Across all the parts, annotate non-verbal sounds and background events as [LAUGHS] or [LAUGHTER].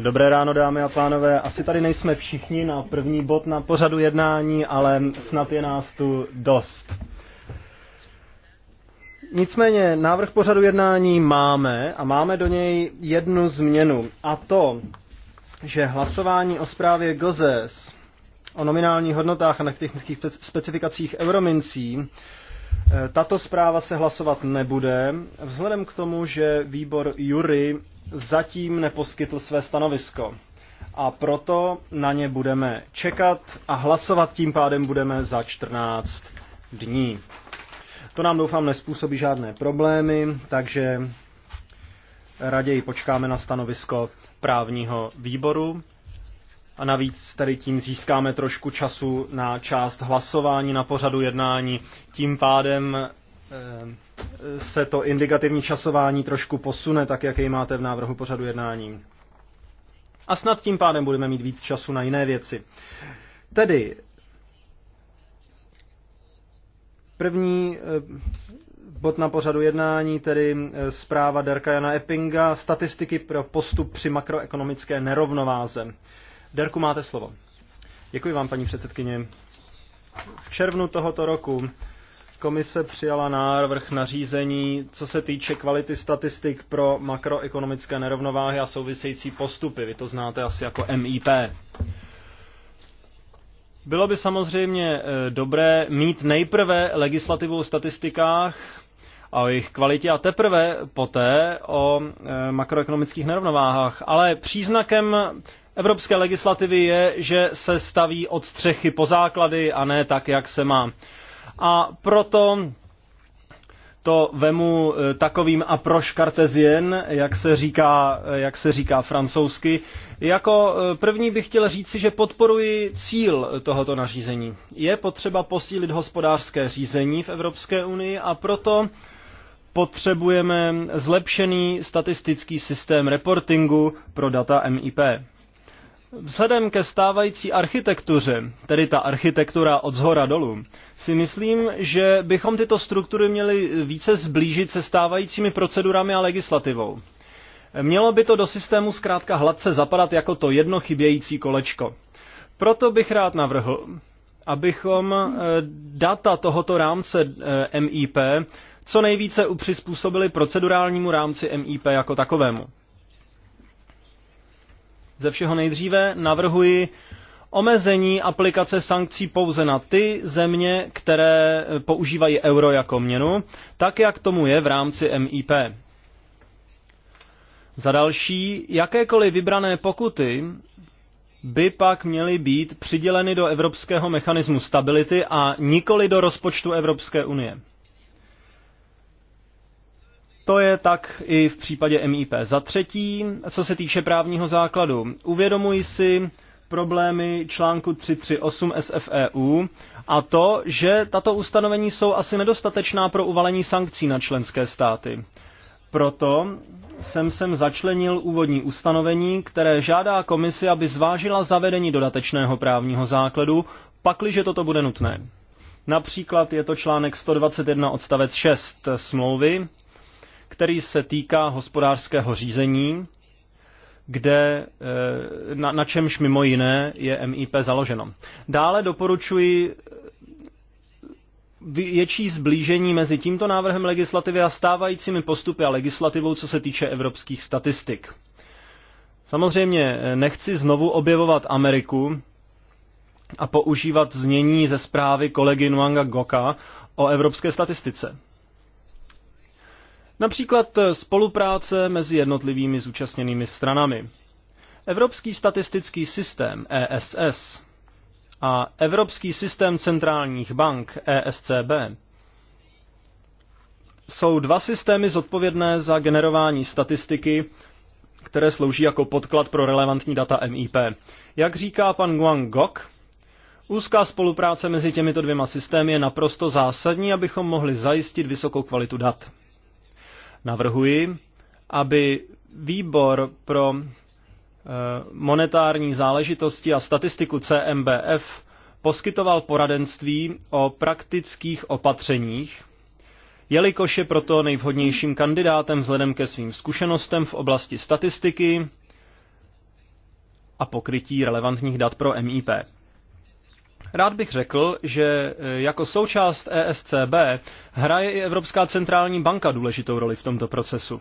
Dobré ráno, dámy a pánové. Asi tady nejsme všichni na první bod na pořadu jednání, ale snad je nás tu dost. Nicméně návrh pořadu jednání máme a máme do něj jednu změnu a to, že hlasování o zprávě GOZES o nominálních hodnotách a na technických specifikacích euromincí Eh, tato zpráva se hlasovat nebude, vzhledem k tomu, že výbor Jury zatím neposkytl své stanovisko. A proto na ně budeme čekat a hlasovat tím pádem budeme za 14 dní. To nám doufám nespůsobí žádné problémy, takže raději počkáme na stanovisko právního výboru a navíc tady tím získáme trošku času na část hlasování na pořadu jednání. Tím pádem eh, se to indikativní časování trošku posune, tak jak jej máte v návrhu pořadu jednání. A snad tím pádem budeme mít víc času na jiné věci. Tedy první eh, bod na pořadu jednání, tedy eh, zpráva Derka Jana Eppinga, statistiky pro postup při makroekonomické nerovnováze. Derku, máte slovo. Děkuji vám, paní předsedkyně. V červnu tohoto roku komise přijala návrh na řízení, co se týče kvality statistik pro makroekonomické nerovnováhy a související postupy. Vy to znáte asi jako MIP. Bylo by samozřejmě eh, dobré mít nejprve legislativu o statistikách a o jejich kvalitě a teprve poté o eh, makroekonomických nerovnováhách. Ale příznakem evropské legislativy je, že se staví od střechy po základy a ne tak, jak se má. A proto to vemu eh, takovým a kartezien, jak se říká, eh, jak se říká francouzsky. Jako eh, první bych chtěl říci, že podporuji cíl tohoto nařízení. Je potřeba posílit hospodářské řízení v Evropské unii a proto potřebujeme zlepšený statistický systém reportingu pro data MIP. Vzhledem ke stávající architektuře, tedy ta architektura od zhora dolů, si myslím, že bychom tyto struktury měli více zblížit se stávajícími procedurami a legislativou. Mělo by to do systému zkrátka hladce zapadat jako to jedno chybějící kolečko. Proto bych rád navrhl, abychom e, data tohoto rámce e, MIP co nejvíce upřizpůsobili procedurálnímu rámci MIP jako takovému. Ze všeho nejdříve navrhuji omezení aplikace sankcí pouze na ty země, které používají euro jako měnu, tak jak tomu je v rámci MIP. Za další, jakékoliv vybrané pokuty by pak měly být přiděleny do Evropského mechanismu stability a nikoli do rozpočtu Evropské unie. To je tak i v případě MIP. Za třetí, co se týče právního základu, uvědomuji si problémy článku 338 SFEU a to, že tato ustanovení jsou asi nedostatečná pro uvalení sankcí na členské státy. Proto jsem sem začlenil úvodní ustanovení, které žádá komisi, aby zvážila zavedení dodatečného právního základu, pakliže toto bude nutné. Například je to článek 121 odstavec 6 smlouvy, který se týká hospodářského řízení, kde, eh, na, na čemž mimo jiné je MIP založeno. Dále doporučuji větší zblížení mezi tímto návrhem legislativy a stávajícími postupy a legislativou, co se týče evropských statistik. Samozřejmě eh, nechci znovu objevovat Ameriku a používat znění ze zprávy kolegy Nuanga Goka o evropské statistice. Například eh, spolupráce mezi jednotlivými zúčastněnými stranami. Evropský statistický systém ESS a Evropský systém centrálních bank ESCB jsou dva systémy zodpovědné za generování statistiky, které slouží jako podklad pro relevantní data MIP. Jak říká pan Guang Gok, úzká spolupráce mezi těmito dvěma systémy je naprosto zásadní, abychom mohli zajistit vysokou kvalitu dat. Navrhuji, aby výbor pro eh, monetární záležitosti a statistiku CMBF poskytoval poradenství o praktických opatřeních, jelikož je proto nejvhodnějším kandidátem vzhledem ke svým zkušenostem v oblasti statistiky a pokrytí relevantních dat pro MIP. Rád bych řekl, že eh, jako součást ESCB hraje i Evropská centrální banka důležitou roli v tomto procesu.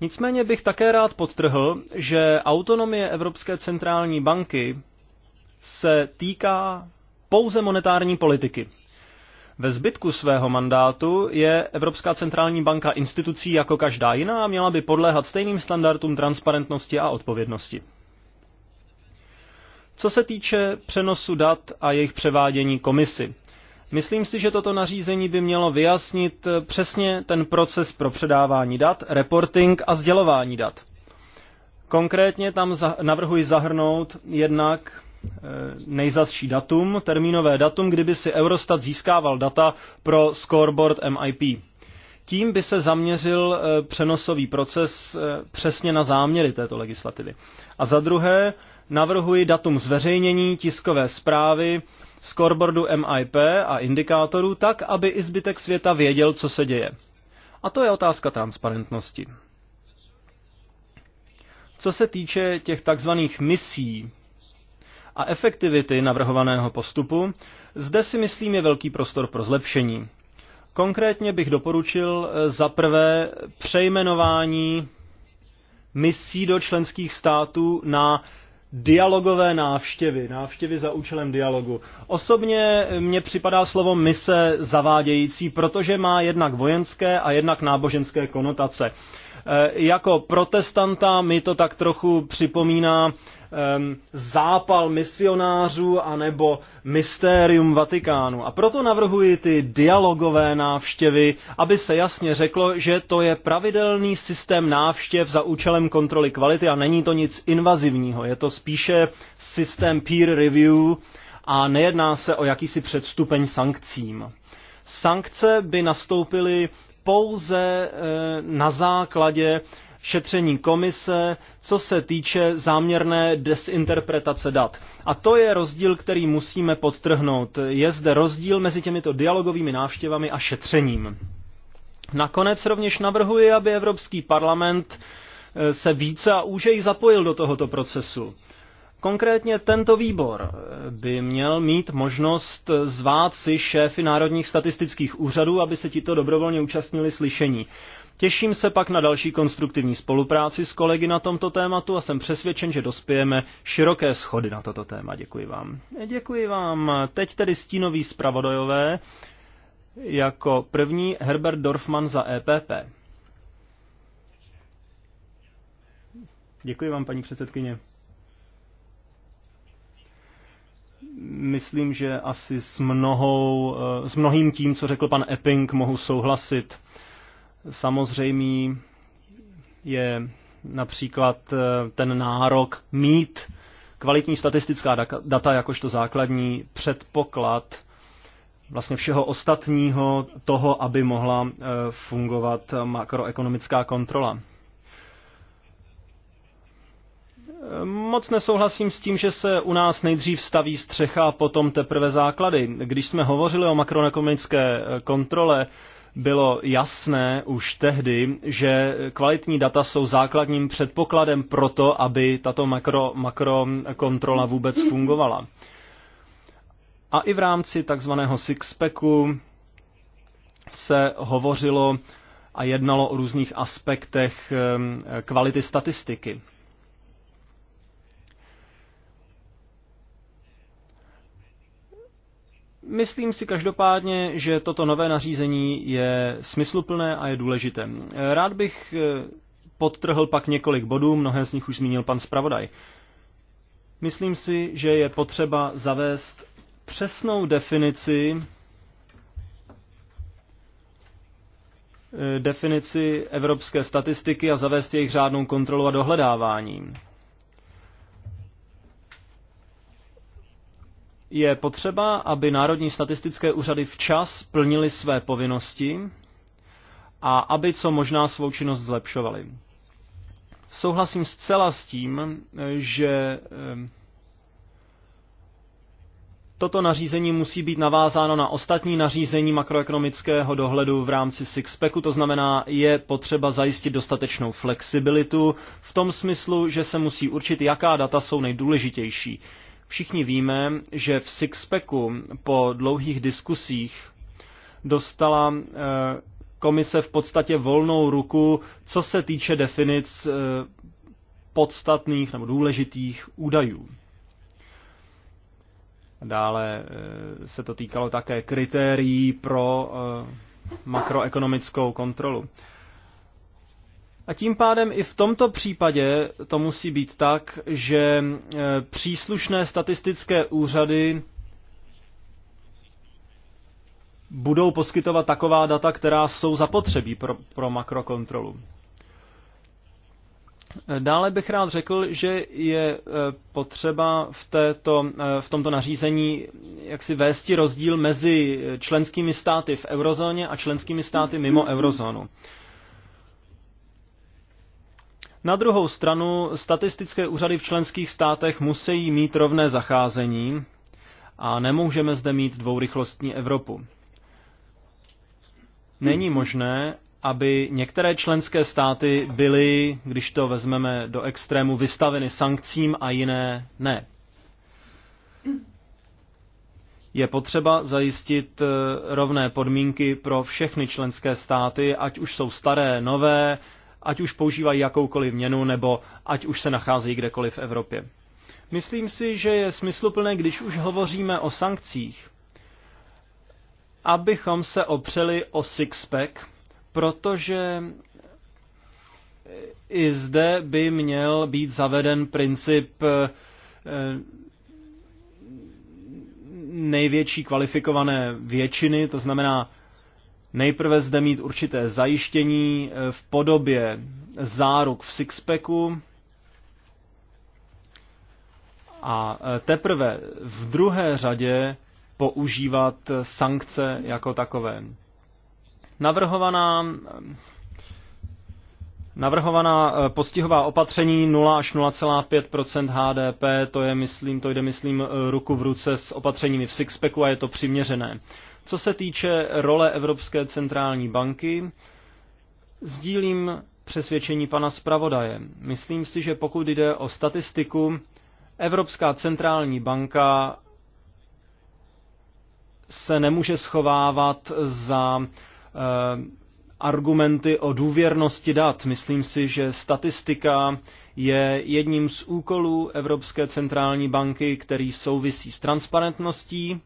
Nicméně bych také rád podtrhl, že autonomie Evropské centrální banky se týká pouze monetární politiky. Ve zbytku svého mandátu je Evropská centrální banka institucí jako každá jiná a měla by podléhat stejným standardům transparentnosti a odpovědnosti. Co se týče přenosu dat a jejich převádění komisi, myslím si, že toto nařízení by mělo vyjasnit přesně ten proces pro předávání dat, reporting a sdělování dat. Konkrétně tam navrhuji zahrnout jednak eh, nejzasší datum, termínové datum, kdyby si Eurostat získával data pro scoreboard MIP. Tím by se zaměřil eh, přenosový proces eh, přesně na záměry této legislativy. A za druhé, navrhuji datum zveřejnění tiskové zprávy, scoreboardu MIP a indikátorů tak, aby i zbytek světa věděl, co se děje. A to je otázka transparentnosti. Co se týče těch takzvaných misí a efektivity navrhovaného postupu, zde si myslím je velký prostor pro zlepšení. Konkrétně bych doporučil eh, za prvé přejmenování misí do členských států na dialogové návštěvy, návštěvy za účelem dialogu. Osobně mně připadá slovo mise zavádějící, protože má jednak vojenské a jednak náboženské konotace. Eh, jako protestanta mi to tak trochu připomíná zápal misionářů anebo mystérium Vatikánu. A proto navrhuji ty dialogové návštěvy, aby se jasně řeklo, že to je pravidelný systém návštěv za účelem kontroly kvality a není to nic invazivního. Je to spíše systém peer review a nejedná se o jakýsi předstupeň sankcím. Sankce by nastoupily pouze eh, na základě šetření komise, co se týče záměrné desinterpretace dat. A to je rozdíl, který musíme podtrhnout. Je zde rozdíl mezi těmito dialogovými návštěvami a šetřením. Nakonec rovněž navrhuji, aby Evropský parlament eh, se více a úžej zapojil do tohoto procesu. Konkrétně tento výbor by měl mít možnost zvát si šéfy národních statistických úřadů, aby se tito dobrovolně účastnili slyšení. Těším se pak na další konstruktivní spolupráci s kolegy na tomto tématu a jsem přesvědčen, že dospějeme široké schody na toto téma. Děkuji vám. Děkuji vám. Teď tedy stínoví zpravodajové. Jako první Herbert Dorfman za EPP. Děkuji vám, paní předsedkyně. myslím, že asi s, mnohou, eh, s mnohým tím, co řekl pan Epping, mohu souhlasit. Samozřejmý je například eh, ten nárok mít kvalitní statistická data jakožto základní předpoklad vlastně všeho ostatního toho, aby mohla eh, fungovat makroekonomická kontrola. Moc nesouhlasím s tím, že se u nás nejdřív staví střecha a potom teprve základy. Když jsme hovořili o makroekonomické eh, kontrole, bylo jasné už tehdy, že kvalitní data jsou základním předpokladem pro to, aby tato makro, makrokontrola vůbec fungovala. A i v rámci takzvaného sixpacku se hovořilo a jednalo o různých aspektech eh, kvality statistiky. Myslím si každopádně, že toto nové nařízení je smysluplné a je důležité. Rád bych eh, podtrhl pak několik bodů, mnohé z nich už zmínil pan zpravodaj. Myslím si, že je potřeba zavést přesnou definici eh, definici evropské statistiky a zavést jejich řádnou kontrolu a dohledávání. Je potřeba, aby národní statistické úřady včas plnily své povinnosti a aby co možná svou činnost zlepšovali. Souhlasím zcela s tím, že ehm, Toto nařízení musí být navázáno na ostatní nařízení makroekonomického dohledu v rámci Sixpacku, to znamená, je potřeba zajistit dostatečnou flexibilitu v tom smyslu, že se musí určit, jaká data jsou nejdůležitější. Všichni víme, že v Sixpacku po dlouhých diskusích dostala eh, komise v podstatě volnou ruku, co se týče definic eh, podstatných nebo důležitých údajů. Dále eh, se to týkalo také kritérií pro makroekonomickou kontrolu. A tím pádem i v tomto případě to musí být tak, že e, příslušné statistické úřady budou poskytovat taková data, která jsou zapotřebí pro, pro makrokontrolu. Dále bych rád řekl, že je e, potřeba v, této, e, v tomto nařízení jak si vésti rozdíl mezi členskými státy v eurozóně a členskými státy mimo eurozónu. Na druhou stranu statistické úřady v členských státech musí mít rovné zacházení a nemůžeme zde mít dvourychlostní Evropu. Není hmm. možné, aby některé členské státy byly, když to vezmeme do extrému, vystaveny sankcím a jiné ne. Je potřeba zajistit eh, rovné podmínky pro všechny členské státy, ať už jsou staré, nové, ať už používají jakoukoliv měnu nebo ať už se nacházejí kdekoliv v Evropě. Myslím si, že je smysluplné, když už hovoříme o sankcích, abychom se opřeli o six-pack, protože i zde by měl být zaveden princip eh, největší kvalifikované většiny, to znamená nejprve zde mít určité zajištění eh, v podobě záruk v sixpacku a eh, teprve v druhé řadě používat eh, sankce jako takové. Navrhovaná Navrhovaná postihová opatření 0 až 0,5 HDP, to, je, myslím, to jde, myslím, ruku v ruce s opatřeními v Sixpacku a je to přiměřené. Co se týče role Evropské centrální banky, sdílím přesvědčení pana zpravodaje. Myslím si, že pokud jde o statistiku, Evropská centrální banka se nemůže schovávat za e, argumenty o důvěrnosti dat. Myslím si, že statistika je jedním z úkolů Evropské centrální banky, který souvisí s transparentností,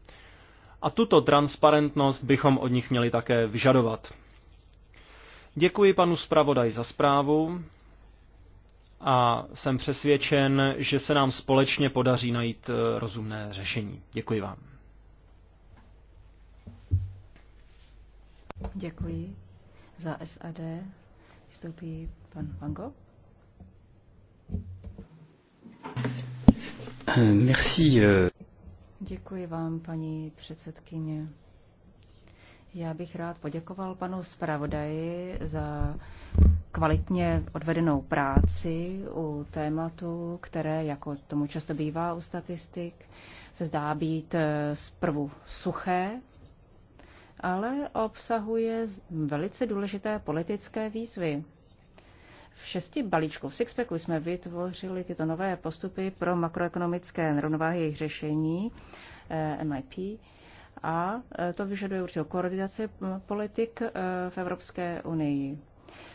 a tuto transparentnost bychom od nich měli také vyžadovat. Děkuji panu zpravodaj za zprávu a jsem přesvědčen, že se nám společně podaří najít eh, rozumné řešení. Děkuji vám. Děkuji. Za SAD vystoupí pan Vango. Euh, merci. Euh, Děkuji vám, paní předsedkyně. Já bych rád poděkoval panu zpravodaji za kvalitně odvedenou práci u tématu, které, jako tomu často bývá u statistik, se zdá být eh, zprvu suché, ale obsahuje velice důležité politické výzvy. V šesti balíčku v Sixpacku jsme vytvořili tyto nové postupy pro makroekonomické nerovnováhy jejich řešení, eh, MIP, a eh, to vyžaduje určitou koordinaci politik eh, v Evropské unii.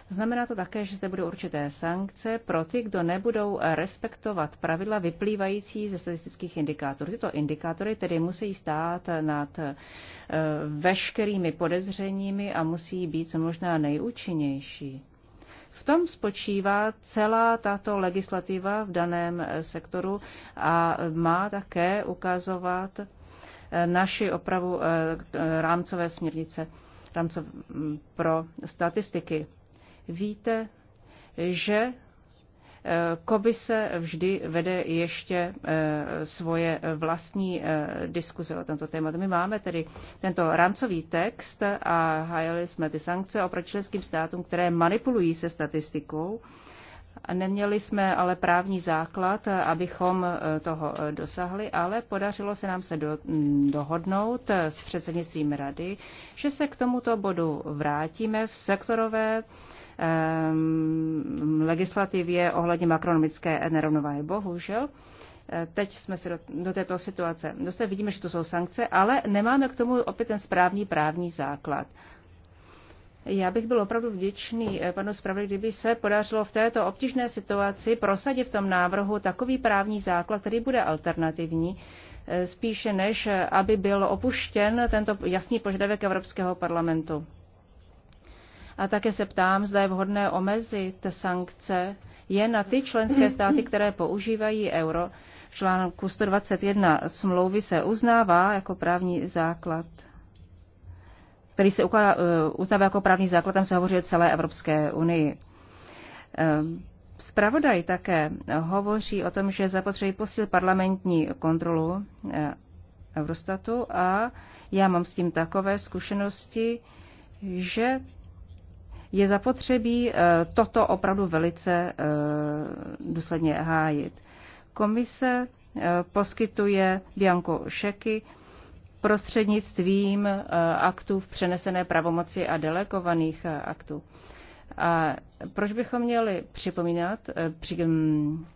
Znamená to také, že se budou určité sankce pro ty, kdo nebudou respektovat pravidla vyplývající ze statistických indikátorů. Tyto indikátory tedy musí stát nad veškerými podezřeními a musí být co možná nejúčinnější. V tom spočívá celá tato legislativa v daném eh, sektoru a má také ukazovat eh, naši opravu eh, rámcové směrnice rámcov, mm, pro statistiky. Víte, že Komise vždy vede ještě eh, svoje vlastní eh, diskuze o tomto tématu. My máme tedy tento rámcový text a hájili jsme ty sankce oproti členským státům, které manipulují se statistikou. Neměli jsme ale právní základ, abychom eh, toho dosahli, ale podařilo se nám se do, mm, dohodnout s předsednictvím rady, že se k tomuto bodu vrátíme v sektorové Ehm, legislativě ohledně makronomické nerovnováhy. Bohužel, eh, teď jsme se do, do této situace dostali. Vidíme, že to jsou sankce, ale nemáme k tomu opět ten správný právní základ. Já bych byl opravdu vděčný eh, panu zpravodaji, kdyby se podařilo v této obtížné situaci prosadit v tom návrhu takový právní základ, který bude alternativní, eh, spíše než aby byl opuštěn tento jasný požadavek Evropského parlamentu. A také se ptám, zda je vhodné omezit sankce je na ty členské státy, které používají euro. V článku 121 smlouvy se uznává jako právní základ který se ukládá, eh, uznává jako právní základ, tam se hovoří o celé Evropské unii. Spravodaj eh, také hovoří o tom, že zapotřebí posíl parlamentní kontrolu eh, Eurostatu a já mám s tím takové zkušenosti, že je zapotřebí eh, toto opravdu velice eh, důsledně hájit. Komise eh, poskytuje Bianco šeky prostřednictvím aktů v přenesené pravomoci a delegovaných aktů. A proč bychom měli připomínat, při, mm,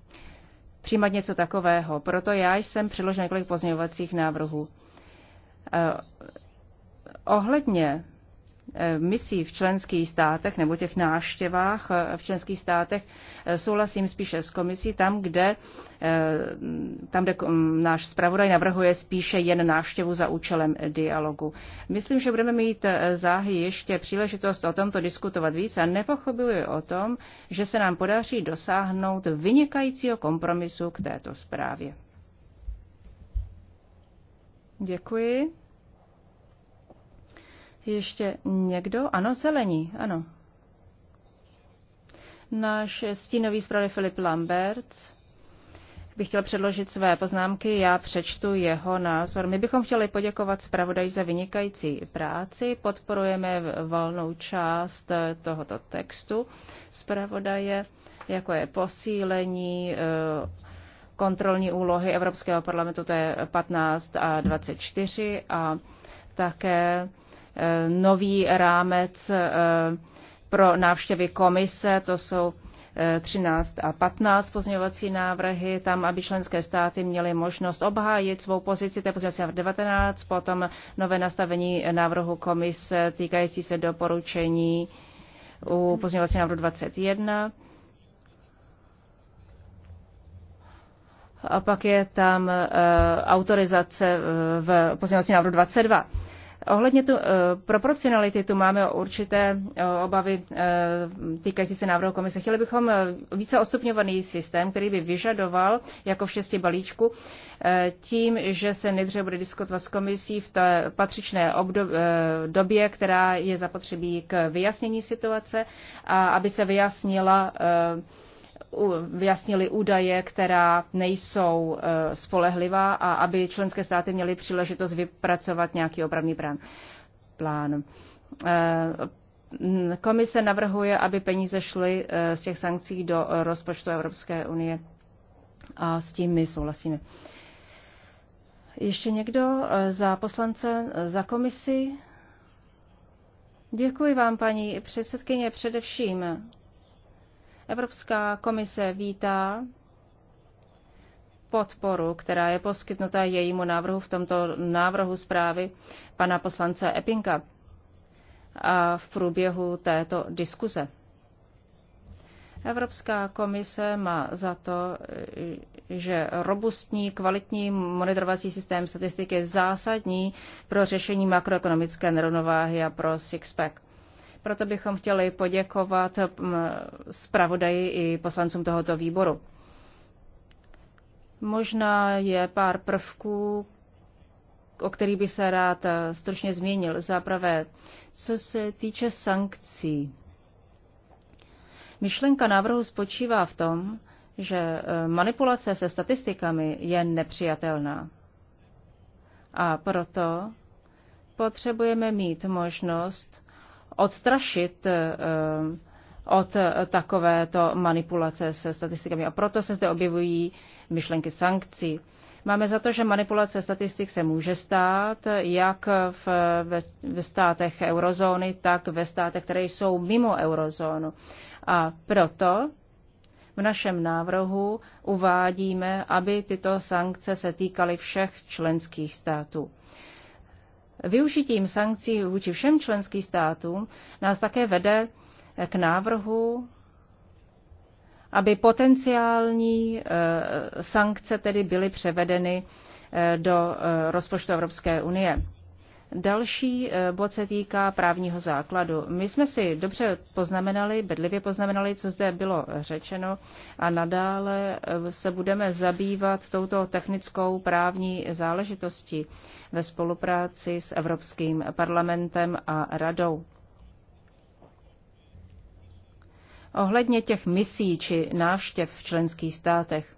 přijímat něco takového? Proto já jsem předložil několik pozměňovacích návrhů. Ohledně Eh, misí v členských státech nebo těch náštěvách eh, v členských státech eh, souhlasím spíše s komisí tam, kde, tam, kde náš zpravodaj navrhuje spíše jen návštěvu za účelem dialogu. Myslím, že budeme mít záhy ještě příležitost o tomto diskutovat více a nepochybuji o tom, že se nám podaří dosáhnout vynikajícího kompromisu k této zprávě. Děkuji. Ještě někdo? Ano, zelení, ano. Náš stínový zpravodaj Filip Lambert bych chtěl předložit své poznámky, já přečtu jeho názor. My bychom chtěli poděkovat zpravodaj za vynikající práci, podporujeme volnou část tohoto textu zpravodaje, jako je posílení eh, kontrolní úlohy Evropského parlamentu, to je 15 a 24, a také Eh, nový rámec eh, pro návštěvy komise, to jsou 13 eh, a 15 pozměňovací návrhy, tam, aby členské státy měly možnost obhájit svou pozici, to je pozměňovací návrh 19, potom nové nastavení návrhu komise týkající se doporučení u pozměňovací návrhu 21. A pak je tam autorizace v pozměňovacím návrhu 22. Ohledně tu, eh, proporcionality tu máme určité eh, obavy eh, týkající se návrhu komise. Chtěli bychom více ostupňovaný systém, který by vyžadoval, jako v šesti balíčku, tím, že se nejdříve bude diskutovat s komisí v té patřičné obdob, době, která je zapotřebí k vyjasnění situace a aby se vyjasnila vyjasnili údaje, která nejsou e, spolehlivá a aby členské státy měly příležitost vypracovat nějaký opravný plán. plán. E, komise navrhuje, aby peníze šly e, z těch sankcí do rozpočtu Evropské unie a s tím my souhlasíme. Ještě někdo za poslance, za komisi? Děkuji vám, paní předsedkyně, především Evropská komise vítá podporu, která je poskytnuta jejímu návrhu v tomto návrhu zprávy pana poslance Epinka a v průběhu této diskuze. Evropská komise má za to, že robustní, kvalitní monitorovací systém statistiky je zásadní pro řešení makroekonomické nerovnováhy a pro six-pack. Proto bychom chtěli poděkovat mm, zpravodaji i poslancům tohoto výboru. Možná je pár prvků, o který by se rád eh, stručně změnil. Za co se týče sankcí. Myšlenka návrhu spočívá v tom, že eh, manipulace se statistikami je nepřijatelná. A proto potřebujeme mít možnost odstrašit eh, eh, od eh, takovéto manipulace se statistikami. A proto se zde objevují myšlenky sankcí. Máme za to, že manipulace statistik se může stát jak v, ve, ve státech eurozóny, tak ve státech, které jsou mimo eurozónu. A proto v našem návrhu uvádíme, aby tyto sankce se týkaly všech členských států. Využitím sankcí vůči všem členským státům nás také vede k návrhu, aby potenciální eh, sankce tedy byly převedeny eh, do eh, rozpočtu Evropské unie. Další eh, bod se týká právního základu. My jsme si dobře poznamenali, bedlivě poznamenali, co zde bylo řečeno a nadále eh, se budeme zabývat touto technickou právní záležitostí ve spolupráci s Evropským parlamentem a radou. Ohledně těch misí či návštěv v členských státech.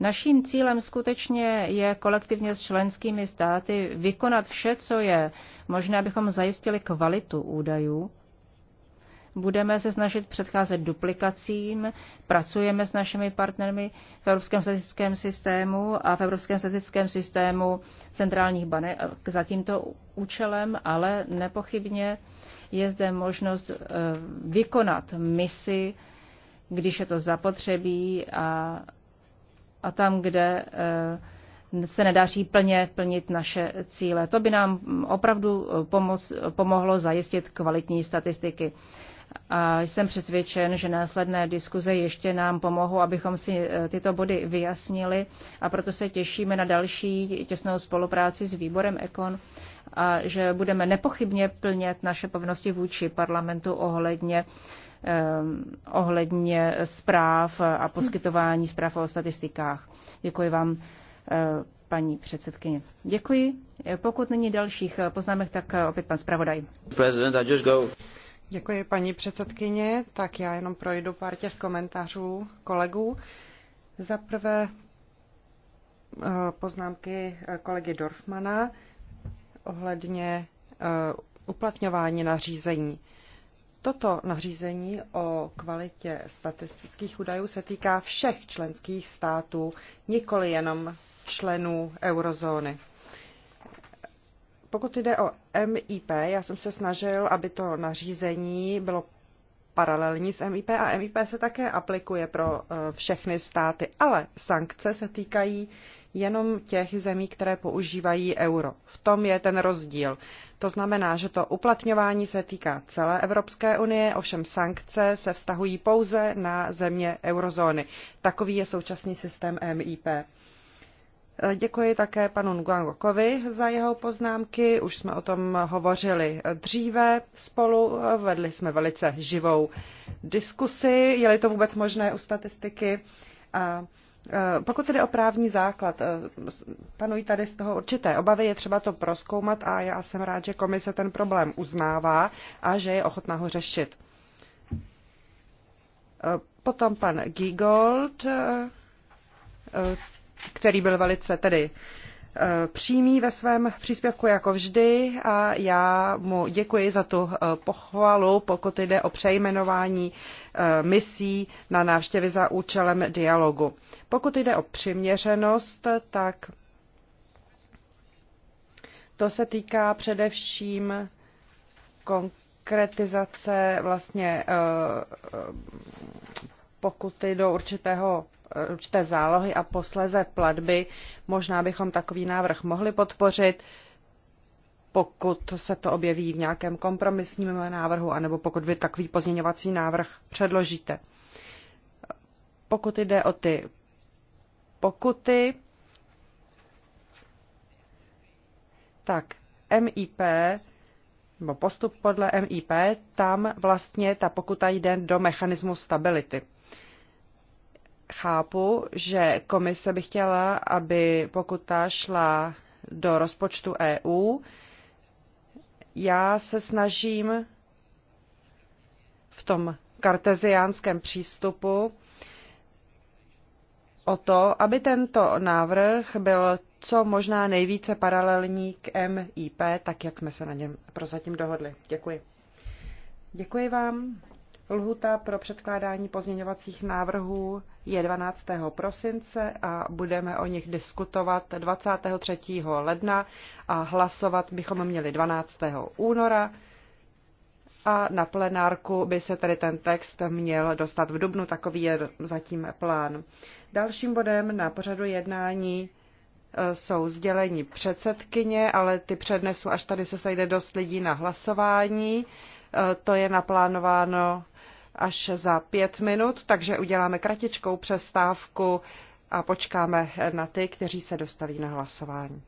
Naším cílem skutečně je kolektivně s členskými státy vykonat vše, co je možné, abychom zajistili kvalitu údajů. Budeme se snažit předcházet duplikacím, pracujeme s našimi partnery v Evropském statistickém systému a v Evropském statistickém systému centrálních banek za tímto účelem, ale nepochybně je zde možnost eh, vykonat misi, když je to zapotřebí a a tam, kde eh, se nedaří plně plnit naše cíle. To by nám opravdu eh, pomoc, pomohlo zajistit kvalitní statistiky. A jsem přesvědčen, že následné diskuze ještě nám pomohou, abychom si eh, tyto body vyjasnili a proto se těšíme na další těsnou spolupráci s výborem Ekon a že budeme nepochybně plnit naše povinnosti vůči parlamentu ohledně uh, Ehm, ohledně zpráv a poskytování zpráv o statistikách. Děkuji vám, eh, paní předsedkyně. Děkuji. Pokud není dalších eh, poznámek, tak eh, opět pan zpravodaj. Děkuji, paní předsedkyně. Tak já jenom projdu pár těch komentářů kolegů. Za prvé poznámky kolegy Dorfmana ohledně uplatňování nařízení. Toto nařízení o kvalitě statistických údajů se týká všech členských států, nikoli jenom členů eurozóny. Pokud jde o MIP, já jsem se snažil, aby to nařízení bylo paralelní s MIP a MIP se také aplikuje pro eh, všechny státy, ale sankce se týkají jenom těch zemí, které používají euro. V tom je ten rozdíl. To znamená, že to uplatňování se týká celé Evropské unie, ovšem sankce se vztahují pouze na země eurozóny. Takový je současný systém MIP. Děkuji také panu Nguangokovi za jeho poznámky. Už jsme o tom hovořili dříve spolu. Vedli jsme velice živou diskusi, je-li to vůbec možné u statistiky. A Eh, pokud tedy o právní základ, eh, panují tady z toho určité obavy, je třeba to proskoumat a já jsem rád, že komise ten problém uznává a že je ochotná ho řešit. Eh, potom pan Giegold, který byl velice tedy Eh, přímý ve svém příspěvku jako vždy a já mu děkuji za tu eh, pochvalu, pokud jde o přejmenování eh, misí na návštěvy za účelem dialogu. Pokud jde o přiměřenost, tak to se týká především konkretizace vlastně pokud do určitého určité zálohy a posleze platby. Možná bychom takový návrh mohli podpořit, pokud se to objeví v nějakém kompromisním návrhu, anebo pokud vy takový pozměňovací návrh předložíte. Pokud jde o ty pokuty, tak MIP nebo postup podle MIP, tam vlastně ta pokuta jde do mechanismu stability chápu, že komise by chtěla, aby pokud ta šla do rozpočtu EU, já se snažím v tom karteziánském přístupu o to, aby tento návrh byl co možná nejvíce paralelní k MIP, tak jak jsme se na něm prozatím dohodli. Děkuji. Děkuji vám. Lhuta pro předkládání pozměňovacích návrhů je 12. prosince a budeme o nich diskutovat 23. ledna a hlasovat bychom měli 12. února a na plenárku by se tedy ten text měl dostat v dubnu, takový je zatím plán. Dalším bodem na pořadu jednání e, jsou sdělení předsedkyně, ale ty přednesu, až tady se sejde dost lidí na hlasování. E, to je naplánováno až za pět minut, takže uděláme kratičkou přestávku a počkáme na ty, kteří se dostaví na hlasování.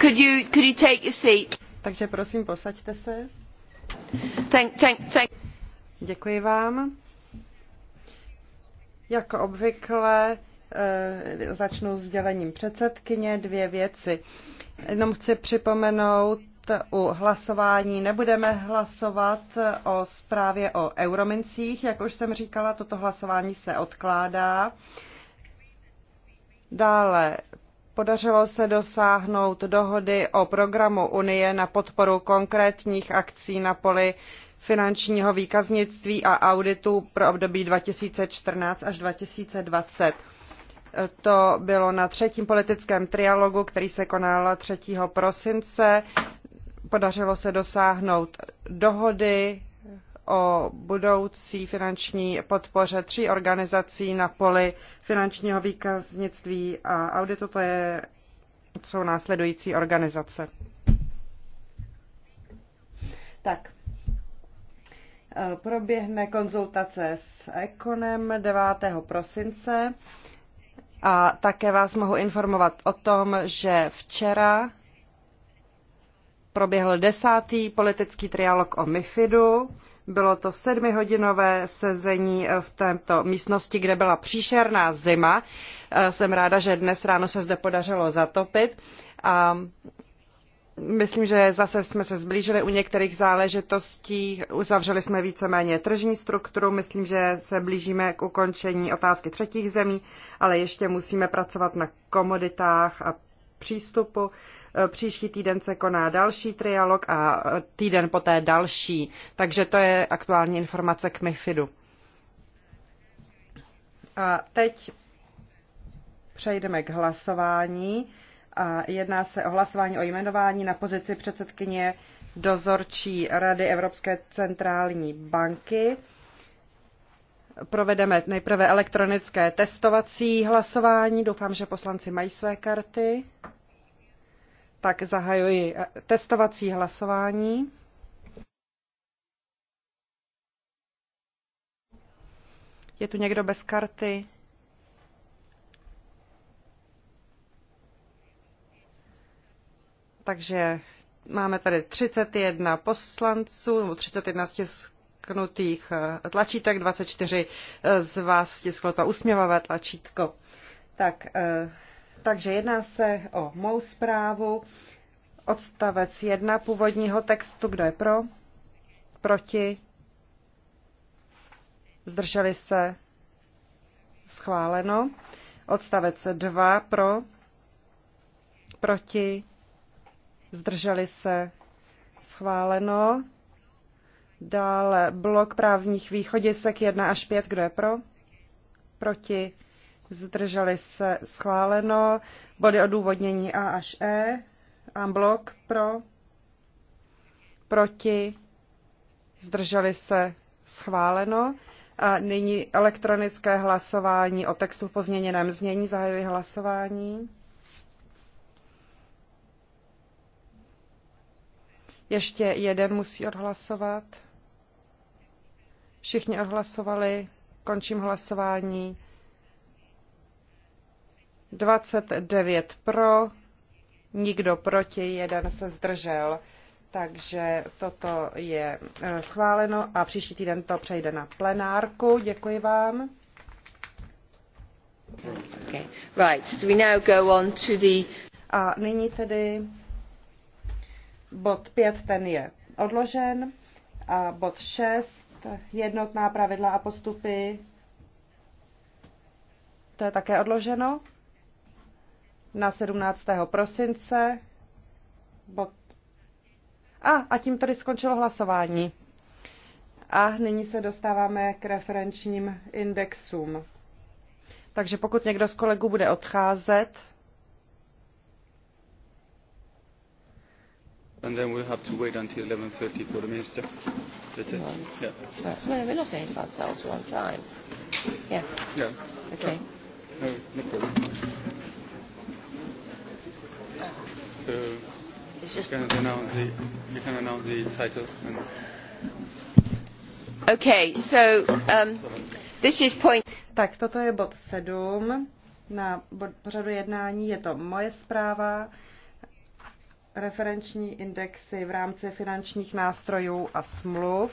Could you, could you take your seat? Takže prosím, posaďte se. Thank, thank, thank. Děkuji vám. Jako obvykle eh, začnu s dělením předsedkyně dvě věci. Jenom chci připomenout, u hlasování nebudeme hlasovat o zprávě o euromincích. Jak už jsem říkala, toto hlasování se odkládá. Dále Podařilo se dosáhnout dohody o programu Unie na podporu konkrétních akcí na poli finančního výkaznictví a auditu pro období 2014 až 2020. To bylo na třetím politickém trialogu, který se konal 3. prosince. Podařilo se dosáhnout dohody o budoucí finanční podpoře tří organizací na poli finančního výkaznictví a auditu. To je, jsou následující organizace. Tak, proběhne konzultace s Ekonem 9. prosince a také vás mohu informovat o tom, že včera proběhl desátý politický trialog o MIFIDu bylo to sedmihodinové sezení v této místnosti, kde byla příšerná zima. Eh, jsem ráda, že dnes ráno se zde podařilo zatopit. A Myslím, že zase jsme se zblížili u některých záležitostí, uzavřeli jsme víceméně tržní strukturu, myslím, že se blížíme k ukončení otázky třetích zemí, ale ještě musíme pracovat na komoditách a přístupu Příští týden se koná další trialog a týden poté další. Takže to je aktuální informace k MIFIDu. A teď přejdeme k hlasování. A jedná se o hlasování o jmenování na pozici předsedkyně dozorčí rady Evropské centrální banky. Provedeme nejprve elektronické testovací hlasování. Doufám, že poslanci mají své karty. Tak zahajuji eh, testovací hlasování. Je tu někdo bez karty? Takže máme tady 31 poslanců, 31 stisknutých eh, tlačítek, 24 eh, z vás stisklo to usměvavé tlačítko. Tak, takže jedná se o mou zprávu, odstavec 1 původního textu, kdo je pro, proti, zdrželi se, schváleno. Odstavec 2 pro, proti, zdrželi se, schváleno. Dále blok právních východisek 1 až 5, kdo je pro, proti, zdrželi se schváleno, body odůvodnění A až E, blok pro, proti, zdrželi se schváleno. A nyní elektronické hlasování o textu v pozměněném znění. Zahajuji hlasování. Ještě jeden musí odhlasovat. Všichni odhlasovali. Končím hlasování. 29 pro, nikdo proti, jeden se zdržel. Takže toto je eh, schváleno a příští týden to přejde na plenárku. Děkuji vám. Okay. Right, so we now go on to the... A nyní tedy bod 5, ten je odložen. A bod 6, jednotná pravidla a postupy, to je také odloženo na 17. prosince. Bod... A, a tím tady skončilo hlasování. A nyní se dostáváme k referenčním indexům. Takže pokud někdo z kolegů bude odcházet, And then we have to wait until 11.30 for the minister. That's it. Yeah. No, no, we're not saying one time. Yeah. Yeah. Okay. No, no problem. just you, can announce the, you can announce the title. And... Okay, so um, this is point... Tak toto je bod 7. Na bod, pořadu jednání je to moje zpráva referenční indexy v rámci finančních nástrojů a smluv.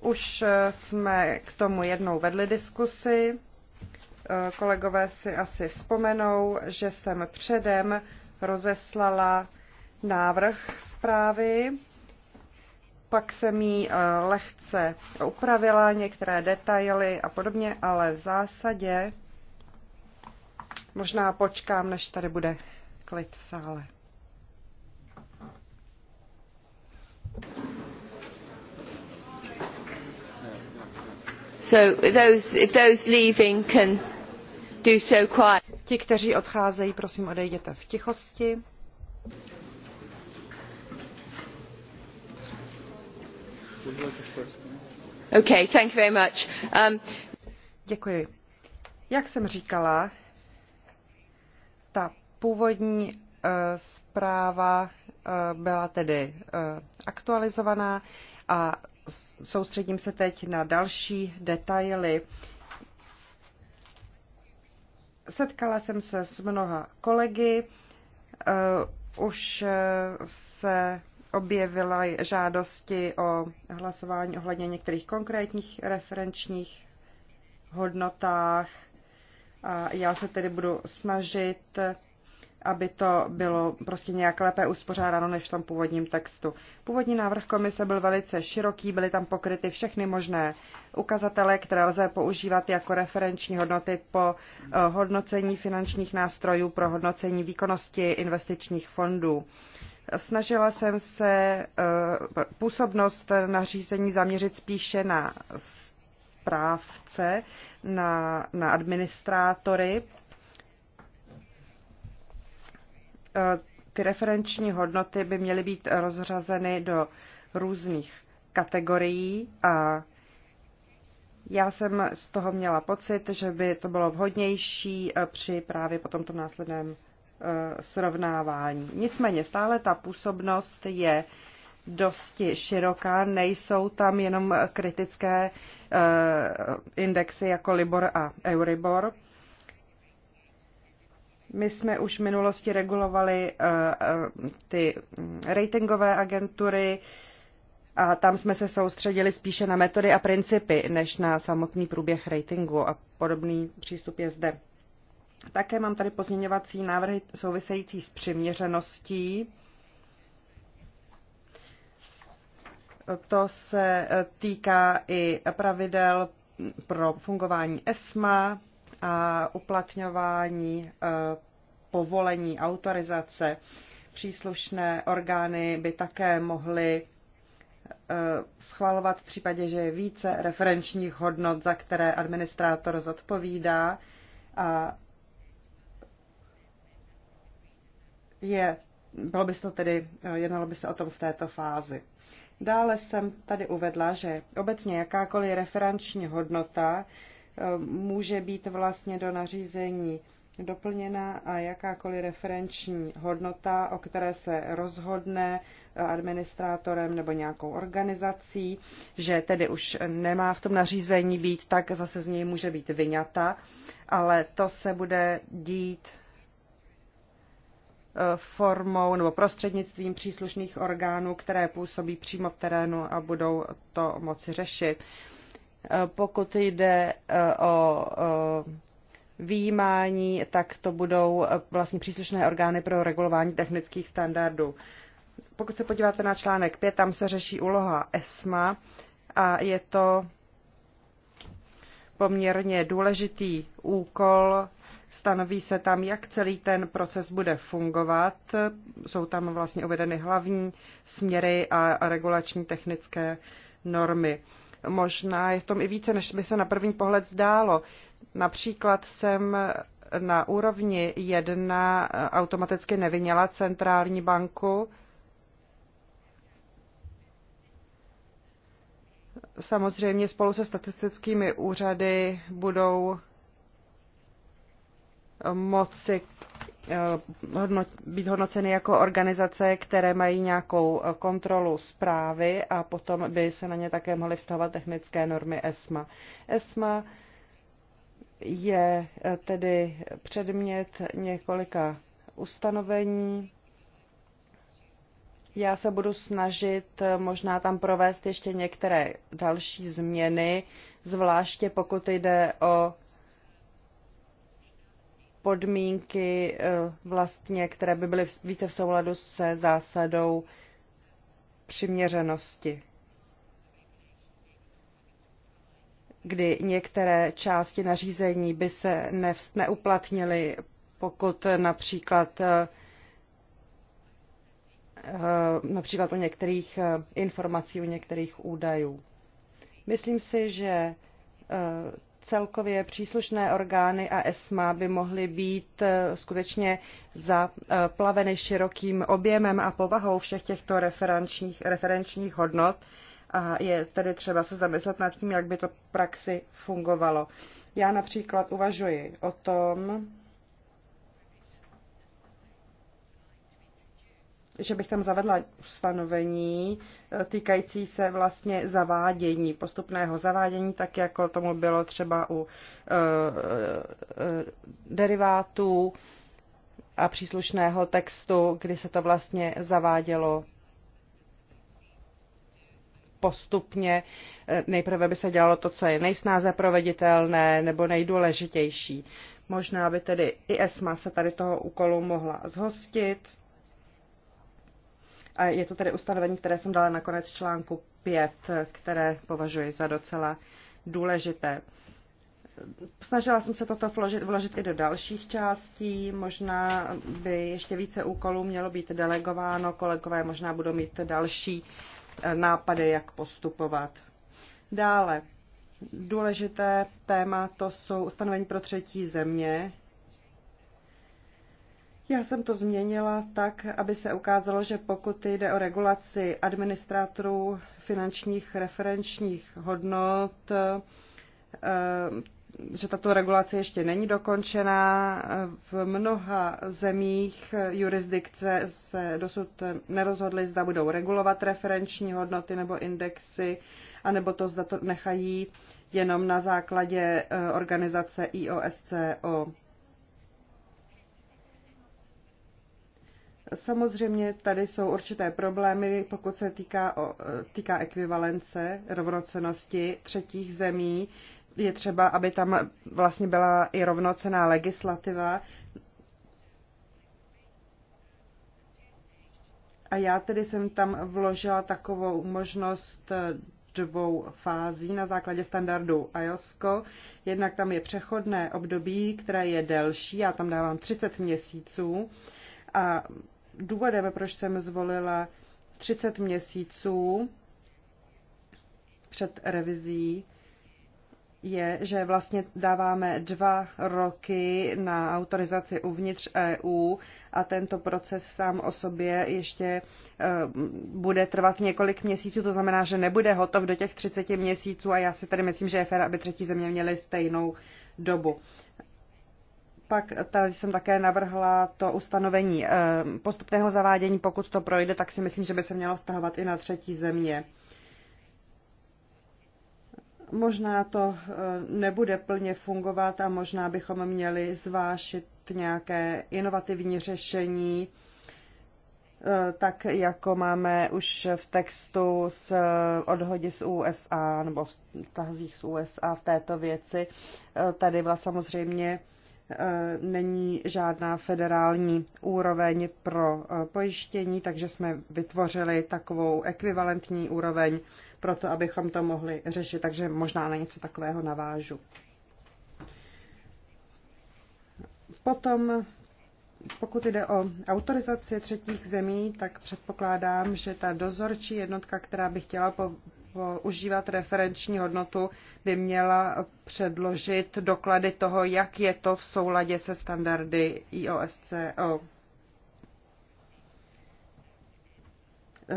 Už eh, jsme k tomu jednou vedli diskusi. Eh, kolegové si asi vzpomenou, že jsem předem rozeslala návrh zprávy, pak jsem ji eh, lehce upravila, některé detaily a podobně, ale v zásadě možná počkám, než tady bude klid v sále. So those, if those leaving can do so quiet. Ti, kteří odcházejí, prosím odejděte v tichosti. Um, Děkuji. Jak jsem říkala, ta původní uh, zpráva uh, byla tedy uh, aktualizovaná a soustředím se teď na další detaily. Setkala jsem se s mnoha kolegy, uh, už uh, se objevila žádosti o hlasování ohledně některých konkrétních referenčních hodnotách. A já se tedy budu snažit, aby to bylo prostě nějak lépe uspořádáno než v tom původním textu. Původní návrh komise byl velice široký, byly tam pokryty všechny možné ukazatele, které lze používat jako referenční hodnoty po eh, hodnocení finančních nástrojů pro hodnocení výkonnosti investičních fondů. Snažila jsem se eh, působnost nařízení zaměřit spíše na správce, na, na administrátory. Eh, ty referenční hodnoty by měly být rozřazeny do různých kategorií a já jsem z toho měla pocit, že by to bylo vhodnější eh, při právě po tomto následném E, srovnávání. Nicméně stále ta působnost je dosti široká, nejsou tam jenom kritické e, indexy jako Libor a Euribor. My jsme už v minulosti regulovali e, ty ratingové agentury a tam jsme se soustředili spíše na metody a principy, než na samotný průběh ratingu a podobný přístup je zde. Také mám tady pozměňovací návrhy související s přiměřeností. To se týká i pravidel pro fungování ESMA a uplatňování eh, povolení, autorizace. Příslušné orgány by také mohly eh, schvalovat v případě, že je více referenčních hodnot, za které administrátor zodpovídá a je, bylo by se to tedy, eh, jednalo by se o tom v této fázi. Dále jsem tady uvedla, že obecně jakákoliv referenční hodnota eh, může být vlastně do nařízení doplněna a jakákoliv referenční hodnota, o které se rozhodne eh, administrátorem nebo nějakou organizací, že tedy už nemá v tom nařízení být, tak zase z něj může být vyňata, ale to se bude dít formou nebo prostřednictvím příslušných orgánů, které působí přímo v terénu a budou to moci řešit. Eh, pokud jde eh, o eh, výjímání, tak to budou vlastně příslušné orgány pro regulování technických standardů. Pokud se podíváte na článek 5, tam se řeší úloha ESMA a je to poměrně důležitý úkol Stanoví se tam, jak celý ten proces bude fungovat. Jsou tam vlastně uvedeny hlavní směry a regulační technické normy. Možná je v tom i více, než by se na první pohled zdálo. Například jsem na úrovni jedna automaticky nevyněla centrální banku. Samozřejmě spolu se statistickými úřady budou moci eh, být hodnoceny jako organizace, které mají nějakou eh, kontrolu zprávy a potom by se na ně také mohly vztahovat technické normy ESMA. ESMA je eh, tedy předmět několika ustanovení. Já se budu snažit možná tam provést ještě některé další změny, zvláště pokud jde o podmínky eh, vlastně, které by byly více v souladu se zásadou přiměřenosti. kdy některé části nařízení by se neuplatnily, pokud například eh, eh, například u některých informací, u některých údajů. Myslím si, že celkově příslušné orgány a ESMA by mohly být eh, skutečně zaplaveny eh, širokým objemem a povahou všech těchto referenčních, referenčních hodnot a je tedy třeba se zamyslet nad tím, jak by to v praxi fungovalo. Já například uvažuji o tom, že bych tam zavedla ustanovení eh, týkající se vlastně zavádění, postupného zavádění, tak jako tomu bylo třeba u eh, eh, derivátů a příslušného textu, kdy se to vlastně zavádělo postupně. Nejprve by se dělalo to, co je nejsnáze proveditelné nebo nejdůležitější. Možná by tedy i ESMA se tady toho úkolu mohla zhostit a je to tedy ustanovení, které jsem dala na konec článku 5, které považuji za docela důležité. Snažila jsem se toto vložit, vložit i do dalších částí. Možná by ještě více úkolů mělo být delegováno. Kolegové možná budou mít další eh, nápady, jak postupovat. Dále, důležité téma to jsou ustanovení pro třetí země, já jsem to změnila tak, aby se ukázalo, že pokud jde o regulaci administrátorů finančních referenčních hodnot, eh, že tato regulace ještě není dokončená. V mnoha zemích jurisdikce se dosud nerozhodly, zda budou regulovat referenční hodnoty nebo indexy, anebo to zda to nechají jenom na základě eh, organizace IOSCO. Samozřejmě tady jsou určité problémy, pokud se týká, o, týká ekvivalence, rovnocenosti třetích zemí. Je třeba, aby tam vlastně byla i rovnocená legislativa. A já tedy jsem tam vložila takovou možnost eh, dvou fází na základě standardu IOSCO. Jednak tam je přechodné období, které je delší, já tam dávám 30 měsíců. A důvodem, proč jsem zvolila 30 měsíců před revizí, je, že vlastně dáváme dva roky na autorizaci uvnitř EU a tento proces sám o sobě ještě eh, bude trvat několik měsíců, to znamená, že nebude hotov do těch 30 měsíců a já si tady myslím, že je fér, aby třetí země měly stejnou dobu. Pak tady jsem také navrhla to ustanovení eh, postupného zavádění. Pokud to projde, tak si myslím, že by se mělo vztahovat i na třetí země. Možná to eh, nebude plně fungovat a možná bychom měli zvážit nějaké inovativní řešení, eh, tak jako máme už v textu s odhodě z USA nebo v z USA v této věci. Tady byla samozřejmě Eh, není žádná federální úroveň pro eh, pojištění, takže jsme vytvořili takovou ekvivalentní úroveň pro to, abychom to mohli řešit, takže možná na něco takového navážu. Potom, pokud jde o autorizaci třetích zemí, tak předpokládám, že ta dozorčí jednotka, která by chtěla používat referenční hodnotu, by měla předložit doklady toho, jak je to v souladě se standardy IOSCO.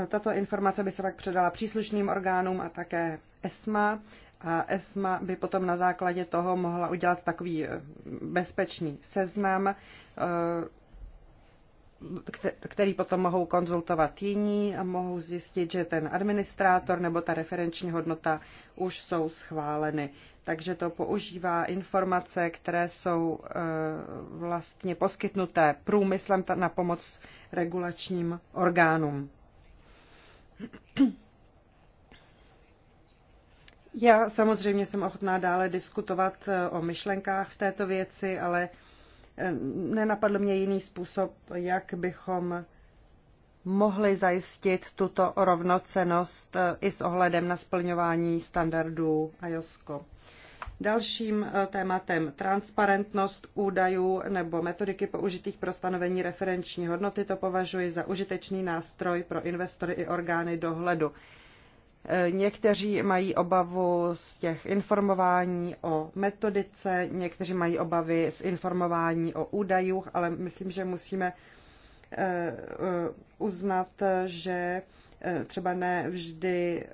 Tato informace by se pak předala příslušným orgánům a také ESMA. A ESMA by potom na základě toho mohla udělat takový eh, bezpečný seznam eh, který potom mohou konzultovat jiní a mohou zjistit, že ten administrátor nebo ta referenční hodnota už jsou schváleny. Takže to používá informace, které jsou eh, vlastně poskytnuté průmyslem na pomoc regulačním orgánům. Já samozřejmě jsem ochotná dále diskutovat eh, o myšlenkách v této věci, ale Nenapadl mě jiný způsob, jak bychom mohli zajistit tuto rovnocenost eh, i s ohledem na splňování standardů IOSCO. Dalším eh, tématem transparentnost údajů nebo metodiky použitých pro stanovení referenční hodnoty to považuji za užitečný nástroj pro investory i orgány dohledu. Někteří mají obavu z těch informování o metodice, někteří mají obavy z informování o údajích, ale myslím, že musíme eh, eh, uznat, že eh, třeba ne vždy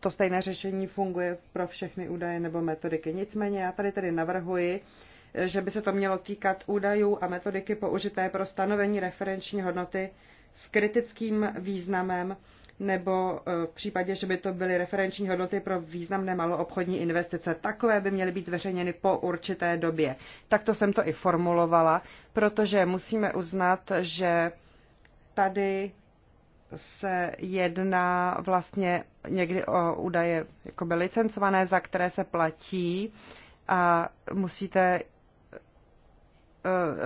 to stejné řešení funguje pro všechny údaje nebo metodiky. Nicméně já tady tedy navrhuji, že by se to mělo týkat údajů a metodiky použité pro stanovení referenční hodnoty s kritickým významem nebo e, v případě, že by to byly referenční hodnoty pro významné maloobchodní investice. Takové by měly být zveřejněny po určité době. Takto jsem to i formulovala, protože musíme uznat, že tady se jedná vlastně někdy o údaje jakoby licencované, za které se platí a musíte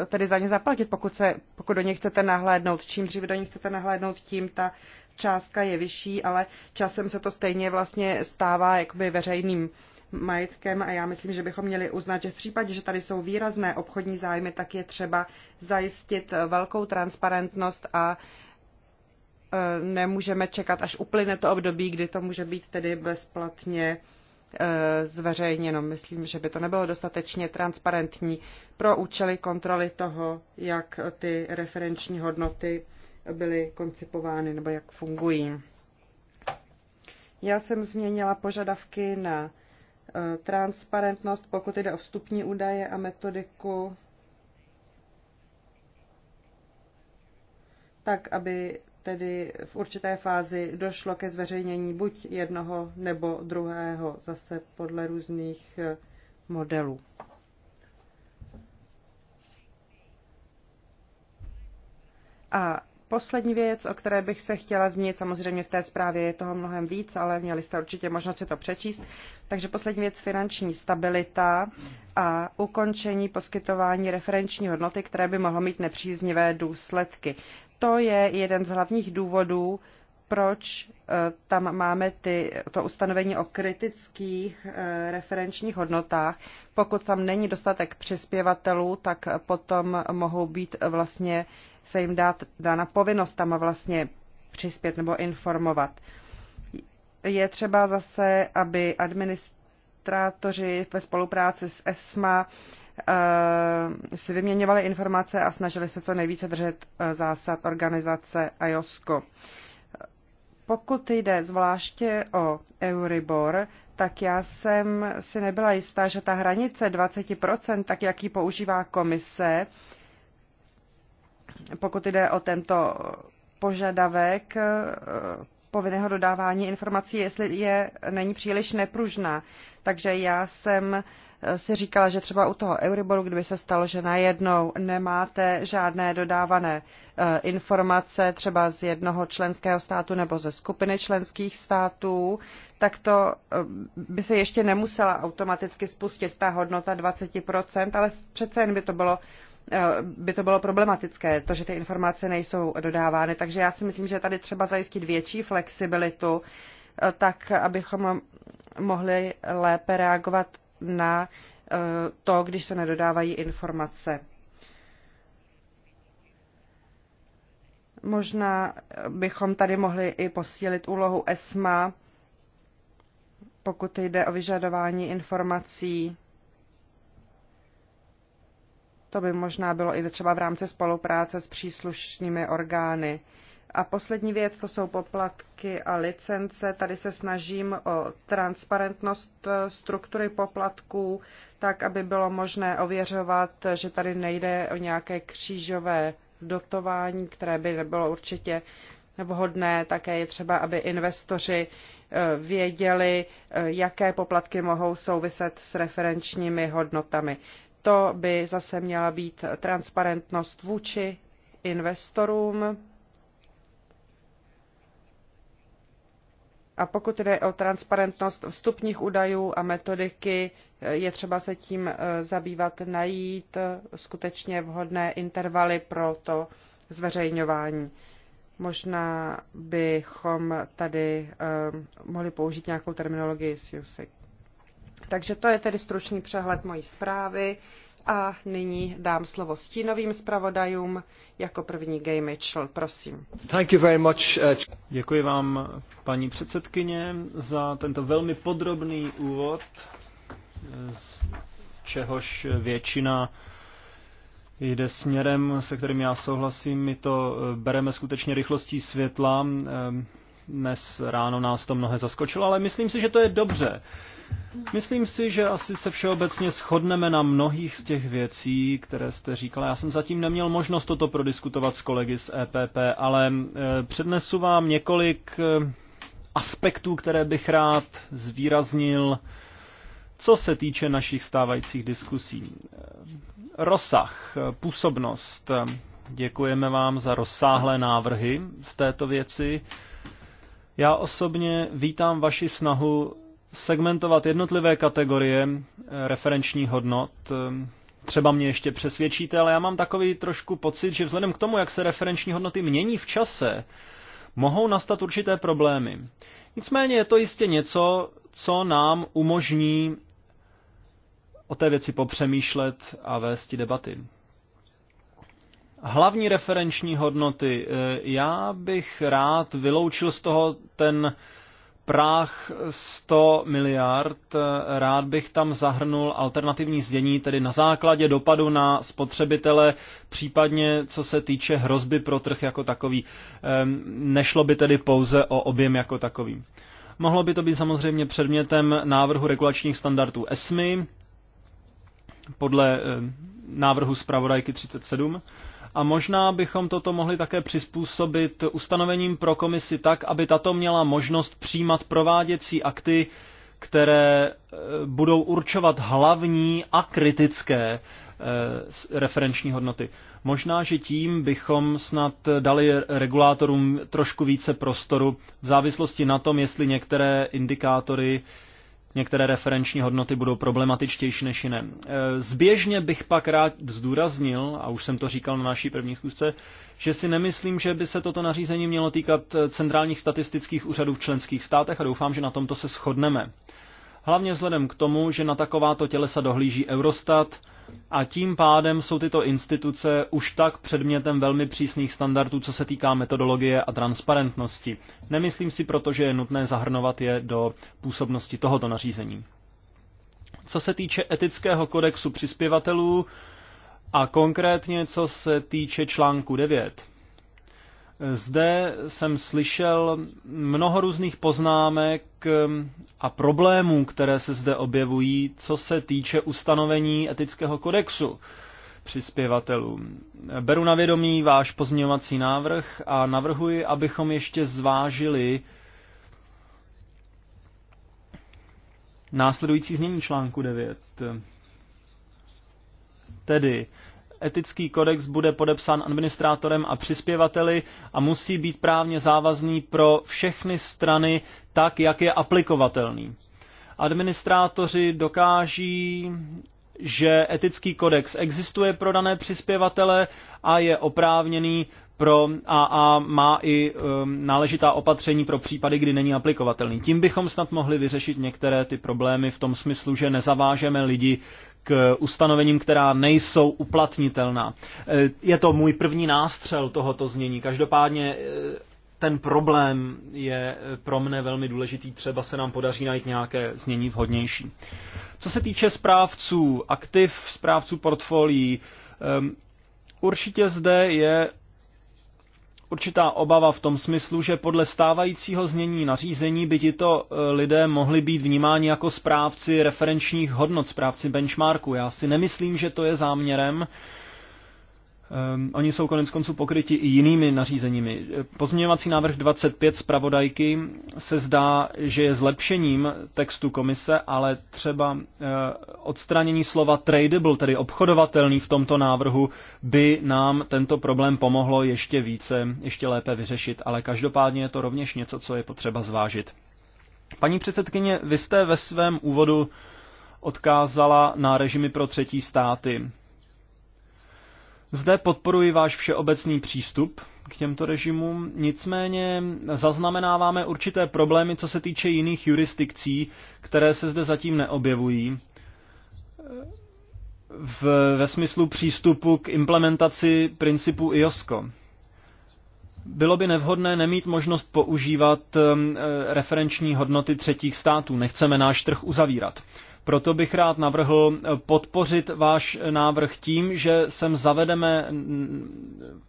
Eh, tedy za ně zaplatit, pokud, se, pokud do něj chcete nahlédnout. Čím dříve do něj chcete nahlédnout, tím ta částka je vyšší, ale časem se to stejně vlastně stává jakoby veřejným majetkem a já myslím, že bychom měli uznat, že v případě, že tady jsou výrazné obchodní zájmy, tak je třeba zajistit velkou transparentnost a eh, nemůžeme čekat, až uplyne to období, kdy to může být tedy bezplatně Eh, zveřejněno. Myslím, že by to nebylo dostatečně transparentní pro účely kontroly toho, jak ty referenční hodnoty byly koncipovány nebo jak fungují. Já jsem změnila požadavky na eh, transparentnost, pokud jde o vstupní údaje a metodiku, tak aby tedy v určité fázi došlo ke zveřejnění buď jednoho nebo druhého, zase podle různých eh, modelů. A poslední věc, o které bych se chtěla zmínit, samozřejmě v té zprávě je toho mnohem víc, ale měli jste určitě možnost si to přečíst. Takže poslední věc, finanční stabilita a ukončení poskytování referenční hodnoty, které by mohlo mít nepříznivé důsledky to je jeden z hlavních důvodů, proč eh, tam máme ty, to ustanovení o kritických eh, referenčních hodnotách. Pokud tam není dostatek přispěvatelů, tak potom mohou být vlastně se jim dát dána povinnost tam vlastně přispět nebo informovat. Je třeba zase, aby administrátoři ve spolupráci s ESMA Eh, si vyměňovali informace a snažili se co nejvíce držet eh, zásad organizace IOSCO. Pokud jde zvláště o Euribor, tak já jsem si nebyla jistá, že ta hranice 20%, tak jak ji používá komise, pokud jde o tento požadavek eh, povinného dodávání informací, jestli je není příliš nepružná. Takže já jsem eh, si říkala, že třeba u toho Euriboru, kdyby se stalo, že najednou nemáte žádné dodávané eh, informace třeba z jednoho členského státu nebo ze skupiny členských států, tak to eh, by se ještě nemusela automaticky spustit ta hodnota 20%, ale přece jen by to bylo Eh, by to bylo problematické, to, že ty informace nejsou dodávány. Takže já si myslím, že tady třeba zajistit větší flexibilitu, eh, tak abychom mohli lépe reagovat na eh, to, když se nedodávají informace. Možná bychom tady mohli i posílit úlohu ESMA, pokud jde o vyžadování informací to by možná bylo i třeba v rámci spolupráce s příslušnými orgány. A poslední věc, to jsou poplatky a licence. Tady se snažím o transparentnost e, struktury poplatků, tak aby bylo možné ověřovat, že tady nejde o nějaké křížové dotování, které by nebylo určitě vhodné. Také je třeba, aby investoři e, věděli, e, jaké poplatky mohou souviset s referenčními hodnotami to by zase měla být transparentnost vůči investorům. A pokud jde o transparentnost vstupních údajů a metodiky, je třeba se tím eh, zabývat, najít eh, skutečně vhodné intervaly pro to zveřejňování. Možná bychom tady eh, mohli použít nějakou terminologii s USIC. Takže to je tedy stručný přehled mojí zprávy a nyní dám slovo stínovým zpravodajům jako první Gay Mitchell, prosím. Thank you very much. Uh, Děkuji vám, paní předsedkyně, za tento velmi podrobný úvod, z čehož většina jde směrem, se kterým já souhlasím. My to eh, bereme skutečně rychlostí světla. Ehm, dnes ráno nás to mnohé zaskočilo, ale myslím si, že to je dobře Myslím si, že asi se všeobecně shodneme na mnohých z těch věcí, které jste říkala. Já jsem zatím neměl možnost toto prodiskutovat s kolegy z EPP, ale eh, přednesu vám několik eh, aspektů, které bych rád zvýraznil, co se týče našich stávajících diskusí. Eh, rozsah, působnost. Děkujeme vám za rozsáhlé návrhy v této věci. Já osobně vítám vaši snahu segmentovat jednotlivé kategorie eh, referenční hodnot. Eh, třeba mě ještě přesvědčíte, ale já mám takový trošku pocit, že vzhledem k tomu, jak se referenční hodnoty mění v čase, mohou nastat určité problémy. Nicméně je to jistě něco, co nám umožní o té věci popřemýšlet a vést debaty. Hlavní referenční hodnoty. Eh, já bych rád vyloučil z toho ten práh 100 miliard, rád bych tam zahrnul alternativní zdění, tedy na základě dopadu na spotřebitele, případně co se týče hrozby pro trh jako takový. Ehm, nešlo by tedy pouze o objem jako takový. Mohlo by to být samozřejmě předmětem návrhu regulačních standardů ESMI podle ehm, návrhu zpravodajky 37 a možná bychom toto mohli také přizpůsobit ustanovením pro komisi tak, aby tato měla možnost přijímat prováděcí akty, které e, budou určovat hlavní a kritické e, referenční hodnoty. Možná, že tím bychom snad dali regulátorům trošku více prostoru v závislosti na tom, jestli některé indikátory některé referenční hodnoty budou problematičtější než jiné. E, zběžně bych pak rád zdůraznil, a už jsem to říkal na naší první zkusce, že si nemyslím, že by se toto nařízení mělo týkat e, centrálních statistických úřadů v členských státech a doufám, že na tomto se shodneme. Hlavně vzhledem k tomu, že na takováto tělesa dohlíží Eurostat, a tím pádem jsou tyto instituce už tak předmětem velmi přísných standardů, co se týká metodologie a transparentnosti. Nemyslím si proto, že je nutné zahrnovat je do působnosti tohoto nařízení. Co se týče etického kodexu přispěvatelů a konkrétně co se týče článku 9, zde jsem slyšel mnoho různých poznámek um, a problémů, které se zde objevují, co se týče ustanovení etického kodexu přispěvatelů. Beru na vědomí váš pozměňovací návrh a navrhuji, abychom ještě zvážili následující znění článku 9. Tedy etický kodex bude podepsán administrátorem a přispěvateli a musí být právně závazný pro všechny strany tak, jak je aplikovatelný. Administrátoři dokáží že etický kodex existuje pro dané přispěvatele a je oprávněný pro a, a má i um, náležitá opatření pro případy, kdy není aplikovatelný. Tím bychom snad mohli vyřešit některé ty problémy v tom smyslu, že nezavážeme lidi k ustanovením, která nejsou uplatnitelná. Eh, je to můj první nástřel tohoto znění. Každopádně eh, ten problém je eh, pro mne velmi důležitý, třeba se nám podaří najít nějaké znění vhodnější. Co se týče správců aktiv, správců portfolií, ehm, určitě zde je určitá obava v tom smyslu, že podle stávajícího znění nařízení by tito e, lidé mohli být vnímáni jako správci referenčních hodnot, správci benchmarku. Já si nemyslím, že to je záměrem Um, oni jsou konec konců pokryti i jinými nařízeními. Pozměňovací návrh 25 zpravodajky se zdá, že je zlepšením textu komise, ale třeba uh, odstranění slova tradable, tedy obchodovatelný v tomto návrhu, by nám tento problém pomohlo ještě více, ještě lépe vyřešit. Ale každopádně je to rovněž něco, co je potřeba zvážit. Paní předsedkyně, vy jste ve svém úvodu odkázala na režimy pro třetí státy zde podporuji váš všeobecný přístup k těmto režimům, nicméně zaznamenáváme určité problémy, co se týče jiných jurisdikcí, které se zde zatím neobjevují. V, ve smyslu přístupu k implementaci principu IOSCO. Bylo by nevhodné nemít možnost používat eh, referenční hodnoty třetích států. Nechceme náš trh uzavírat. Proto bych rád navrhl eh, podpořit váš návrh tím, že sem zavedeme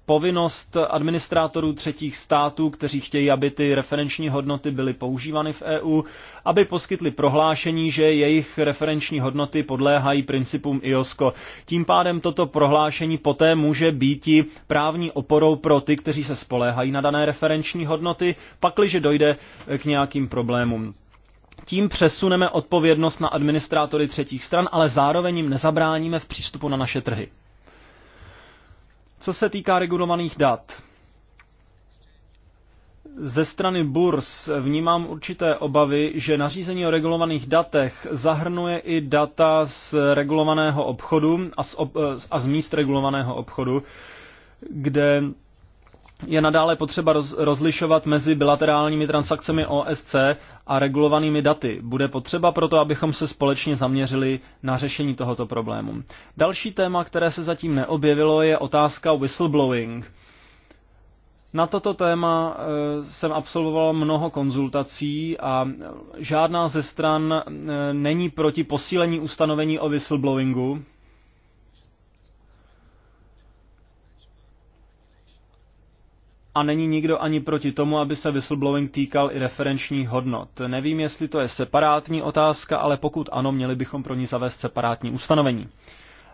povinnost administrátorů třetích států, kteří chtějí, aby ty referenční hodnoty byly používány v EU, aby poskytli prohlášení, že jejich referenční hodnoty podléhají principům IOSCO. Tím pádem toto prohlášení poté může být i právní oporou pro ty, kteří se spoléhají na dané referenční hodnoty, pakliže dojde eh, k nějakým problémům tím přesuneme odpovědnost na administrátory třetích stran, ale zároveň jim nezabráníme v přístupu na naše trhy. Co se týká regulovaných dat, ze strany burs vnímám určité obavy, že nařízení o regulovaných datech zahrnuje i data z regulovaného obchodu a z, ob, a z míst regulovaného obchodu, kde je nadále potřeba roz, rozlišovat mezi bilaterálními transakcemi OSC a regulovanými daty. Bude potřeba proto, abychom se společně zaměřili na řešení tohoto problému. Další téma, které se zatím neobjevilo, je otázka whistleblowing. Na toto téma eh, jsem absolvoval mnoho konzultací a žádná ze stran eh, není proti posílení ustanovení o whistleblowingu, a není nikdo ani proti tomu, aby se whistleblowing týkal i referenčních hodnot. Nevím, jestli to je separátní otázka, ale pokud ano, měli bychom pro ní zavést separátní ustanovení.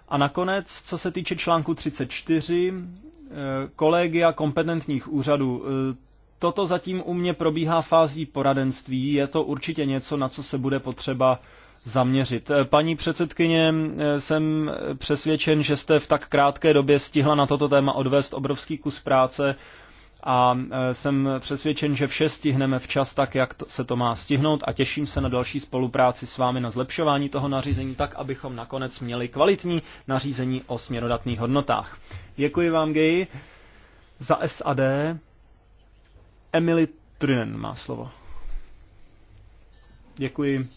A nakonec, co se týče článku 34, eh, kolegia kompetentních úřadů, eh, toto zatím u mě probíhá fází poradenství, je to určitě něco, na co se bude potřeba zaměřit. Eh, paní předsedkyně, jsem přesvědčen, že jste v tak krátké době stihla na toto téma odvést obrovský kus práce, a e, jsem přesvědčen, že vše stihneme včas tak, jak to, se to má stihnout a těším se na další spolupráci s vámi na zlepšování toho nařízení tak, abychom nakonec měli kvalitní nařízení o směrodatných hodnotách. Děkuji vám, Gej, za SAD. Emily Trinen má slovo. Děkuji.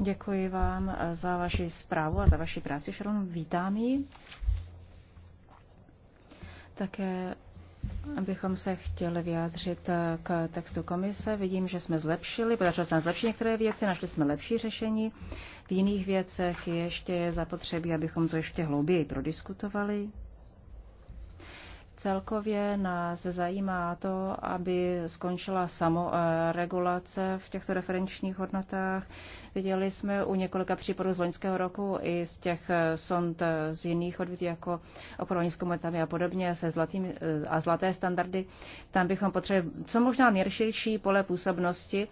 Děkuji vám e, za vaši zprávu a za vaši práci, Sharon. Vítám ji. Také bychom se chtěli vyjádřit eh, k textu komise. Vidím, že jsme zlepšili, podařilo se nám zlepšit některé věci, našli jsme lepší řešení. V jiných věcech ještě je zapotřebí, abychom to ještě hlouběji prodiskutovali. Celkově nás zajímá to, aby skončila samoregulace v těchto referenčních hodnotách. Viděli jsme u několika případů z loňského roku i z těch sond z jiných odvětví, jako okolní zkumetami a podobně, se zlatými a zlaté standardy. Tam bychom potřebovali co možná nejširší pole působnosti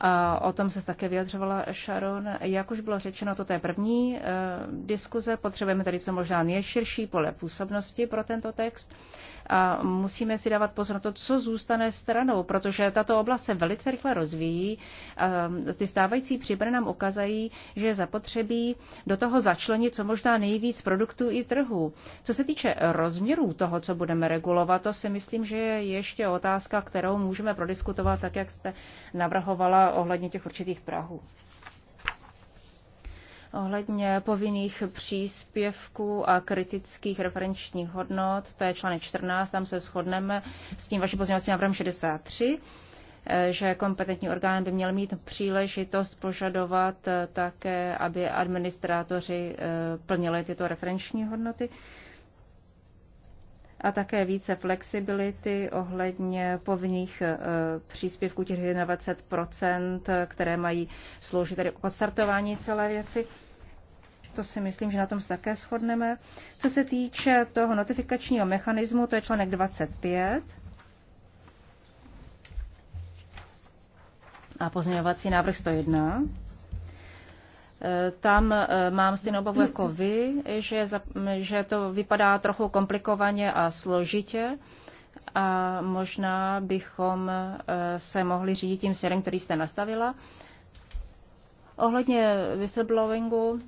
a o tom se také vyjadřovala Sharon. Jak už bylo řečeno, toto je první e, diskuze. Potřebujeme tady co možná nejširší pole působnosti pro tento text a musíme si dávat pozor na to, co zůstane stranou, protože tato oblast se velice rychle rozvíjí. A ty stávající příběhy nám ukazají, že je zapotřebí do toho začlenit co možná nejvíc produktů i trhů. Co se týče rozměrů toho, co budeme regulovat, to si myslím, že je ještě otázka, kterou můžeme prodiskutovat, tak jak jste navrhovala ohledně těch určitých prahů ohledně povinných příspěvků a kritických referenčních hodnot, to je článek 14, tam se shodneme s tím vaším pozměňovacím návrhem 63, že kompetentní orgán by měl mít příležitost požadovat eh, také, aby administrátoři eh, plnili tyto referenční hodnoty a také více flexibility ohledně povinných eh, příspěvků těch 21%, které mají sloužit tedy k odstartování celé věci. To si myslím, že na tom se také shodneme. Co se týče toho notifikačního mechanismu, to je článek 25. A pozměňovací návrh 101. Tam eh, mám stejnou obavu jako vy, že, že to vypadá trochu komplikovaně a složitě a možná bychom eh, se mohli řídit tím směrem, který jste nastavila. Ohledně whistleblowingu,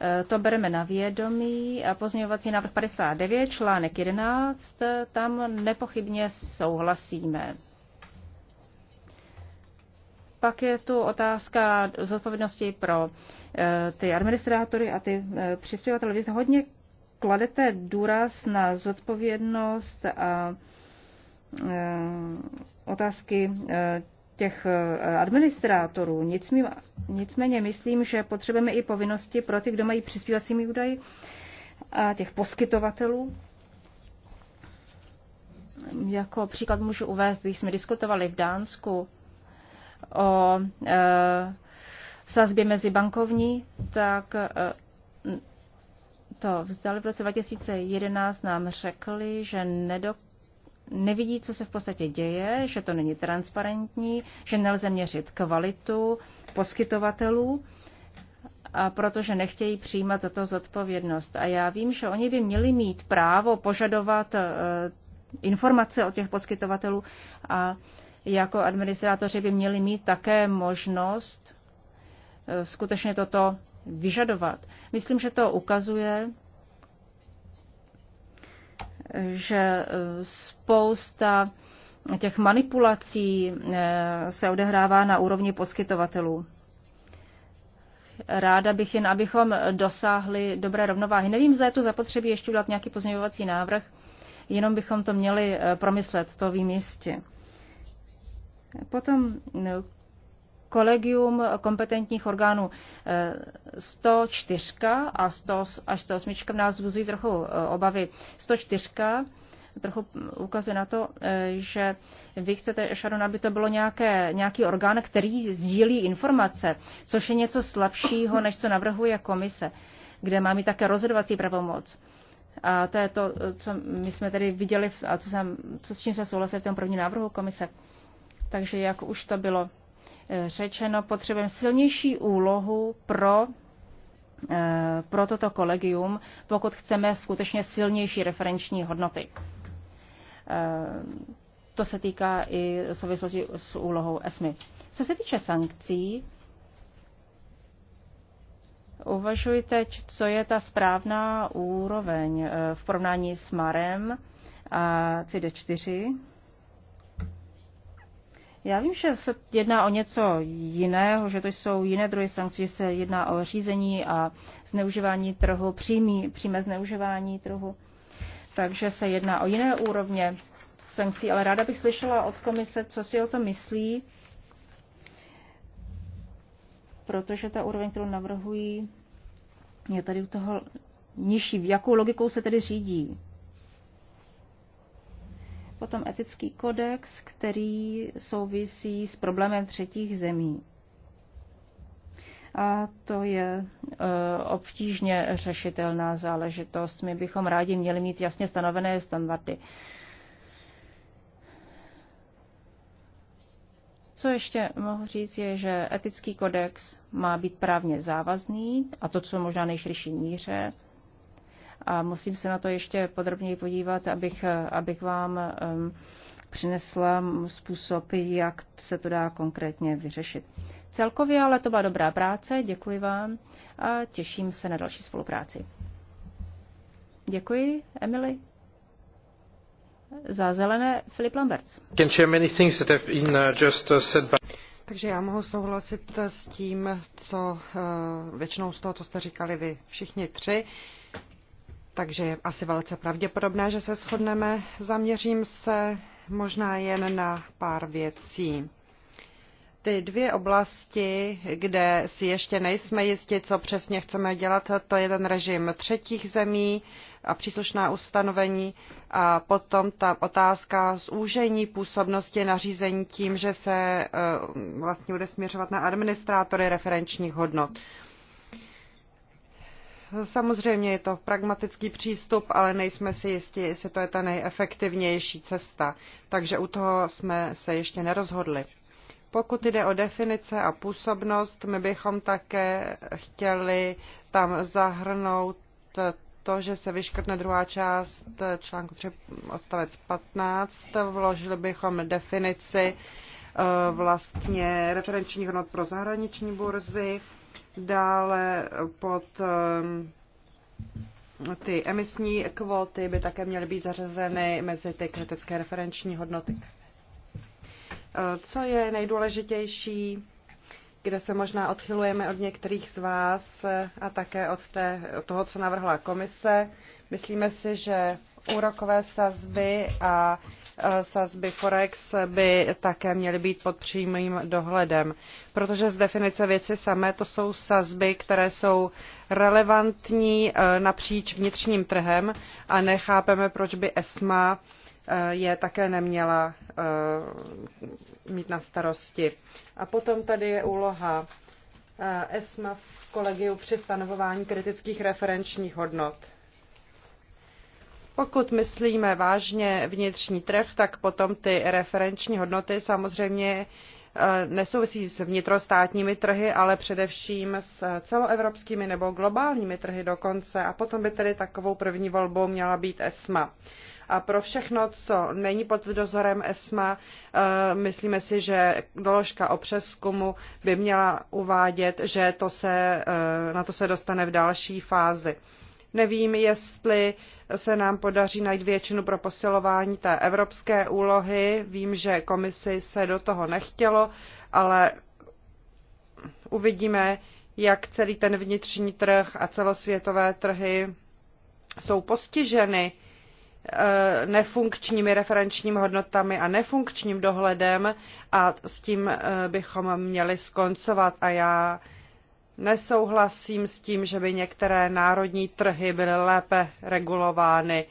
eh, to bereme na vědomí. A pozměňovací návrh 59, článek 11, tam nepochybně souhlasíme. Pak je tu otázka zodpovědnosti pro eh, ty administrátory a ty eh, přispěvatele. Vy hodně kladete důraz na zodpovědnost a eh, otázky těch administrátorů. nicméně myslím, že potřebujeme i povinnosti pro ty, kdo mají přispívat svými údaji a těch poskytovatelů. Jako příklad můžu uvést, když jsme diskutovali v Dánsku o e, sazbě mezi bankovní, tak e, to vzdali v roce 2011, nám řekli, že nedok nevidí, co se v podstatě děje, že to není transparentní, že nelze měřit kvalitu poskytovatelů a protože nechtějí přijímat za to zodpovědnost. A já vím, že oni by měli mít právo požadovat e, informace od těch poskytovatelů a jako administrátoři by měli mít také možnost eh, skutečně toto vyžadovat. Myslím, že to ukazuje, že eh, spousta těch manipulací eh, se odehrává na úrovni poskytovatelů. Ráda bych jen, abychom dosáhli dobré rovnováhy. Nevím, zda je tu zapotřebí ještě udělat nějaký pozměňovací návrh, jenom bychom to měli promyslet, to vím jistě. Potom no, kolegium kompetentních orgánů 104 eh, a 100, až 108 nás vzbuzují trochu eh, obavy. 104 trochu ukazuje na to, eh, že vy chcete, Sharon, aby to bylo nějaké, nějaký orgán, který sdílí informace, což je něco slabšího, než co navrhuje komise, kde má mít také rozhodovací pravomoc. A to je to, co my jsme tady viděli a co, jsem, co s čím jsme souhlasili v tom prvním návrhu komise. Takže jak už to bylo eh, řečeno, potřebujeme silnější úlohu pro eh, pro toto kolegium, pokud chceme skutečně silnější referenční hodnoty. Eh, to se týká i souvislosti s úlohou ESMI. Co se týče sankcí, uvažuji teď, co je ta správná úroveň v porovnání s MARem a cd 4. Já vím, že se jedná o něco jiného, že to jsou jiné druhy sankcí, že se jedná o řízení a zneužívání trhu, přímý, přímé zneužívání trhu. Takže se jedná o jiné úrovně sankcí, ale ráda bych slyšela od komise, co si o to myslí, protože ta úroveň, kterou navrhují, je tady u toho nižší. Jakou logikou se tedy řídí? Potom etický kodex, který souvisí s problémem třetích zemí. A to je e, obtížně řešitelná záležitost. My bychom rádi měli mít jasně stanovené standardy. Co ještě mohu říct, je, že etický kodex má být právně závazný, a to co možná nejširší míře, a musím se na to ještě podrobněji podívat, abych, abych vám přinesla způsob, jak se to dá konkrétně vyřešit. Celkově ale to byla dobrá práce, děkuji vám a těším se na další spolupráci. Děkuji, Emily. Za zelené Filip Lamberts. Uh, uh, Takže já mohu souhlasit s tím, co eh, většinou z toho, co jste říkali vy všichni tři. Uh, takže je asi velice pravděpodobné, že se shodneme. Zaměřím se možná jen na pár věcí. Ty dvě oblasti, kde si ještě nejsme jisti, co přesně chceme dělat, to je ten režim třetích zemí a příslušná ustanovení a potom ta otázka zúžení působnosti nařízení tím, že se eh, vlastně bude směřovat na administrátory referenčních hodnot. Samozřejmě je to pragmatický přístup, ale nejsme si jistí, jestli to je ta nejefektivnější cesta. Takže u toho jsme se ještě nerozhodli. Pokud jde o definice a působnost, my bychom také chtěli tam zahrnout to, že se vyškrtne druhá část článku 3 odstavec 15. Vložili bychom definici eh, vlastně referenčních hodnot pro zahraniční burzy Dále pod ehm, ty emisní kvóty by také měly být zařazeny mezi ty kritické referenční hodnoty. Eh, co je nejdůležitější, kde se možná odchylujeme od některých z vás eh, a také od, té, od toho, co navrhla komise. Myslíme si, že úrokové sazby a Eh, sazby Forex by také měly být pod přímým dohledem, protože z definice věci samé to jsou sazby, které jsou relevantní eh, napříč vnitřním trhem a nechápeme, proč by ESMA eh, je také neměla mít na starosti. A potom tady je úloha ESMA v kolegiu při stanovování kritických referenčních hodnot. Pokud myslíme vážně vnitřní trh, tak potom ty referenční hodnoty samozřejmě eh, nesouvisí s vnitrostátními trhy, ale především s celoevropskými nebo globálními trhy dokonce. A potom by tedy takovou první volbou měla být ESMA. A pro všechno, co není pod dozorem ESMA, eh, myslíme si, že doložka o přeskumu by měla uvádět, že to se, eh, na to se dostane v další fázi. Nevím, jestli se nám podaří najít většinu pro posilování té evropské úlohy. Vím, že komisi se do toho nechtělo, ale uvidíme, jak celý ten vnitřní trh a celosvětové trhy jsou postiženy eh, nefunkčními referenčními hodnotami a nefunkčním dohledem a s tím eh, bychom měli skoncovat a já Nesouhlasím s tím, že by některé národní trhy byly lépe regulovány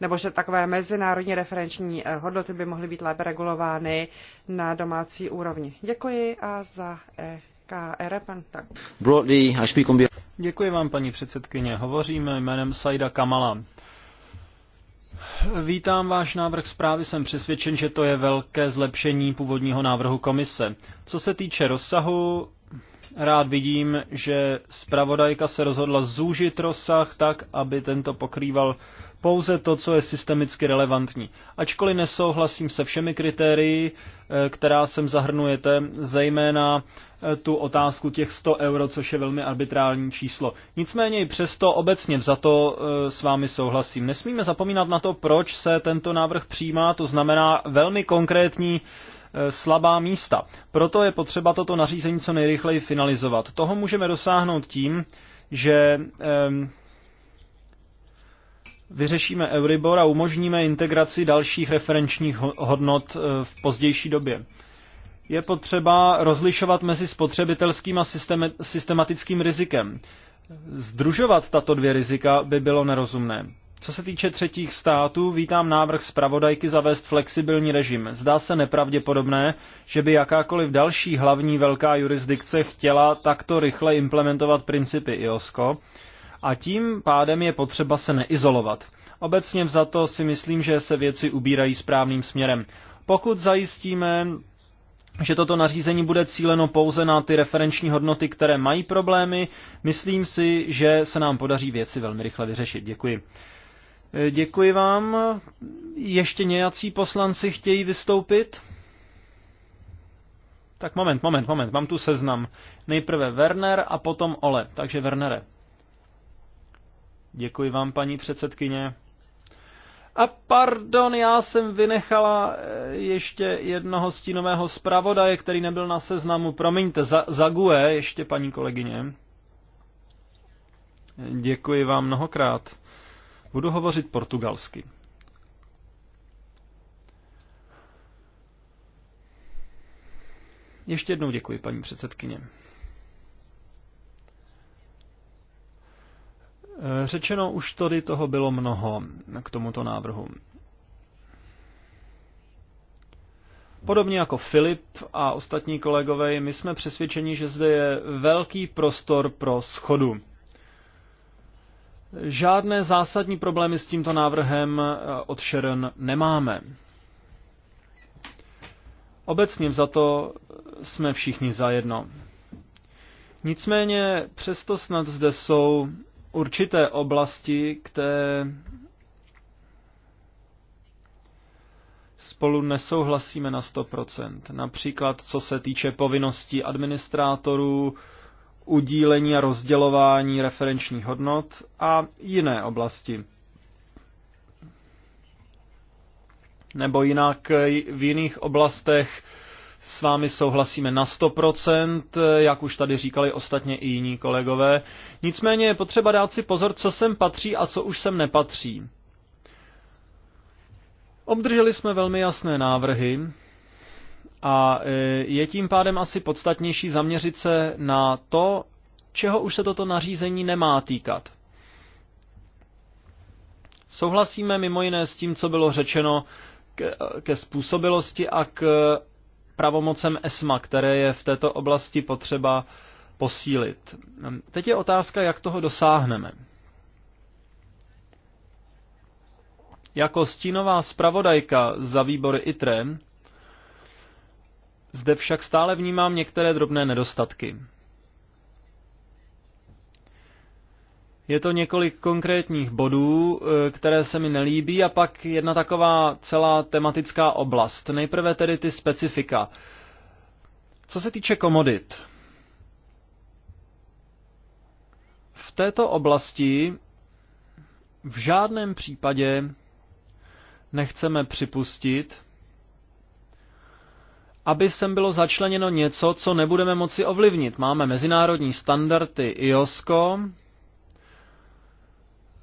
nebo že takové mezinárodní referenční eh, hodnoty by mohly být lépe regulovány na domácí úrovni. Děkuji a za EKR Děkuji vám, paní předsedkyně. Hovoříme jménem Saida Kamala. Vítám váš návrh zprávy, jsem přesvědčen, že to je velké zlepšení původního návrhu komise. Co se týče rozsahu, rád vidím, že zpravodajka se rozhodla zúžit rozsah tak, aby tento pokrýval pouze to, co je systemicky relevantní. Ačkoliv nesouhlasím se všemi kritérii, eh, která sem zahrnujete, zejména eh, tu otázku těch 100 euro, což je velmi arbitrální číslo. Nicméně i přesto obecně za to eh, s vámi souhlasím. Nesmíme zapomínat na to, proč se tento návrh přijímá, to znamená velmi konkrétní slabá místa. Proto je potřeba toto nařízení co nejrychleji finalizovat. Toho můžeme dosáhnout tím, že vyřešíme Euribor a umožníme integraci dalších referenčních hodnot eh, v pozdější době. Je potřeba rozlišovat mezi spotřebitelským a systematickým rizikem. Združovat tato dvě rizika by bylo nerozumné. Co se týče třetích států, vítám návrh zpravodajky zavést flexibilní režim. Zdá se nepravděpodobné, že by jakákoliv další hlavní velká jurisdikce chtěla takto rychle implementovat principy IOSCO, a tím pádem je potřeba se neizolovat. Obecně to si myslím, že se věci ubírají správným směrem. Pokud zajistíme, že toto nařízení bude cíleno pouze na ty referenční hodnoty, které mají problémy, myslím si, že se nám podaří věci velmi rychle vyřešit. Děkuji. Eh, děkuji vám. Ještě nějací poslanci chtějí vystoupit? Tak moment, moment, moment, mám tu seznam. Nejprve Werner a potom Ole, takže Wernere. Děkuji vám, paní předsedkyně. A pardon, já jsem vynechala eh, ještě jednoho stínového zpravodaje, který nebyl na seznamu. Promiňte, za, za GUE, ještě paní kolegyně. Děkuji vám mnohokrát. Budu hovořit portugalsky. Ještě jednou děkuji, paní předsedkyně. Eh, řečeno už tady toho bylo mnoho k tomuto návrhu. Podobně jako Filip a ostatní kolegové, my jsme přesvědčeni, že zde je velký prostor pro schodu. Žádné zásadní problémy s tímto návrhem eh, od Sharon nemáme. Obecně za to eh, jsme všichni zajedno. Nicméně přesto snad zde jsou určité oblasti, které spolu nesouhlasíme na 100%. Například co se týče povinností administrátorů, udílení a rozdělování referenčních hodnot a jiné oblasti. Nebo jinak v jiných oblastech s vámi souhlasíme na 100%, jak už tady říkali ostatně i jiní kolegové. Nicméně je potřeba dát si pozor, co sem patří a co už sem nepatří. Obdrželi jsme velmi jasné návrhy a e, je tím pádem asi podstatnější zaměřit se na to, čeho už se toto nařízení nemá týkat. Souhlasíme mimo jiné s tím, co bylo řečeno ke, ke způsobilosti a k pravomocem ESMA, které je v této oblasti potřeba posílit. Teď je otázka, jak toho dosáhneme. Jako stínová zpravodajka za výbor ITRE zde však stále vnímám některé drobné nedostatky. Je to několik konkrétních bodů, eh, které se mi nelíbí, a pak jedna taková celá tematická oblast. Nejprve tedy ty specifika. Co se týče komodit, v této oblasti v žádném případě nechceme připustit, aby sem bylo začleněno něco, co nebudeme moci ovlivnit. Máme mezinárodní standardy IOSCO,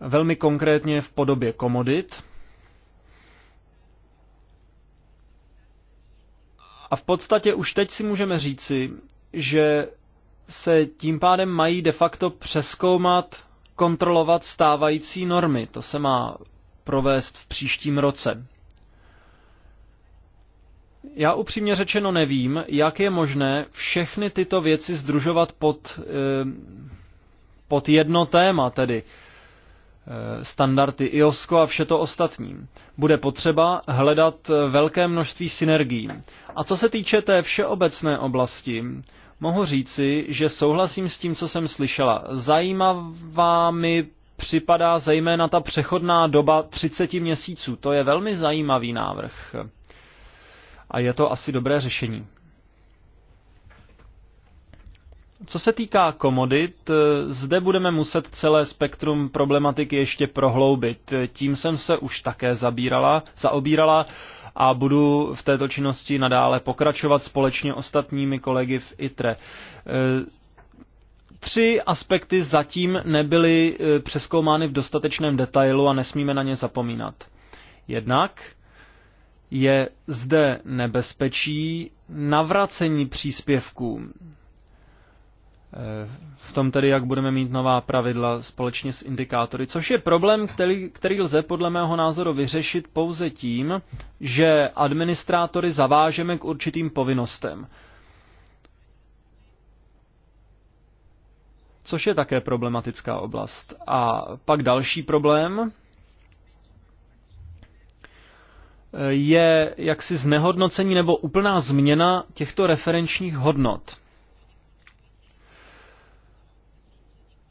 velmi konkrétně v podobě komodit. A v podstatě už teď si můžeme říci, že se tím pádem mají de facto přeskoumat, kontrolovat stávající normy. To se má provést v příštím roce. Já upřímně řečeno nevím, jak je možné všechny tyto věci združovat pod, eh, pod jedno téma, tedy Eh, standardy IOSCO a vše to ostatní. Bude potřeba hledat eh, velké množství synergií. A co se týče té všeobecné oblasti, mohu říci, že souhlasím s tím, co jsem slyšela. Zajímavá mi připadá zejména ta přechodná doba 30 měsíců. To je velmi zajímavý návrh. A je to asi dobré řešení. Co se týká komodit, eh, zde budeme muset celé spektrum problematiky ještě prohloubit. Tím jsem se už také zabírala, zaobírala a budu v této činnosti nadále pokračovat společně ostatními kolegy v ITRE. Eh, tři aspekty zatím nebyly eh, přeskoumány v dostatečném detailu a nesmíme na ně zapomínat. Jednak je zde nebezpečí navracení příspěvků v tom tedy, jak budeme mít nová pravidla společně s indikátory, což je problém, který, který lze podle mého názoru vyřešit pouze tím, že administrátory zavážeme k určitým povinnostem. Což je také problematická oblast. A pak další problém je jaksi znehodnocení nebo úplná změna těchto referenčních hodnot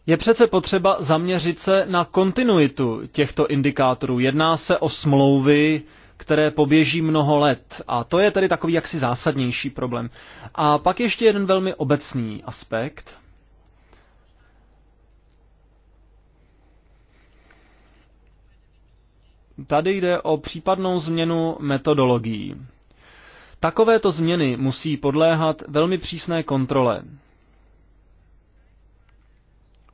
Je přece potřeba zaměřit se na kontinuitu těchto indikátorů. Jedná se o smlouvy, které poběží mnoho let. A to je tedy takový jaksi zásadnější problém. A pak ještě jeden velmi obecný aspekt. Tady jde o případnou změnu metodologií. Takovéto změny musí podléhat velmi přísné kontrole.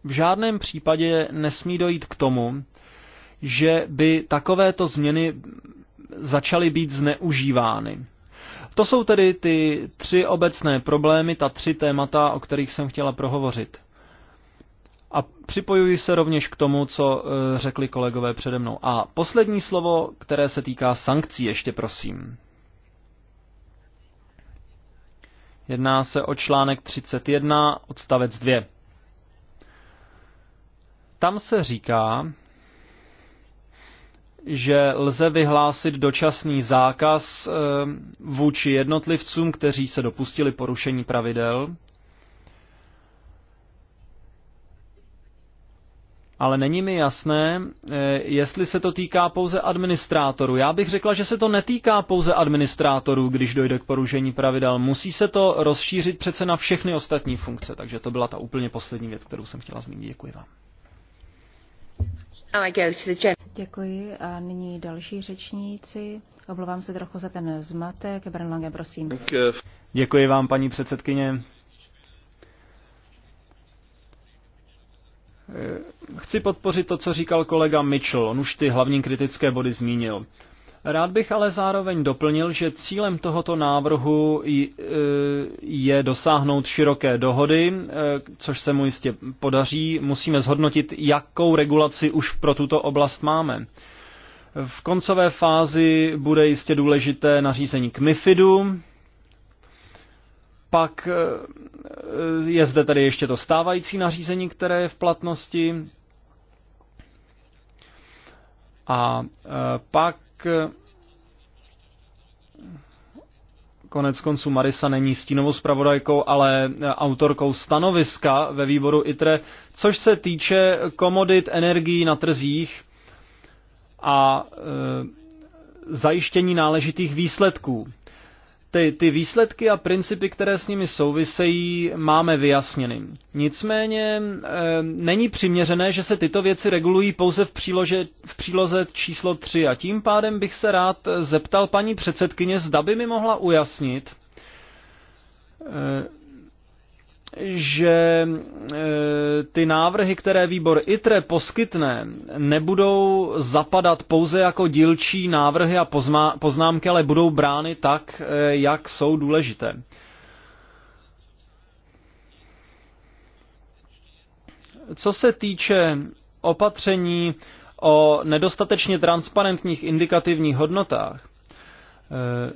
V žádném případě nesmí dojít k tomu, že by takovéto změny začaly být zneužívány. To jsou tedy ty tři obecné problémy, ta tři témata, o kterých jsem chtěla prohovořit. A připojuji se rovněž k tomu, co eh, řekli kolegové přede mnou. A poslední slovo, které se týká sankcí, ještě prosím. Jedná se o článek 31, odstavec 2. Tam se říká, že lze vyhlásit dočasný zákaz eh, vůči jednotlivcům, kteří se dopustili porušení pravidel, ale není mi jasné, eh, jestli se to týká pouze administrátorů. Já bych řekla, že se to netýká pouze administrátorů, když dojde k porušení pravidel. Musí se to rozšířit přece na všechny ostatní funkce, takže to byla ta úplně poslední věc, kterou jsem chtěla zmínit. Děkuji vám. Děkuji a nyní další řečníci. Omlouvám se trochu za ten zmatek. Lange, prosím. Děkuji vám, paní předsedkyně. Eh, chci podpořit to, co říkal kolega Mitchell. On už ty hlavní kritické body zmínil. Rád bych ale zároveň doplnil, že cílem tohoto návrhu e, je dosáhnout široké dohody, e, což se mu jistě podaří. Musíme zhodnotit, jakou regulaci už pro tuto oblast máme. V koncové fázi bude jistě důležité nařízení k MIFIDu, pak e, je zde tady ještě to stávající nařízení, které je v platnosti. A pak Eh, konec konců Marisa není stínovou zpravodajkou, ale eh, autorkou stanoviska ve výboru ITRE, což se týče komodit energií na trzích a e, zajištění náležitých výsledků ty, ty výsledky a principy, které s nimi souvisejí, máme vyjasněny. Nicméně e, není přiměřené, že se tyto věci regulují pouze v, přílože, v příloze číslo 3 a tím pádem bych se rád zeptal paní předsedkyně, zda by mi mohla ujasnit, e, že e, ty návrhy, které výbor ITRE poskytne, nebudou zapadat pouze jako dílčí návrhy a poznámky, ale budou brány tak, e, jak jsou důležité. Co se týče opatření o nedostatečně transparentních indikativních hodnotách, e,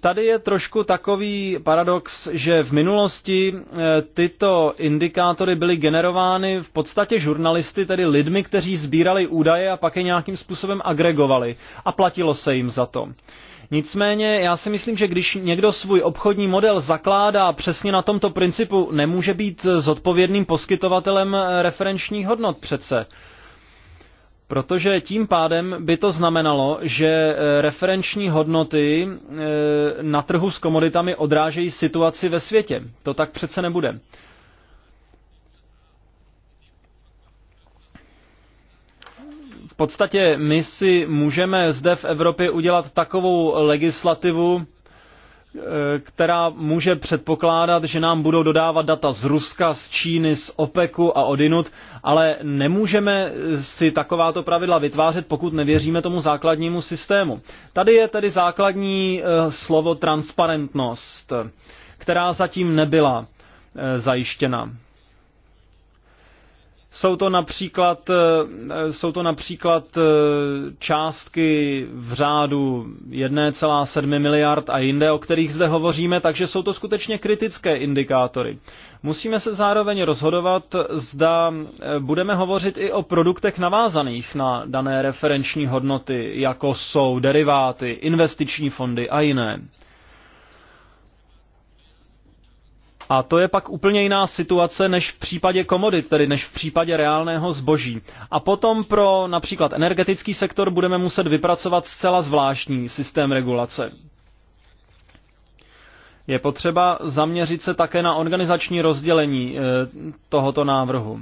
tady je trošku takový paradox, že v minulosti eh, tyto indikátory byly generovány v podstatě žurnalisty, tedy lidmi, kteří sbírali údaje a pak je nějakým způsobem agregovali a platilo se jim za to. Nicméně já si myslím, že když někdo svůj obchodní model zakládá přesně na tomto principu, nemůže být zodpovědným poskytovatelem eh, referenčních hodnot přece. Protože tím pádem by to znamenalo, že eh, referenční hodnoty eh, na trhu s komoditami odrážejí situaci ve světě. To tak přece nebude. V podstatě my si můžeme zde v Evropě udělat takovou legislativu, Eh, která může předpokládat, že nám budou dodávat data z Ruska, z Číny, z OPEKu a odinut, ale nemůžeme si takováto pravidla vytvářet, pokud nevěříme tomu základnímu systému. Tady je tedy základní eh, slovo transparentnost, která zatím nebyla eh, zajištěna. Jsou to například, eh, jsou to například eh, částky v řádu 1,7 miliard a jinde, o kterých zde hovoříme, takže jsou to skutečně kritické indikátory. Musíme se zároveň rozhodovat, zda eh, budeme hovořit i o produktech navázaných na dané referenční hodnoty, jako jsou deriváty, investiční fondy a jiné. A to je pak úplně jiná situace než v případě komodit, tedy než v případě reálného zboží. A potom pro například energetický sektor budeme muset vypracovat zcela zvláštní systém regulace. Je potřeba zaměřit se také na organizační rozdělení eh, tohoto návrhu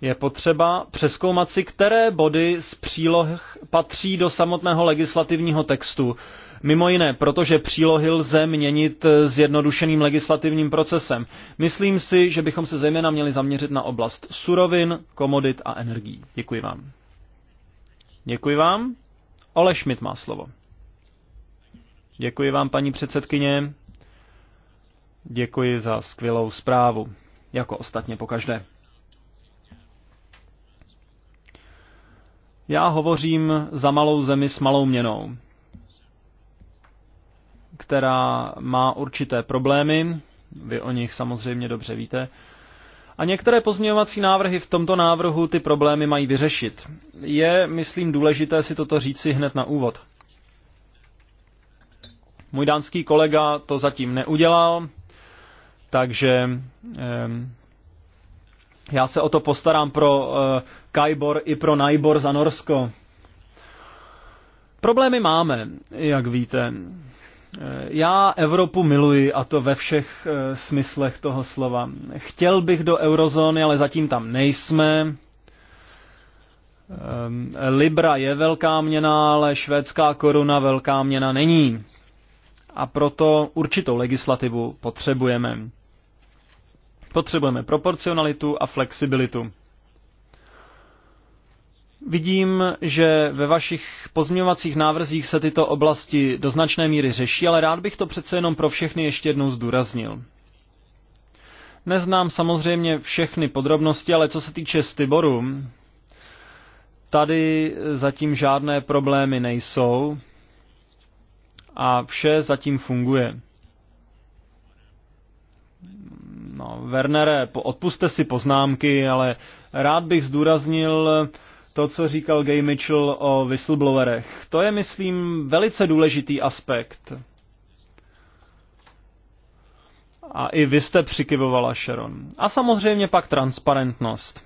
je potřeba přeskoumat si, které body z příloh patří do samotného legislativního textu. Mimo jiné, protože přílohy lze měnit zjednodušeným legislativním procesem. Myslím si, že bychom se zejména měli zaměřit na oblast surovin, komodit a energií. Děkuji vám. Děkuji vám. Ole Schmidt má slovo. Děkuji vám, paní předsedkyně. Děkuji za skvělou zprávu, jako ostatně pokaždé. Já hovořím za malou zemi s malou měnou, která má určité problémy, vy o nich samozřejmě dobře víte, a některé pozměňovací návrhy v tomto návrhu ty problémy mají vyřešit. Je, myslím, důležité si toto říci hned na úvod. Můj dánský kolega to zatím neudělal, takže ehm, já se o to postarám pro uh, Kajbor i pro Najbor za Norsko. Problémy máme, jak víte. Eh, já Evropu miluji a to ve všech e, smyslech toho slova. Chtěl bych do eurozóny, ale zatím tam nejsme. E, Libra je velká měna, ale švédská koruna velká měna není. A proto určitou legislativu potřebujeme. Potřebujeme proporcionalitu a flexibilitu. Vidím, že ve vašich pozměňovacích návrzích se tyto oblasti do značné míry řeší, ale rád bych to přece jenom pro všechny ještě jednou zdůraznil. Neznám samozřejmě všechny podrobnosti, ale co se týče Stiboru, tady zatím žádné problémy nejsou a vše zatím funguje. No, Wernere, odpuste si poznámky, ale rád bych zdůraznil to, co říkal Gay Mitchell o whistleblowerech. To je, myslím, velice důležitý aspekt. A i vy jste přikyvovala, Sharon. A samozřejmě pak transparentnost.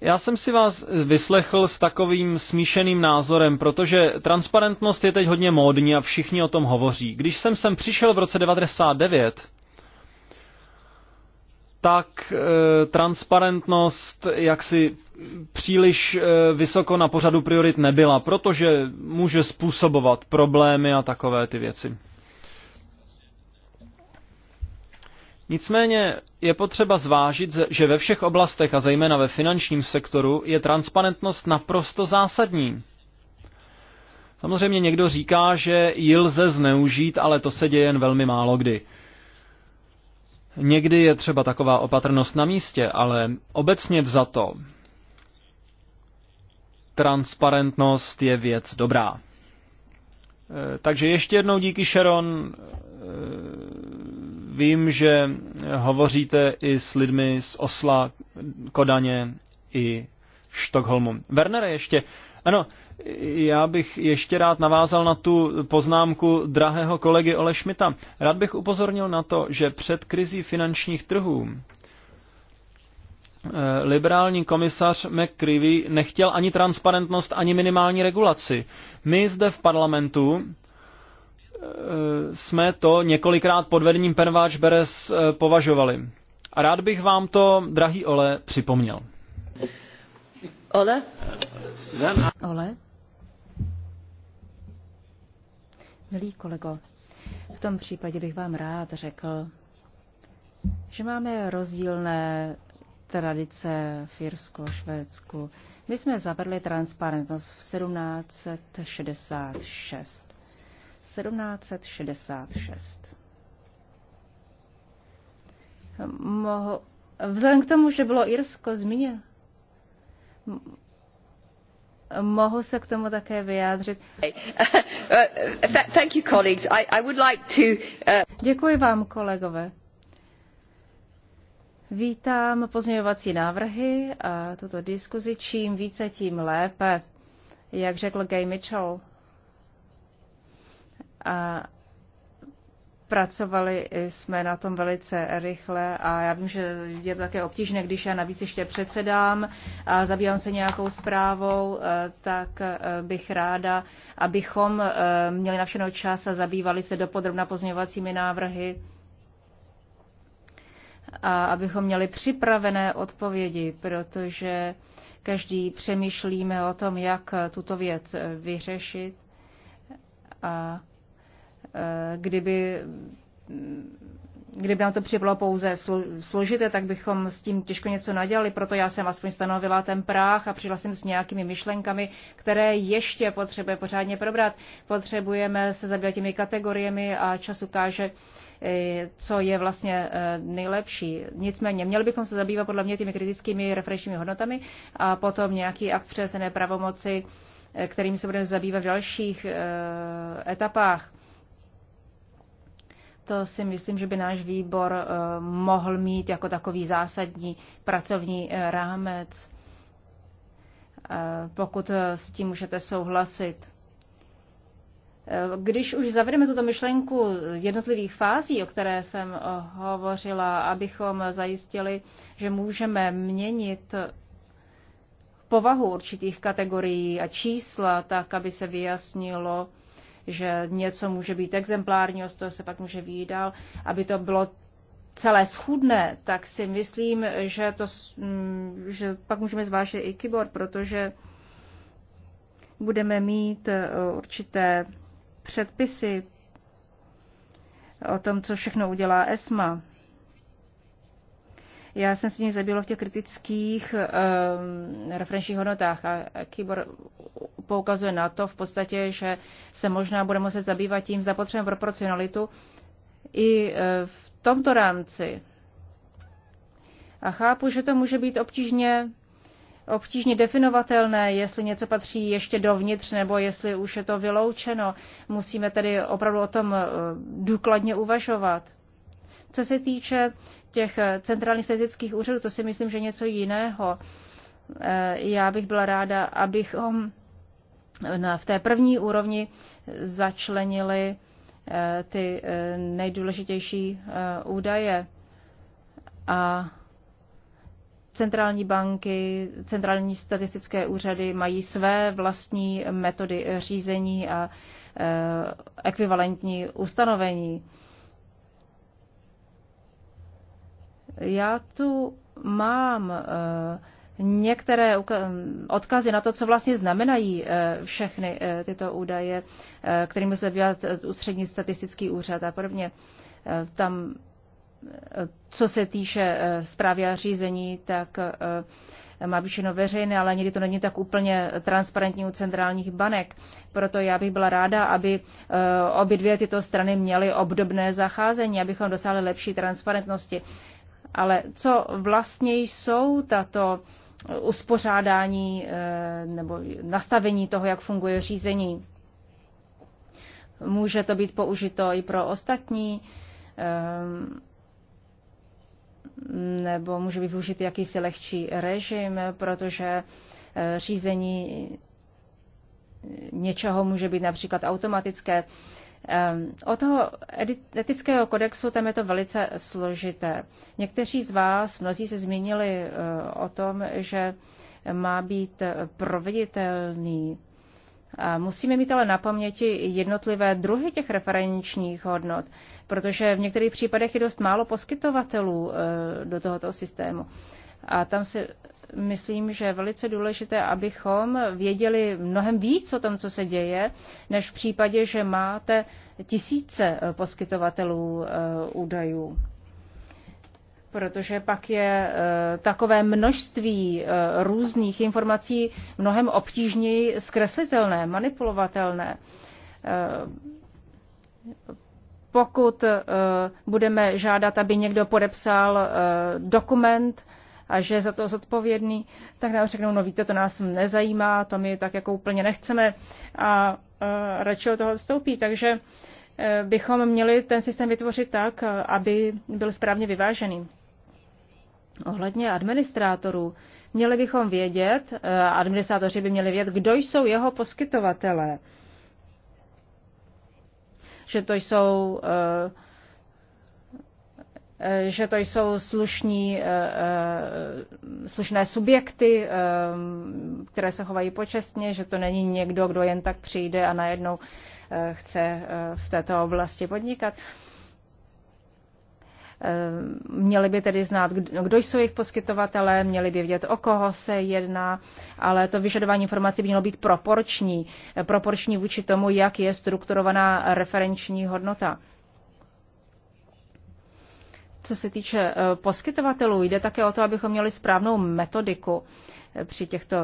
Já jsem si vás vyslechl s takovým smíšeným názorem, protože transparentnost je teď hodně módní a všichni o tom hovoří. Když jsem sem přišel v roce 99, tak e, transparentnost jaksi příliš e, vysoko na pořadu priorit nebyla, protože může způsobovat problémy a takové ty věci. Nicméně je potřeba zvážit, že ve všech oblastech a zejména ve finančním sektoru je transparentnost naprosto zásadní. Samozřejmě někdo říká, že ji lze zneužít, ale to se děje jen velmi málo kdy. Někdy je třeba taková opatrnost na místě, ale obecně vzato transparentnost je věc dobrá. E, takže ještě jednou díky Sharon e, Vím, že hovoříte i s lidmi z Osla, Kodaně i Štokholmu. Wernere, ještě. Ano, já bych ještě rád navázal na tu poznámku drahého kolegy Ole Šmita. Rád bych upozornil na to, že před krizí finančních trhů eh, liberální komisař McCreevy nechtěl ani transparentnost, ani minimální regulaci. My zde v parlamentu Eh, jsme to několikrát pod vedením Penváč Beres eh, považovali. A rád bych vám to, drahý Ole, připomněl. Ole? Ole? Milý kolego, v tom případě bych vám rád řekl, že máme rozdílné tradice v Jirsku, Švédsku. My jsme zavedli transparentnost v 1766. 1766. Mohl, vzhledem k tomu, že bylo Irsko zmíněno, mohu se k tomu také vyjádřit. Thank you, colleagues. I, would like to, uh, Děkuji vám, kolegové. Vítám pozměňovací návrhy a tuto diskuzi čím více, tím lépe, jak řekl Gay Mitchell. A pracovali jsme na tom velice rychle a já vím, že je to také obtížné, když já navíc ještě předsedám a zabývám se nějakou zprávou, e, tak e, bych ráda, abychom e, měli na všechno čas a zabývali se dopodrobna pozměňovacími návrhy a abychom měli připravené odpovědi, protože každý přemýšlíme o tom, jak tuto věc vyřešit. A Eh, kdyby mm, kdyby nám to připadlo pouze složité, tak bychom s tím těžko něco nadělali, proto já jsem aspoň stanovila ten práh a přišla jsem s nějakými myšlenkami, které ještě potřebuje pořádně probrat. Potřebujeme se zabývat těmi kategoriemi a čas ukáže, eh, co je vlastně eh, nejlepší. Nicméně, měli bychom se zabývat podle mě těmi kritickými referenčními hodnotami a potom nějaký akt přesené pravomoci, kterým se budeme zabývat v dalších etapách proto si myslím, že by náš výbor eh, mohl mít jako takový zásadní pracovní eh, rámec, eh, pokud s tím můžete souhlasit. Když už zavedeme tuto myšlenku jednotlivých fází, o které jsem hovořila, abychom zajistili, že můžeme měnit povahu určitých kategorií a čísla tak, aby se vyjasnilo, že něco může být exemplární, z toho se pak může dál, aby to bylo celé schudné, tak si myslím, že, to, mm, že pak můžeme zvážit i keyboard, protože budeme mít e, určité předpisy o tom, co všechno udělá ESMA. Já jsem se ní zabývala v těch kritických um, referenčních hodnotách a Kýbor poukazuje na to v podstatě, že se možná bude muset zabývat tím zapotřebem proporcionalitu i e, v tomto rámci. A chápu, že to může být obtížně obtížně definovatelné, jestli něco patří ještě dovnitř nebo jestli už je to vyloučeno. Musíme tedy opravdu o tom e, důkladně uvažovat. Co se týče těch eh, centrálních statistických úřadů, to si myslím, že něco jiného. Eh, já bych byla ráda, abychom v té první úrovni začlenili eh, ty nejdůležitější údaje a centrální banky, centrální statistické úřady mají své vlastní metody řízení a ekvivalentní ustanovení. Já tu mám eh, některé odkazy na to, co vlastně znamenají eh, všechny eh, tyto údaje, kterými se vědět ústřední statistický úřad a podobně. Tam, co se týče zprávy a řízení, tak má většinu veřejné, ale někdy to není tak úplně transparentní u centrálních banek. Proto já bych byla ráda, aby obě dvě tyto strany měly obdobné zacházení, abychom dosáhli lepší transparentnosti. Ale co vlastně jsou tato uspořádání eh, nebo nastavení toho, jak funguje řízení? Může to být použito i pro ostatní, eh, nebo může být využit jakýsi lehčí režim, protože eh, řízení něčeho může být například automatické. Ehm, o toho etického kodexu tam je to velice složité. Někteří z vás, mnozí se zmínili eh, o tom, že má být proveditelný. A musíme mít ale na paměti jednotlivé druhy těch referenčních hodnot, protože v některých případech je dost málo poskytovatelů eh, do tohoto systému. A tam se myslím, že je velice důležité, abychom věděli mnohem víc o tom, co se děje, než v případě, že máte tisíce eh, poskytovatelů eh, údajů. Protože pak je eh, takové množství různých informací mnohem obtížněji zkreslitelné, manipulovatelné pokud budeme žádat, aby někdo podepsal dokument, a že je za to zodpovědný, tak nám řeknou, no víte, to nás nezajímá, to my tak jako úplně nechceme a uh, radši od toho odstoupí. Takže e, bychom měli ten systém vytvořit tak, e, aby byl správně vyvážený. Ohledně administrátorů, měli bychom vědět, administrátoři by měli vědět, kdo jsou jeho poskytovatelé. Že to jsou uh, že to jsou slušní, eh, eh, slušné subjekty, eh, které se chovají počestně, že to není někdo, kdo jen tak přijde a najednou chce v této oblasti podnikat. Měli by tedy znát, kdo jsou jejich poskytovatelé, měli by vědět, o koho se jedná, ale to vyžadování informací by mělo být proporční, proporční vůči tomu, jak je strukturovaná referenční hodnota. Co se týče eh, poskytovatelů, jde také o to, abychom měli správnou metodiku eh, při těchto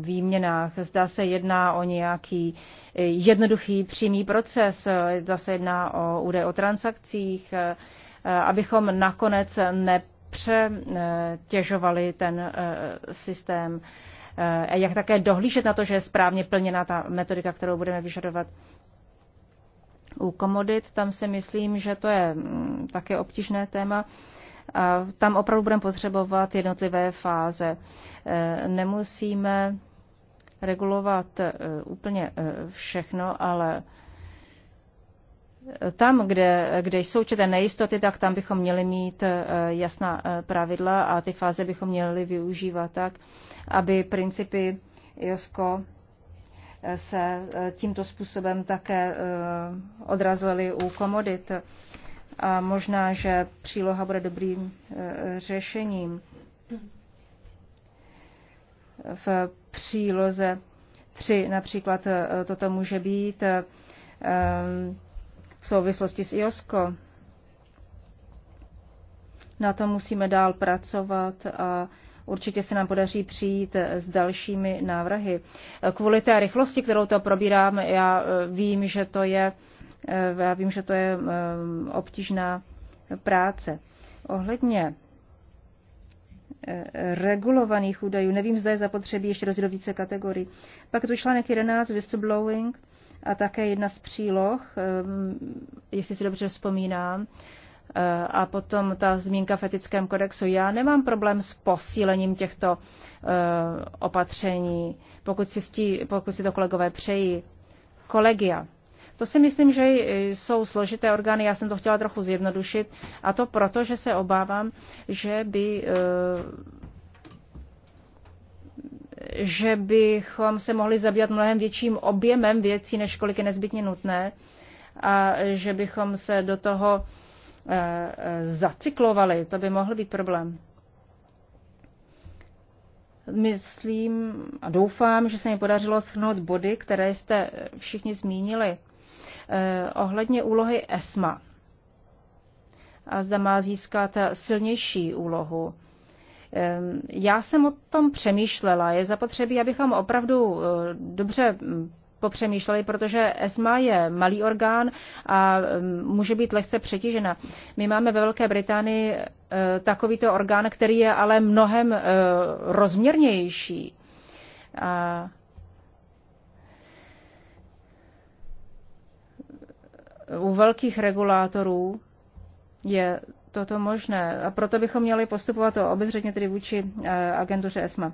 výměnách. Zda se jedná o nějaký eh, jednoduchý přímý proces, zda se jedná o údaj o transakcích, abychom nakonec nepřetěžovali ten systém. Jak také dohlížet na to, že je správně plněna ta metodika, kterou budeme vyžadovat u komodit, tam si myslím, že to je mm, také obtížné téma. A tam opravdu budeme potřebovat jednotlivé fáze. E, nemusíme regulovat e, úplně e, všechno, ale tam, kde, kde jsou určité nejistoty, tak tam bychom měli mít jasná pravidla a ty fáze bychom měli využívat tak, aby principy JOSCO se eh, tímto způsobem také eh, odrazily u komodit. A možná, že příloha bude dobrým eh, řešením. V příloze 3 například toto může být v souvislosti s IOSCO. Na to musíme dál pracovat a určitě se nám podaří přijít s dalšími návrhy. Kvůli té rychlosti, kterou to probírám, já eh, vím, že to je, eh, já vím, že to je eh, obtížná práce. Ohledně regulovaných údajů. Nevím, zda je zapotřebí ještě rozdělit více kategorií. Pak tu článek 11, whistleblowing, a také jedna z příloh, jestli si dobře vzpomínám, Eh, a potom ta zmínka v etickém kodexu. Já nemám problém s posílením těchto eh, opatření, pokud si, stí, pokud si to kolegové přejí. Kolegia. To si myslím, že jsou složité orgány, já jsem to chtěla trochu zjednodušit, a to proto, že se obávám, že by eh, že bychom se mohli zabývat mnohem větším objemem věcí, než kolik je nezbytně nutné a že bychom se do toho Eh, eh, zacyklovali. To by mohl být problém. Myslím a doufám, že se mi podařilo shrnout body, které jste všichni zmínili eh, ohledně úlohy ESMA. A zda má získat silnější úlohu. Ehm, já jsem o tom přemýšlela. Je zapotřebí, abychom opravdu dobře popřemýšleli, protože ESMA je malý orgán a mm, může být lehce přetížena. My máme ve Velké Británii e, takovýto orgán, který je ale mnohem e, rozměrnější. A u velkých regulátorů je toto možné. A proto bychom měli postupovat obezřetně tedy vůči e, agentuře ESMA.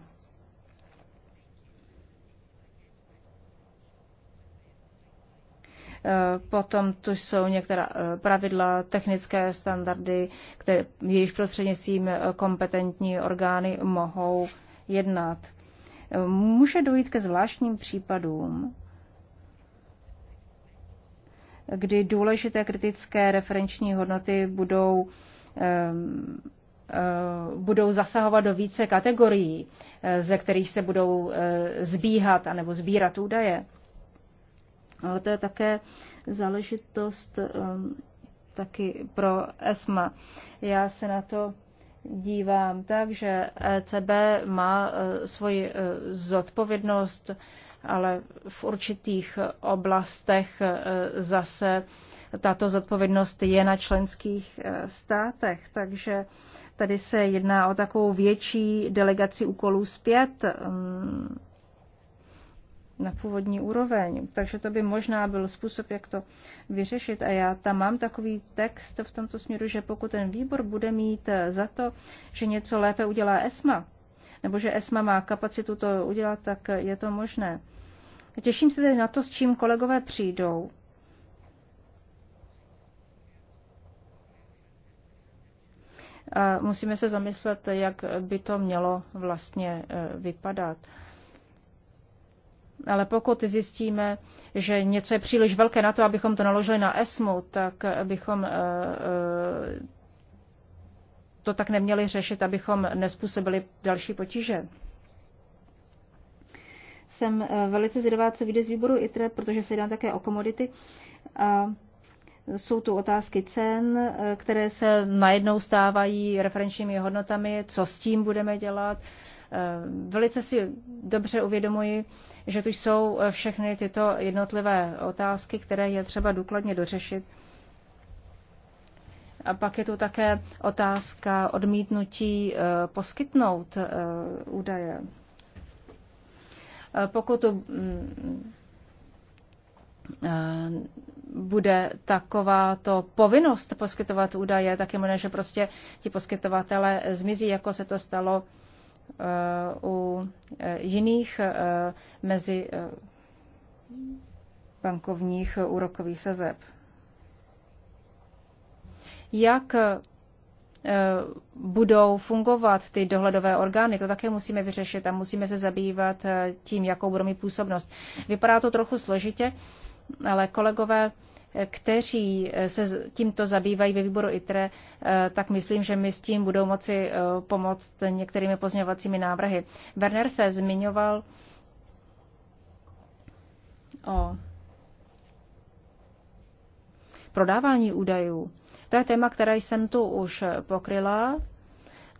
Eh, potom tu jsou některá eh, pravidla, technické standardy, které jejich prostřednictvím eh, kompetentní orgány mohou jednat. Může dojít ke zvláštním případům, kdy důležité kritické referenční hodnoty budou budou zasahovat do více kategorií, ze kterých se budou zbíhat anebo sbírat údaje. Ale to je také záležitost um, taky pro ESMA. Já se na to dívám tak, že ECB má uh, svoji uh, zodpovědnost, ale v určitých oblastech uh, zase tato zodpovědnost je na členských státech, takže tady se jedná o takovou větší delegaci úkolů zpět um, na původní úroveň. Takže to by možná byl způsob, jak to vyřešit. A já tam mám takový text v tomto směru, že pokud ten výbor bude mít za to, že něco lépe udělá ESMA, nebo že ESMA má kapacitu to udělat, tak je to možné. Těším se tedy na to, s čím kolegové přijdou. A musíme se zamyslet, jak by to mělo vlastně eh, vypadat. Ale pokud zjistíme, že něco je příliš velké na to, abychom to naložili na ESMu, tak eh, bychom eh, eh, to tak neměli řešit, abychom nespůsobili další potíže. Jsem velice zvědavá, co vyjde z výboru ITRE, protože se jedná také o komodity. A jsou tu otázky cen, které se najednou stávají referenčními hodnotami, co s tím budeme dělat Eh, velice si dobře uvědomuji, že tu jsou eh, všechny tyto jednotlivé otázky, které je třeba důkladně dořešit. A pak je tu také otázka odmítnutí eh, poskytnout údaje. Pokud tu mm, bude taková to povinnost poskytovat údaje, tak je možné, že prostě ti poskytovatele zmizí, jako se to stalo u eh, jiných eh, mezi eh, bankovních úrokových sazeb. Jak budou fungovat ty dohledové orgány, to také musíme vyřešit a musíme se zabývat tím, jakou budou mít působnost. Vypadá to trochu složitě, ale kolegové kteří se tímto zabývají ve výboru ITRE, eh, tak myslím, že my s tím budou moci eh, pomoct některými pozměňovacími návrhy. Werner se zmiňoval o prodávání údajů. To je téma, které jsem tu už pokryla.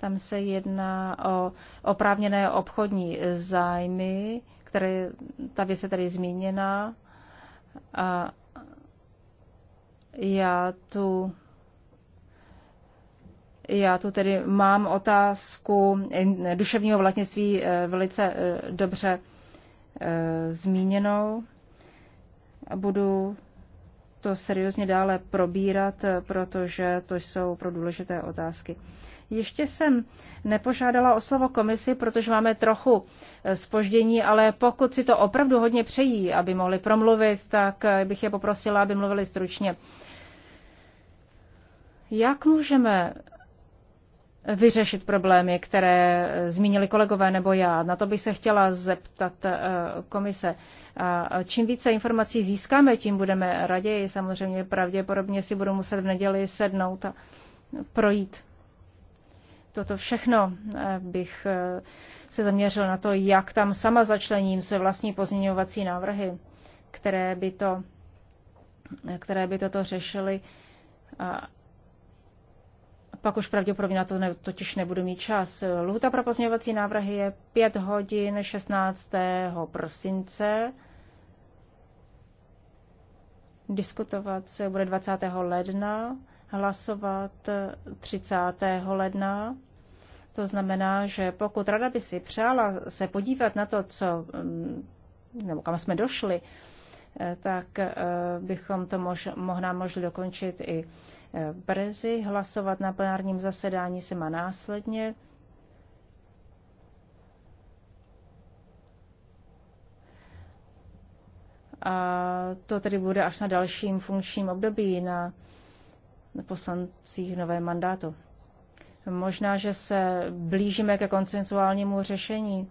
Tam se jedná o oprávněné obchodní zájmy, které ta věc je tady zmíněna. A já tu já tu tedy mám otázku duševního vlastnictví eh, velice eh, dobře eh, zmíněnou a budu to seriózně dále probírat, protože to jsou pro důležité otázky. Ještě jsem nepožádala o slovo komisi, protože máme trochu spoždění, ale pokud si to opravdu hodně přejí, aby mohli promluvit, tak bych je poprosila, aby mluvili stručně. Jak můžeme vyřešit problémy, které zmínili kolegové nebo já. Na to bych se chtěla zeptat eh, komise. A čím více informací získáme, tím budeme raději. Samozřejmě pravděpodobně si budu muset v neděli sednout a projít. Toto všechno eh, bych eh, se zaměřil na to, jak tam sama začlením své vlastní pozměňovací návrhy, které by, to, které by toto řešily. A pak už pravděpodobně na to ne, totiž nebudu mít čas. Lhuta pro pozměňovací návrhy je 5 hodin 16. prosince. Diskutovat se bude 20. ledna, hlasovat 30. ledna. To znamená, že pokud rada by si přála se podívat na to, co, mm, nebo kam jsme došli, eh, tak eh, bychom to mož, možná mohli dokončit i brzy. Hlasovat na plenárním zasedání se má následně. A to tedy bude až na dalším funkčním období na poslancích nové mandátu. Možná, že se blížíme ke koncensuálnímu řešení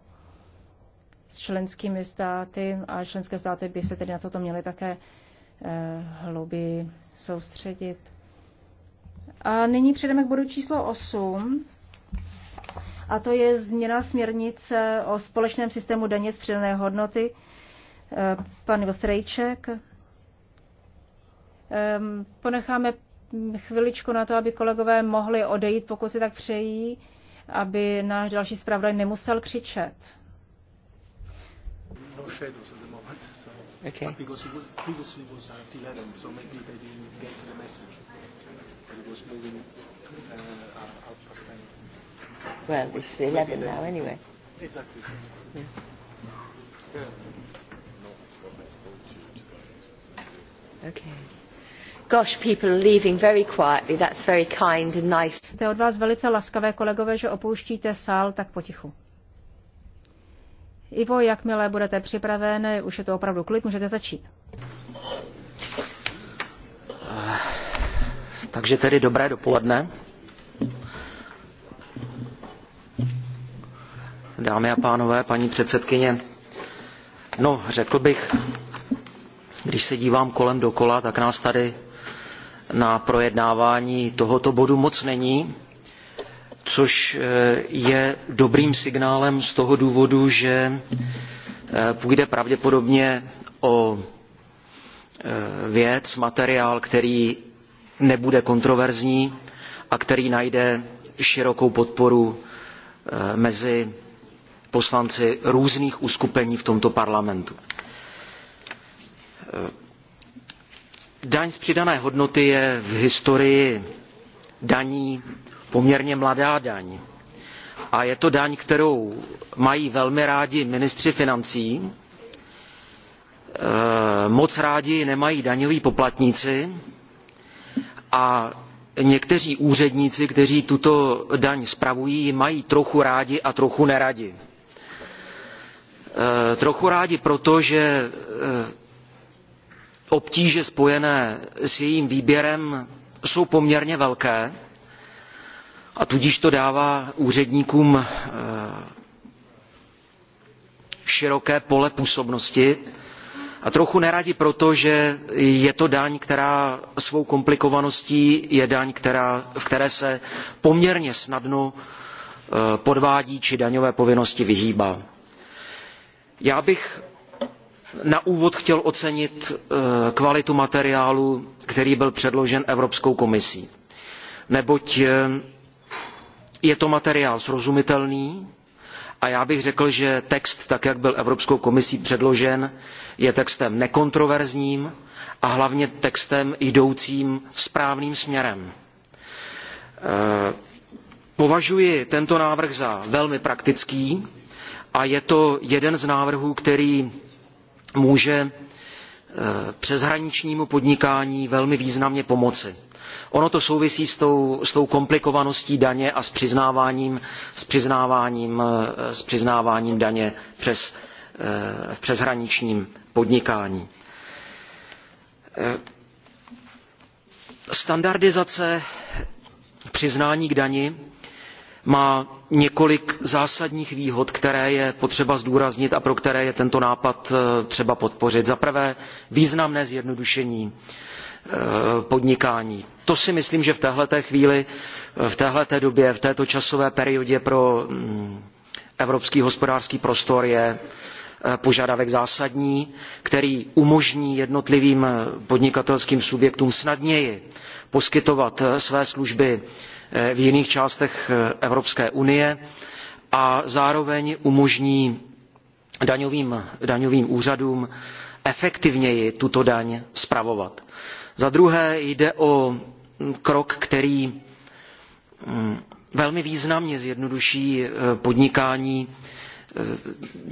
s členskými státy a členské státy by se tedy na toto měly také eh, hlouběji soustředit. A nyní přejdeme k bodu číslo 8. A to je změna směrnice o společném systému daně z přidané hodnoty. Eh, pan Vostrejček. Ehm, ponecháme chviličku na to, aby kolegové mohli odejít, pokud si tak přejí, aby náš další zpravodaj nemusel křičet. No shadows at the moment, [LAUGHS] so okay. But because it previously it was at 11, so maybe they didn't get the message But it was moving uh, out past 10. Well, it's 11 now anyway. Exactly. So. Yeah. Okay. Gosh, people are leaving very quietly. That's very kind and nice. To je od vás velice laskavé, kolegové, že opouštíte sál tak potichu. Ivo, jakmile budete připraven, už je to opravdu klid, můžete začít. Eh, takže tedy dobré dopoledne. Dámy a pánové, paní předsedkyně, no řekl bych, když se dívám kolem dokola, tak nás tady na projednávání tohoto bodu moc není což eh, je dobrým signálem z toho důvodu, že eh, půjde pravděpodobně o eh, věc, materiál, který nebude kontroverzní a který najde širokou podporu mezi poslanci různých uskupení v tomto parlamentu. Daň z přidané hodnoty je v historii daní poměrně mladá daň a je to daň kterou mají velmi rádi ministři financí e, moc rádi ji nemají daňoví poplatníci a někteří úředníci kteří tuto daň spravují ji mají trochu rádi a trochu neradi. E, trochu rádi proto že e, obtíže spojené s jejím výběrem jsou poměrně velké a tudíž to dává úředníkům eh, široké pole působnosti a trochu neradi proto, že je to daň, která svou komplikovaností je daň, která, v které se poměrně snadno eh, podvádí či daňové povinnosti vyhýbá. Já bych na úvod chtěl ocenit eh, kvalitu materiálu, který byl předložen Evropskou komisí, neboť je to materiál srozumitelný a já bych řekl že text tak jak byl evropskou komisí předložen je textem nekontroverzním a hlavně textem jdoucím správným směrem. Eh, považuji tento návrh za velmi praktický a je to jeden z návrhů který může eh, přeshraničnímu podnikání velmi významně pomoci Ono to souvisí s tou, s tou komplikovaností daně a s přiznáváním, s přiznáváním, eh, s přiznáváním daně přes, eh, v přeshraničním podnikání. Eh, standardizace přiznání k dani má několik zásadních výhod, které je potřeba zdůraznit a pro které je tento nápad třeba podpořit. Za prvé významné zjednodušení Eh, podnikání. To si myslím, že v této chvíli, v této době, v této časové periodě pro mm, evropský hospodářský prostor je eh, požadavek zásadní, který umožní jednotlivým podnikatelským subjektům snadněji poskytovat eh, své služby v jiných částech Evropské unie a zároveň umožní daňovým, daňovým úřadům efektivněji tuto daň spravovat. Za druhé jde o krok, který mm, velmi významně zjednoduší eh, podnikání eh,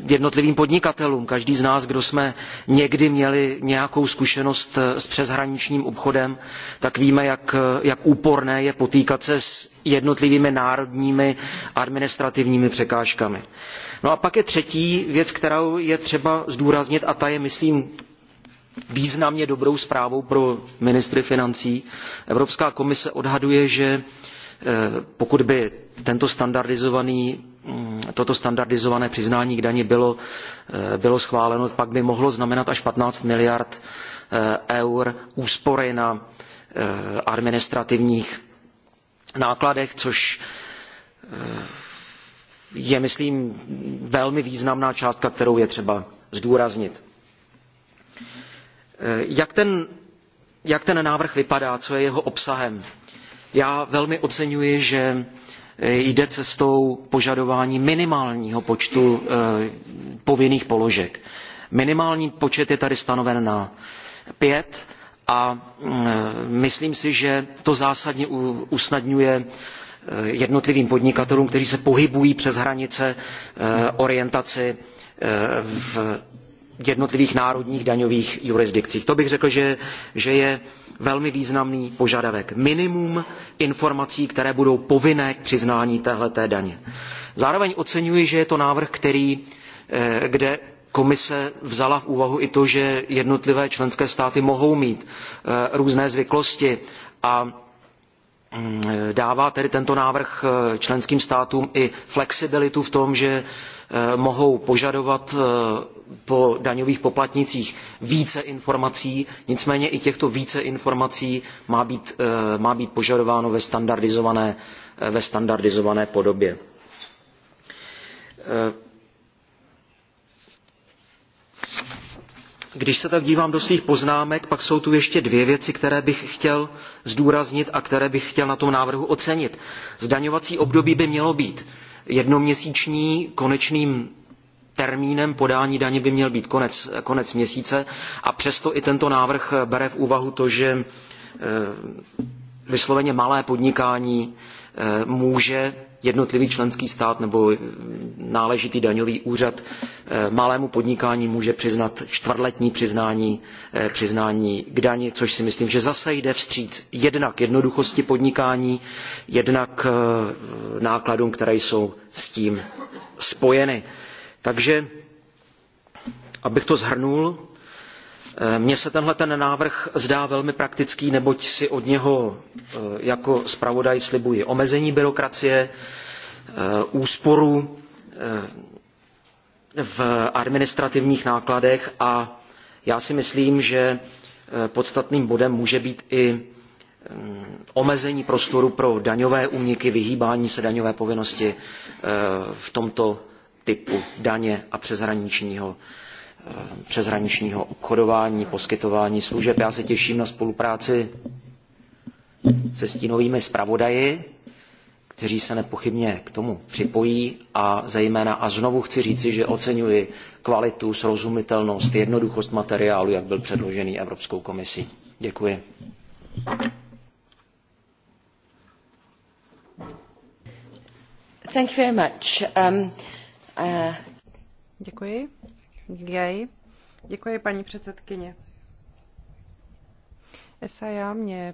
jednotlivým podnikatelům. Každý z nás, kdo jsme někdy měli nějakou zkušenost eh, s přeshraničním obchodem, tak víme, jak, jak úporné je potýkat se s jednotlivými národními administrativními překážkami. No a pak je třetí věc, kterou je třeba zdůraznit a ta je, myslím, významně dobrou zprávou pro ministry financí. Evropská komise odhaduje, že eh, pokud by tento standardizovaný mm, toto standardizované přiznání k dani bylo, eh, bylo schváleno, pak by mohlo znamenat až 15 miliard eh, eur úspory na administrativních nákladech, což je, myslím, velmi významná částka, kterou je třeba zdůraznit. Eh, jak ten, návrh vypadá, co je jeho obsahem? Já velmi oceňuji, že eh, jde cestou požadování minimálního počtu eh, povinných položek. Minimální počet je tady stanoven na pět a mm, myslím si, že to zásadně usnadňuje jednotlivým podnikatelům, kteří se pohybují přes hranice, orientaci v jednotlivých národních daňových jurisdikcích. To bych řekl, že, že je velmi významný požadavek. Minimum informací, které budou povinné k přiznání téhleté daně. Zároveň oceňuji, že je to návrh, který, eh, kde komise vzala v úvahu i to, že jednotlivé členské státy mohou mít eh, různé zvyklosti a mm, eh, dává tedy tento návrh členským státům i flexibilitu v tom, že Eh, mohou požadovat eh, po daňových poplatnících více informací, nicméně i těchto více informací má být, eh, má být požadováno ve standardizované, ve standardizované podobě. Když se tak dívám do svých poznámek, pak jsou tu ještě dvě věci, které bych chtěl zdůraznit a které bych chtěl na tom návrhu ocenit. Zdaňovací období by mělo být jednoměsíční konečným termínem podání daně by měl být konec, konec měsíce a přesto i tento návrh bere v úvahu to, že eh, vysloveně malé podnikání eh, může jednotlivý členský stát nebo eh, náležitý daňový úřad eh, malému podnikání může přiznat čtvrtletní přiznání, eh, přiznání k dani, což si myslím, že zase jde vstříc jednak jednoduchosti podnikání, jednak nákladům, které jsou s tím spojeny. Takže, abych to zhrnul, Eh, mně se tenhle ten návrh zdá velmi praktický, neboť si od něho eh, jako zpravodaj slibuji omezení byrokracie, eh, úsporu v administrativních nákladech a já si myslím, že podstatným bodem může být i mm, omezení prostoru pro daňové úniky, vyhýbání se daňové povinnosti v tomto typu daně a přeshraničního Eh, přeshraničního obchodování, poskytování služeb. Já se těším na spolupráci se stínovými zpravodaji, kteří se nepochybně k tomu připojí a zejména a znovu chci říci, že oceňuji kvalitu, srozumitelnost, jednoduchost materiálu, jak byl předložený Evropskou komisí. Děkuji. Thank you very much. Um, uh... Děkuji. Gay. Děkuji, paní předsedkyně. Esaja mě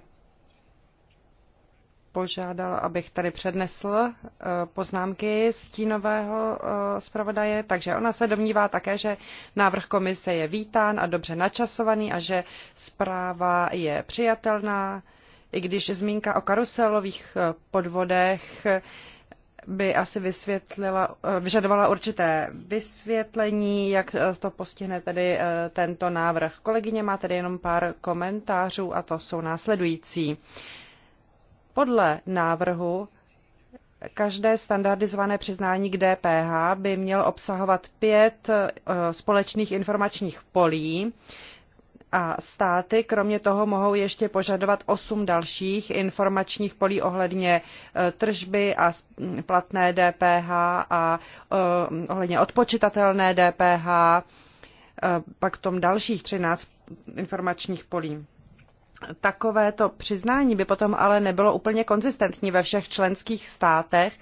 požádal, abych tady přednesl eh, poznámky stínového eh, zpravodaje, takže ona se domnívá také, že návrh komise je vítán a dobře načasovaný a že zpráva je přijatelná, i když zmínka o karuselových eh, podvodech by asi vysvětlila, eh, vyžadovala určité vysvětlení, jak eh, to postihne tedy eh, tento návrh. Kolegyně má tedy jenom pár komentářů a to jsou následující. Podle návrhu každé standardizované přiznání k DPH by mělo obsahovat pět společných informačních polí, a státy kromě toho mohou ještě požadovat osm dalších informačních polí ohledně eh, tržby a hm, platné DPH a eh, ohledně odpočitatelné DPH, eh, pak tom dalších 13 informačních polí. Takovéto přiznání by potom ale nebylo úplně konzistentní ve všech členských státech.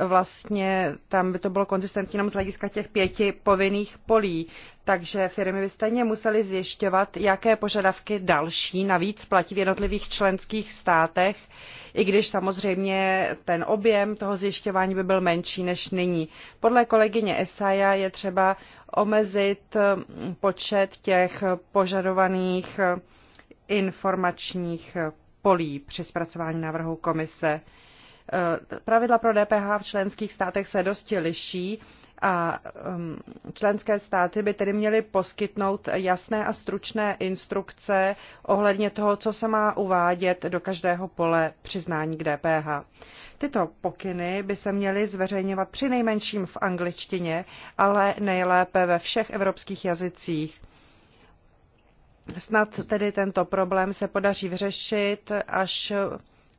Vlastně tam by to bylo konzistentní jenom z hlediska těch pěti povinných polí takže firmy by stejně musely zjišťovat, jaké požadavky další navíc platí v jednotlivých členských státech, i když samozřejmě ten objem toho zjišťování by byl menší než nyní. Podle kolegyně Esaja je třeba omezit hm, počet těch požadovaných hm, informačních hm, polí při zpracování návrhu komise. Pravidla pro DPH v členských státech se dosti liší a um, členské státy by tedy měly poskytnout jasné a stručné instrukce ohledně toho, co se má uvádět do každého pole přiznání k DPH. Tyto pokyny by se měly zveřejňovat při nejmenším v angličtině, ale nejlépe ve všech evropských jazycích. Snad tedy tento problém se podaří vyřešit, až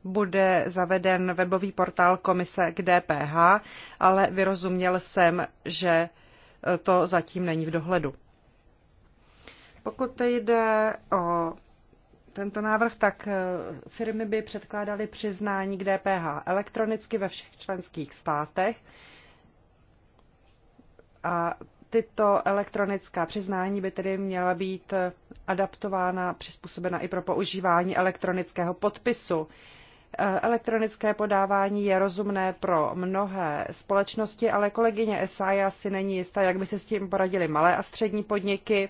bude zaveden webový portál komise k DPH, ale vyrozuměl jsem, že e, to zatím není v dohledu. Pokud jde o tento návrh, tak e, firmy by předkládaly přiznání k DPH elektronicky ve všech členských státech a tyto elektronická přiznání by tedy měla být e, adaptována, přizpůsobena i pro používání elektronického podpisu. Elektronické podávání je rozumné pro mnohé společnosti, ale kolegyně Esaja si není jistá, jak by se s tím poradili malé a střední podniky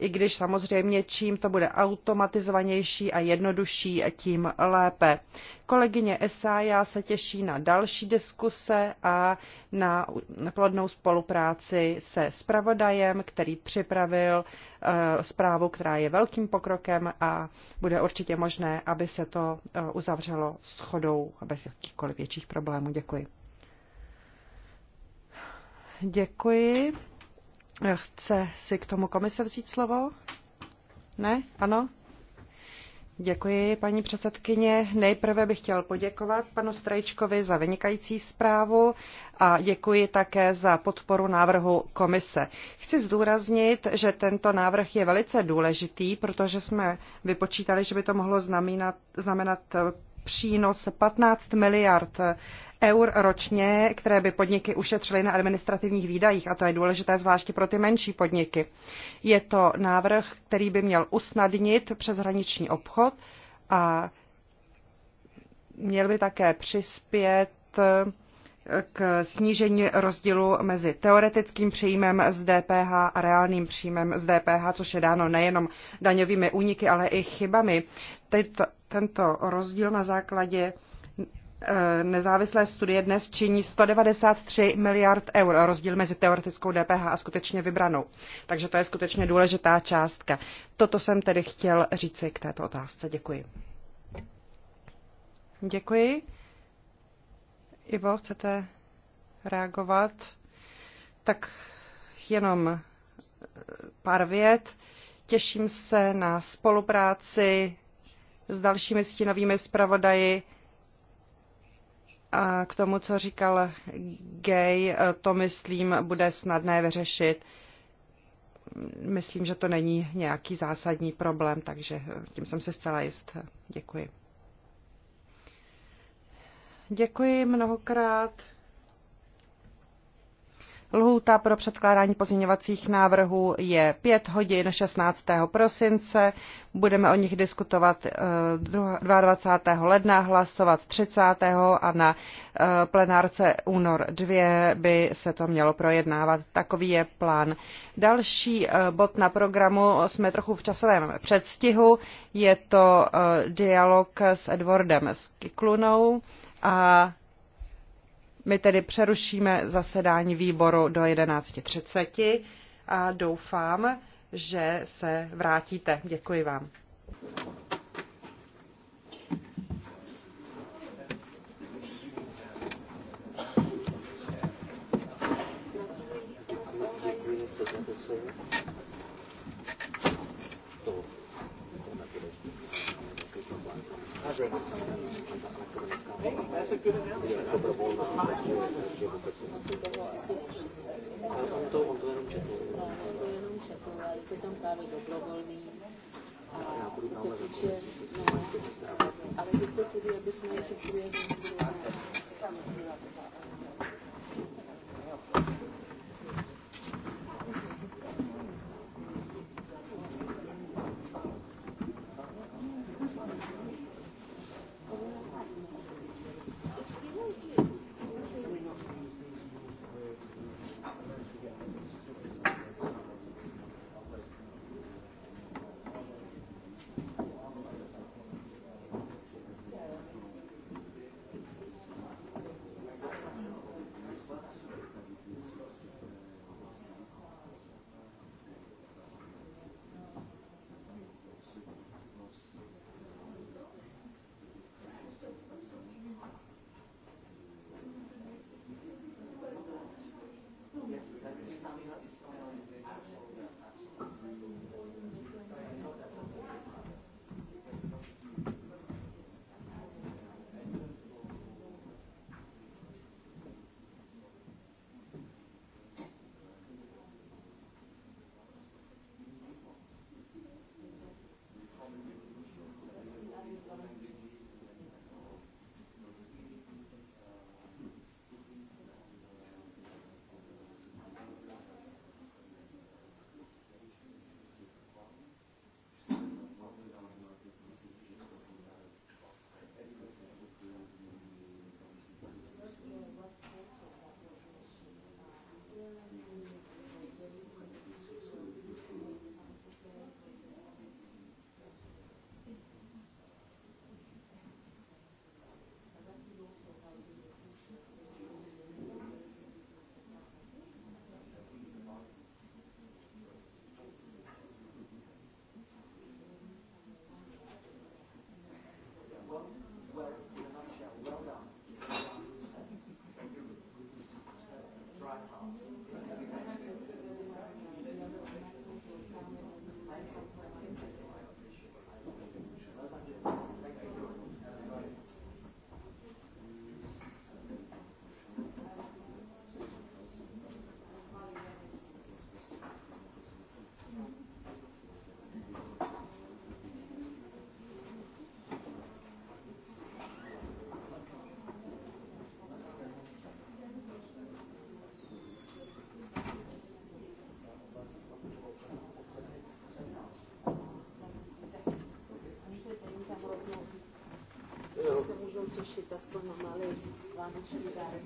i když samozřejmě čím to bude automatizovanější a jednodušší, tím lépe. Kolegyně Esa, já se těší na další diskuse a na plodnou spolupráci se spravodajem, který připravil eh, zprávu, která je velkým pokrokem a bude určitě možné, aby se to eh, uzavřelo schodou bez jakýchkoliv větších problémů. Děkuji. Děkuji. Chce si k tomu komise vzít slovo? Ne? Ano? Děkuji, paní předsedkyně. Nejprve bych chtěl poděkovat panu Strejčkovi za vynikající zprávu a děkuji také za podporu návrhu komise. Chci zdůraznit, že tento návrh je velice důležitý, protože jsme vypočítali, že by to mohlo znamenat, znamenat přínos 15 miliard eur ročně, které by podniky ušetřily na administrativních výdajích, a to je důležité zvláště pro ty menší podniky. Je to návrh, který by měl usnadnit přeshraniční obchod a měl by také přispět k snížení rozdílu mezi teoretickým příjmem z DPH a reálným příjmem z DPH, což je dáno nejenom daňovými úniky, ale i chybami tento rozdíl na základě e, nezávislé studie dnes činí 193 miliard eur, rozdíl mezi teoretickou DPH a skutečně vybranou. Takže to je skutečně důležitá částka. Toto jsem tedy chtěl říci k této otázce. Děkuji. Děkuji. Ivo, chcete reagovat? Tak jenom e, pár vět. Těším se na spolupráci s dalšími stínovými zpravodaji. A k tomu, co říkal Gay, eh, to myslím, bude snadné vyřešit. Myslím, že to není nějaký zásadní problém, takže eh, tím jsem se zcela jist. Děkuji. Děkuji mnohokrát. Lhůta pro předkládání pozměňovacích návrhů je 5 hodin 16. prosince. Budeme o nich diskutovat 22. Eh, ledna, hlasovat 30. a na eh, plenárce únor 2 by se to mělo projednávat. Takový je plán. Další eh, bod na programu jsme trochu v časovém předstihu. Je to dialog s Edwardem Skiklunou a my tedy přerušíme zasedání výboru do 11.30 a doufám, že se vrátíte. Děkuji vám. řešit aspoň na malý vánoční dárek.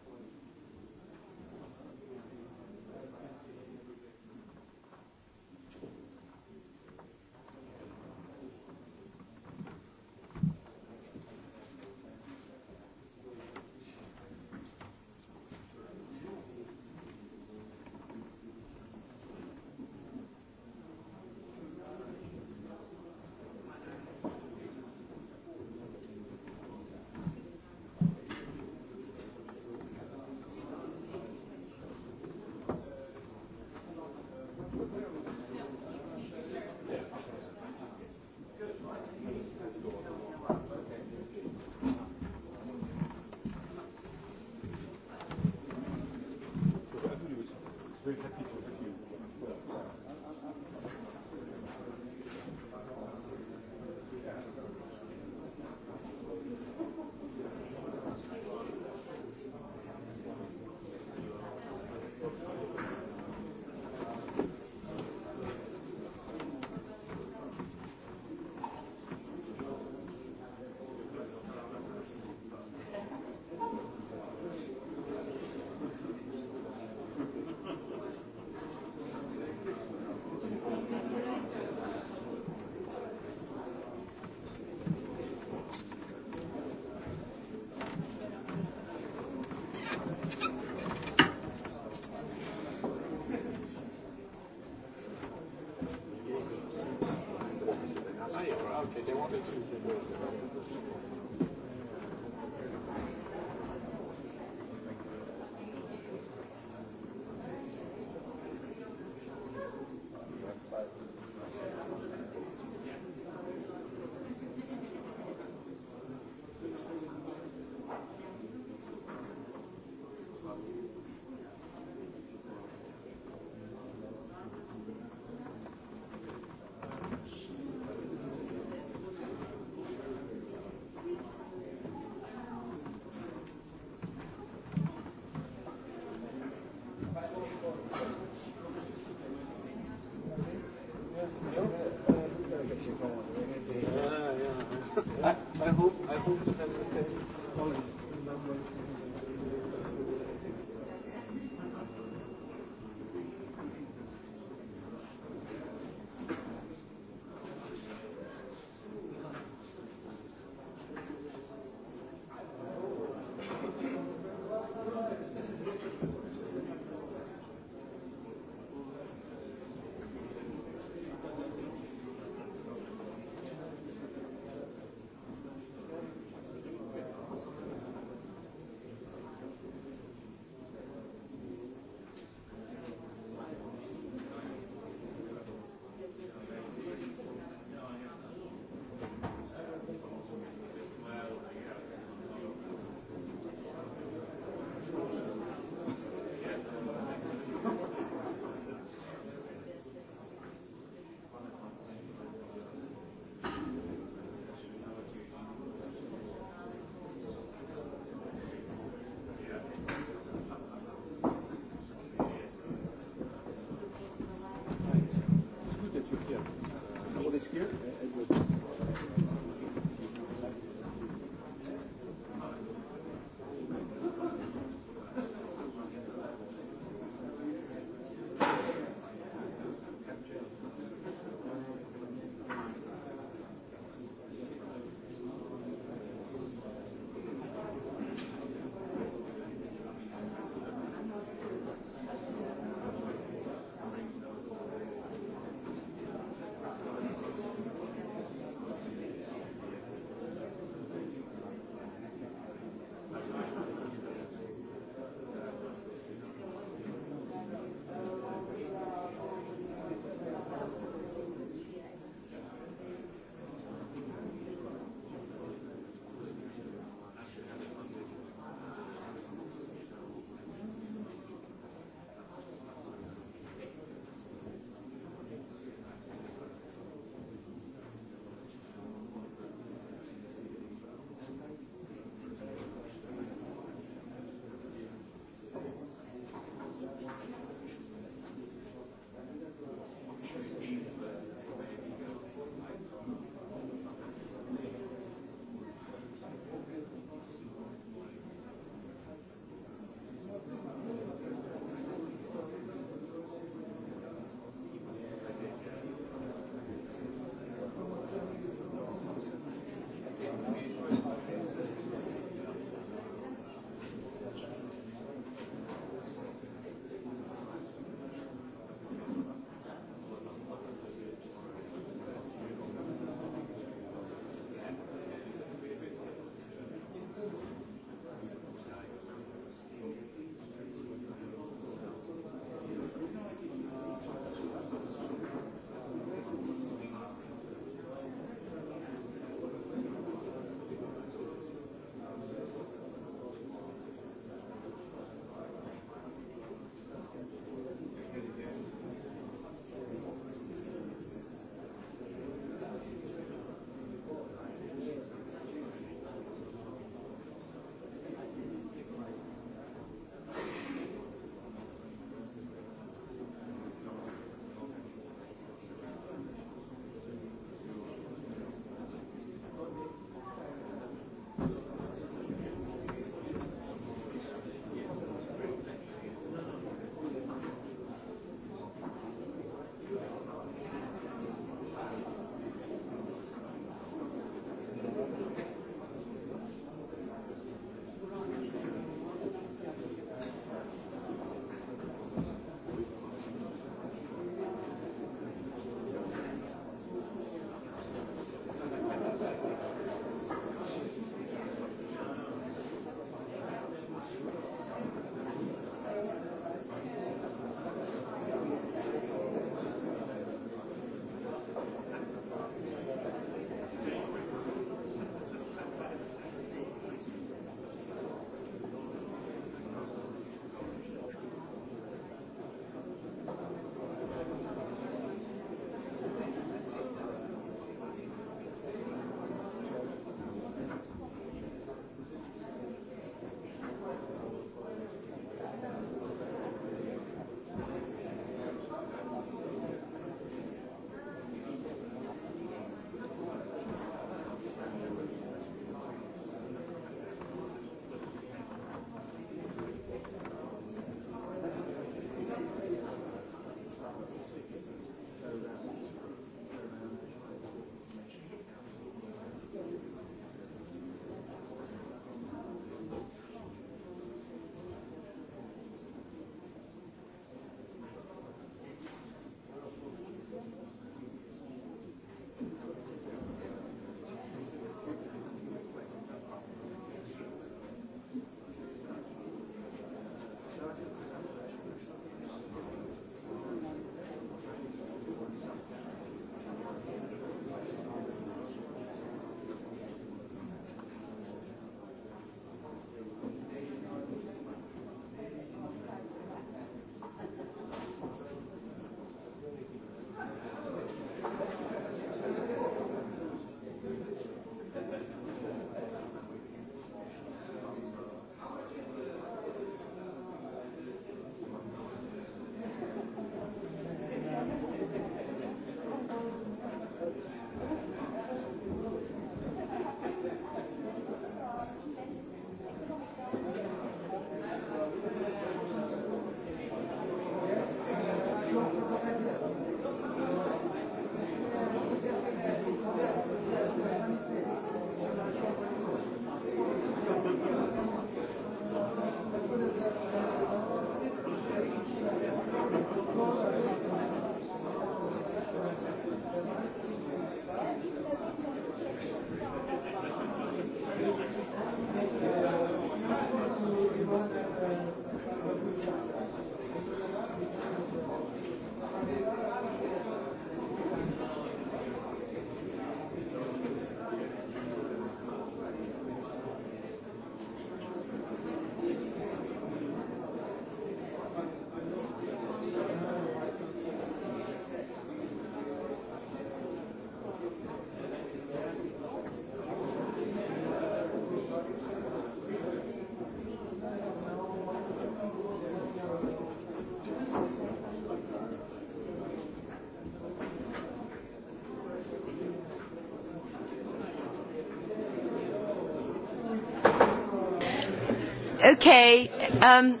Um,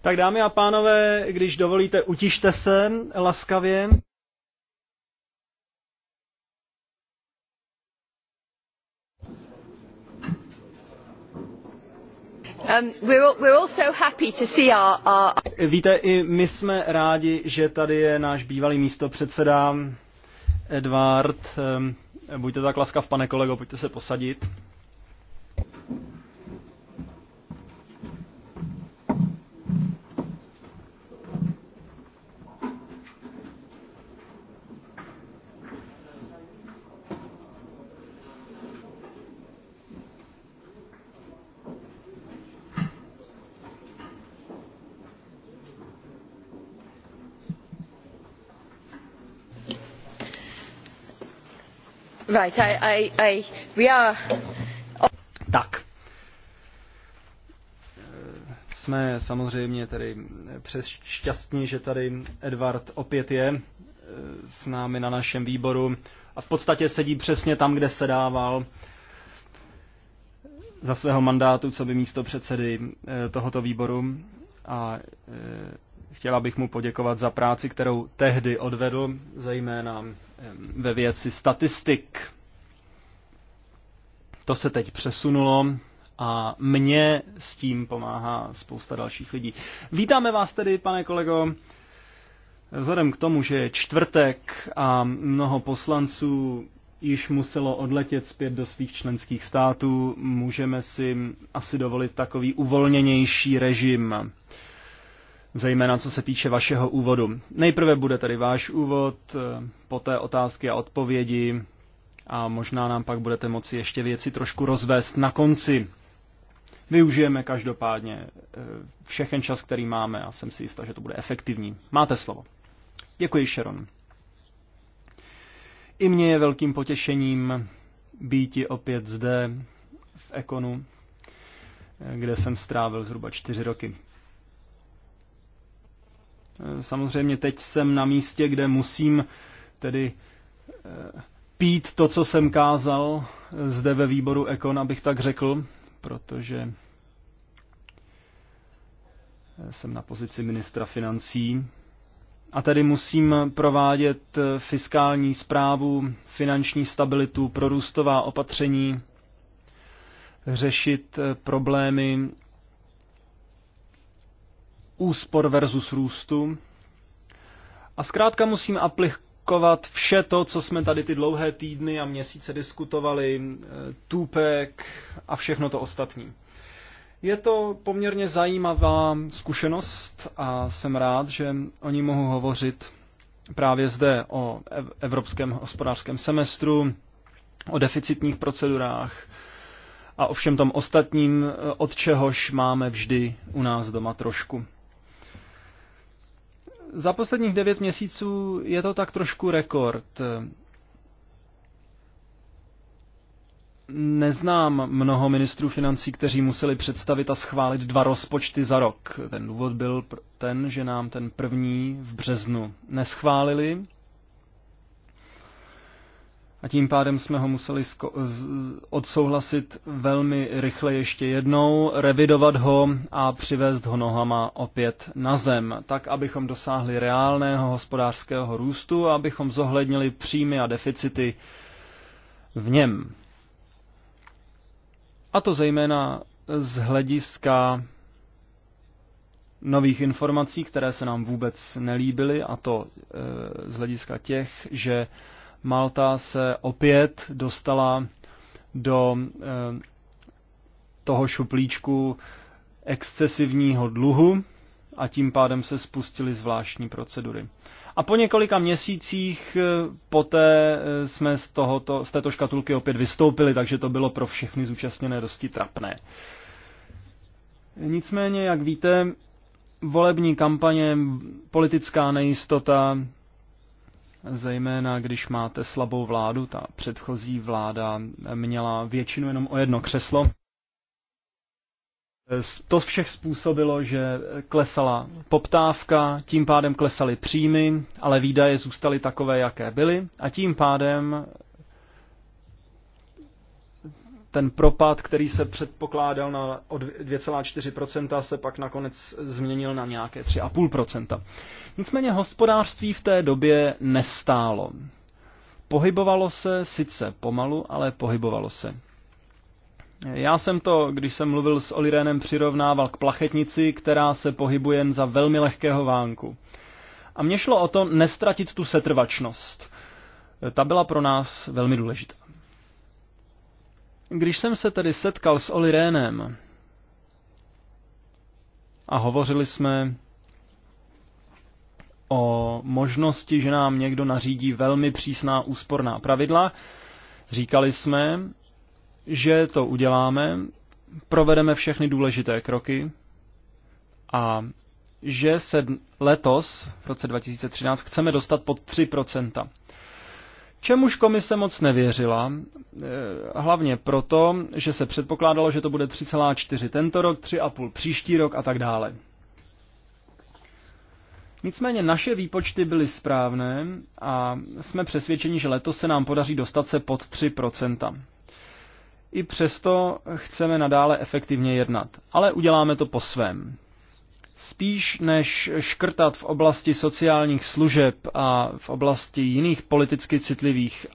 tak dámy a pánové, když dovolíte, utište se laskavě. Um, Víte, i my jsme rádi, že tady je náš bývalý místopředseda Edvard. Um, buďte tak laskav, pane kolego, pojďte se posadit. Tak. Eh, jsme samozřejmě tady přes šťastní, že tady Edward opět je eh, s námi na našem výboru a v podstatě sedí přesně tam, kde se dával za svého mandátu, co by místo předsedy eh, tohoto výboru. A Chtěla bych mu poděkovat za práci, kterou tehdy odvedl, zejména ve věci statistik. To se teď přesunulo a mně s tím pomáhá spousta dalších lidí. Vítáme vás tedy, pane kolego. Vzhledem k tomu, že je čtvrtek a mnoho poslanců již muselo odletět zpět do svých členských států, můžeme si asi dovolit takový uvolněnější režim zejména co se týče vašeho úvodu. Nejprve bude tady váš úvod, eh, poté otázky a odpovědi a možná nám pak budete moci ještě věci trošku rozvést na konci. Využijeme každopádně eh, všechen čas, který máme a jsem si jistá, že to bude efektivní. Máte slovo. Děkuji, Sharon. I mně je velkým potěšením býti opět zde v Ekonu, eh, kde jsem strávil zhruba čtyři roky. Samozřejmě teď jsem na místě, kde musím tedy eh, pít to, co jsem kázal eh, zde ve výboru Ekon, abych tak řekl, protože eh, jsem na pozici ministra financí. A tedy musím provádět fiskální zprávu, finanční stabilitu, prorůstová opatření, řešit problémy úspor versus růstu. A zkrátka musím aplikovat vše to, co jsme tady ty dlouhé týdny a měsíce diskutovali, eh, tupek a všechno to ostatní. Je to poměrně zajímavá zkušenost a jsem rád, že oni mohu hovořit právě zde o evropském hospodářském semestru, o deficitních procedurách a o všem tom ostatním, eh, od čehož máme vždy u nás doma trošku. Za posledních devět měsíců je to tak trošku rekord. Neznám mnoho ministrů financí, kteří museli představit a schválit dva rozpočty za rok. Ten důvod byl ten, že nám ten první v březnu neschválili a tím pádem jsme ho museli odsouhlasit velmi rychle ještě jednou, revidovat ho a přivést ho nohama opět na zem, tak abychom dosáhli reálného hospodářského růstu a abychom zohlednili příjmy a deficity v něm. A to zejména z hlediska nových informací, které se nám vůbec nelíbily, a to e, z hlediska těch, že Malta se opět dostala do eh, toho šuplíčku excesivního dluhu a tím pádem se spustily zvláštní procedury. A po několika měsících eh, poté eh, jsme z, tohoto, z této škatulky opět vystoupili, takže to bylo pro všechny zúčastněné dosti trapné. Nicméně, jak víte, volební kampaně, politická nejistota, zejména když máte slabou vládu. Ta předchozí vláda měla většinu jenom o jedno křeslo. To všech způsobilo, že klesala poptávka, tím pádem klesaly příjmy, ale výdaje zůstaly takové, jaké byly a tím pádem ten propad, který se předpokládal na 2,4%, se pak nakonec změnil na nějaké 3,5%. Nicméně hospodářství v té době nestálo. Pohybovalo se sice pomalu, ale pohybovalo se. Já jsem to, když jsem mluvil s Olirénem, přirovnával k plachetnici, která se pohybuje jen za velmi lehkého vánku. A mně šlo o to nestratit tu setrvačnost. Ta byla pro nás velmi důležitá. Když jsem se tedy setkal s Oli Rénem a hovořili jsme o možnosti, že nám někdo nařídí velmi přísná úsporná pravidla, říkali jsme, že to uděláme, provedeme všechny důležité kroky a že se letos, v roce 2013, chceme dostat pod 3% čemuž komise moc nevěřila, eh, hlavně proto, že se předpokládalo, že to bude 3,4 tento rok, 3,5 příští rok a tak dále. Nicméně naše výpočty byly správné a jsme přesvědčeni, že letos se nám podaří dostat se pod 3%. I přesto chceme nadále efektivně jednat, ale uděláme to po svém. Spíš než škrtat v oblasti sociálních služeb a v oblasti jiných politicky citlivých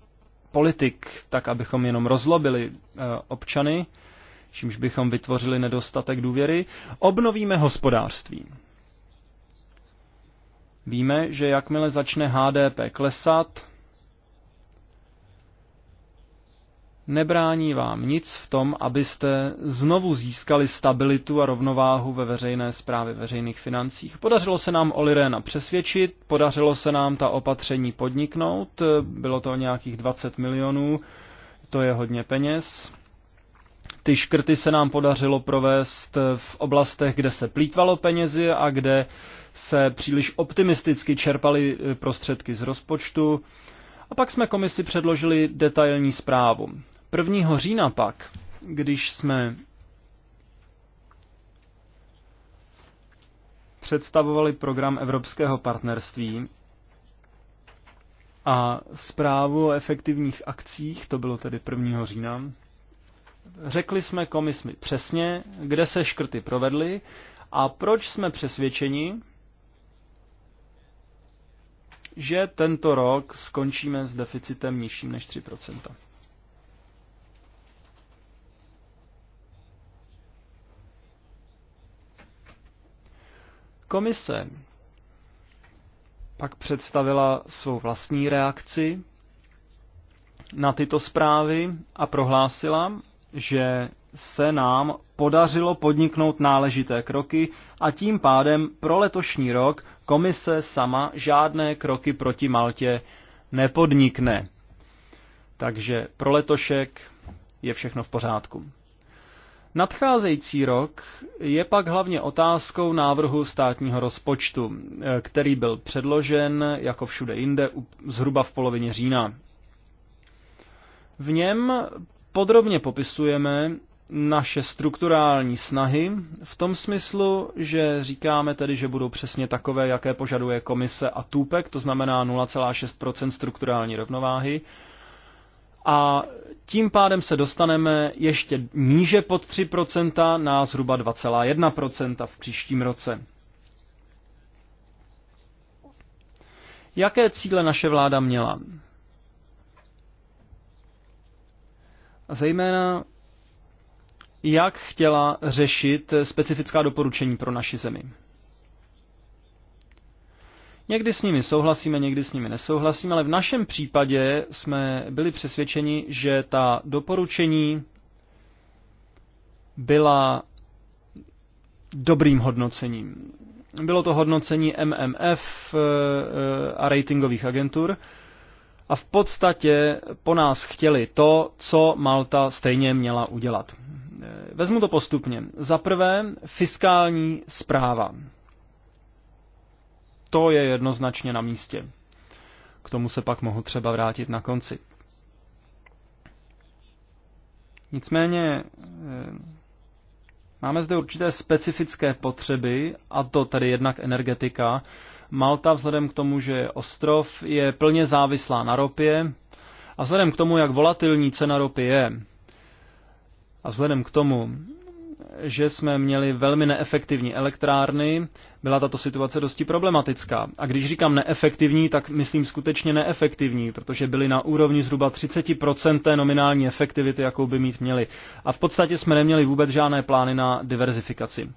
politik, tak abychom jenom rozlobili eh, občany, čímž bychom vytvořili nedostatek důvěry, obnovíme hospodářství. Víme, že jakmile začne HDP klesat, nebrání vám nic v tom, abyste znovu získali stabilitu a rovnováhu ve veřejné správě veřejných financích. Podařilo se nám Olirena přesvědčit, podařilo se nám ta opatření podniknout, bylo to nějakých 20 milionů, to je hodně peněz. Ty škrty se nám podařilo provést v oblastech, kde se plítvalo penězi a kde se příliš optimisticky čerpaly eh, prostředky z rozpočtu. A pak jsme komisi předložili detailní zprávu. 1. října pak, když jsme představovali program Evropského partnerství a zprávu o efektivních akcích, to bylo tedy 1. října, řekli jsme komisi přesně, kde se škrty provedly a proč jsme přesvědčeni, že tento rok skončíme s deficitem nižším než 3%. Komise pak představila svou vlastní reakci na tyto zprávy a prohlásila, že se nám podařilo podniknout náležité kroky a tím pádem pro letošní rok komise sama žádné kroky proti Maltě nepodnikne. Takže pro letošek je všechno v pořádku. Nadcházející rok je pak hlavně otázkou návrhu státního rozpočtu, eh, který byl předložen jako všude jinde zhruba v polovině října. V něm podrobně popisujeme naše strukturální snahy v tom smyslu, že říkáme tedy, že budou přesně takové, jaké požaduje komise a tůpek, to znamená 0,6 strukturální rovnováhy, a tím pádem se dostaneme ještě níže pod 3% na zhruba 2,1% v příštím roce. Jaké cíle naše vláda měla? A zejména, jak chtěla řešit specifická doporučení pro naši zemi. Někdy s nimi souhlasíme, někdy s nimi nesouhlasíme, ale v našem případě jsme byli přesvědčeni, že ta doporučení byla dobrým hodnocením. Bylo to hodnocení MMF eh, eh, a ratingových agentur a v podstatě po nás chtěli to, co Malta stejně měla udělat. Eh, vezmu to postupně. Za prvé, fiskální zpráva. To je jednoznačně na místě. K tomu se pak mohu třeba vrátit na konci. Nicméně eh, máme zde určité specifické potřeby, a to tady jednak energetika. Malta vzhledem k tomu, že je ostrov, je plně závislá na ropě a vzhledem k tomu, jak volatilní cena ropy je, a vzhledem k tomu, že jsme měli velmi neefektivní elektrárny, byla tato situace dosti problematická. A když říkám neefektivní, tak myslím skutečně neefektivní, protože byly na úrovni zhruba 30% té nominální efektivity, jakou by mít měli. A v podstatě jsme neměli vůbec žádné plány na diverzifikaci.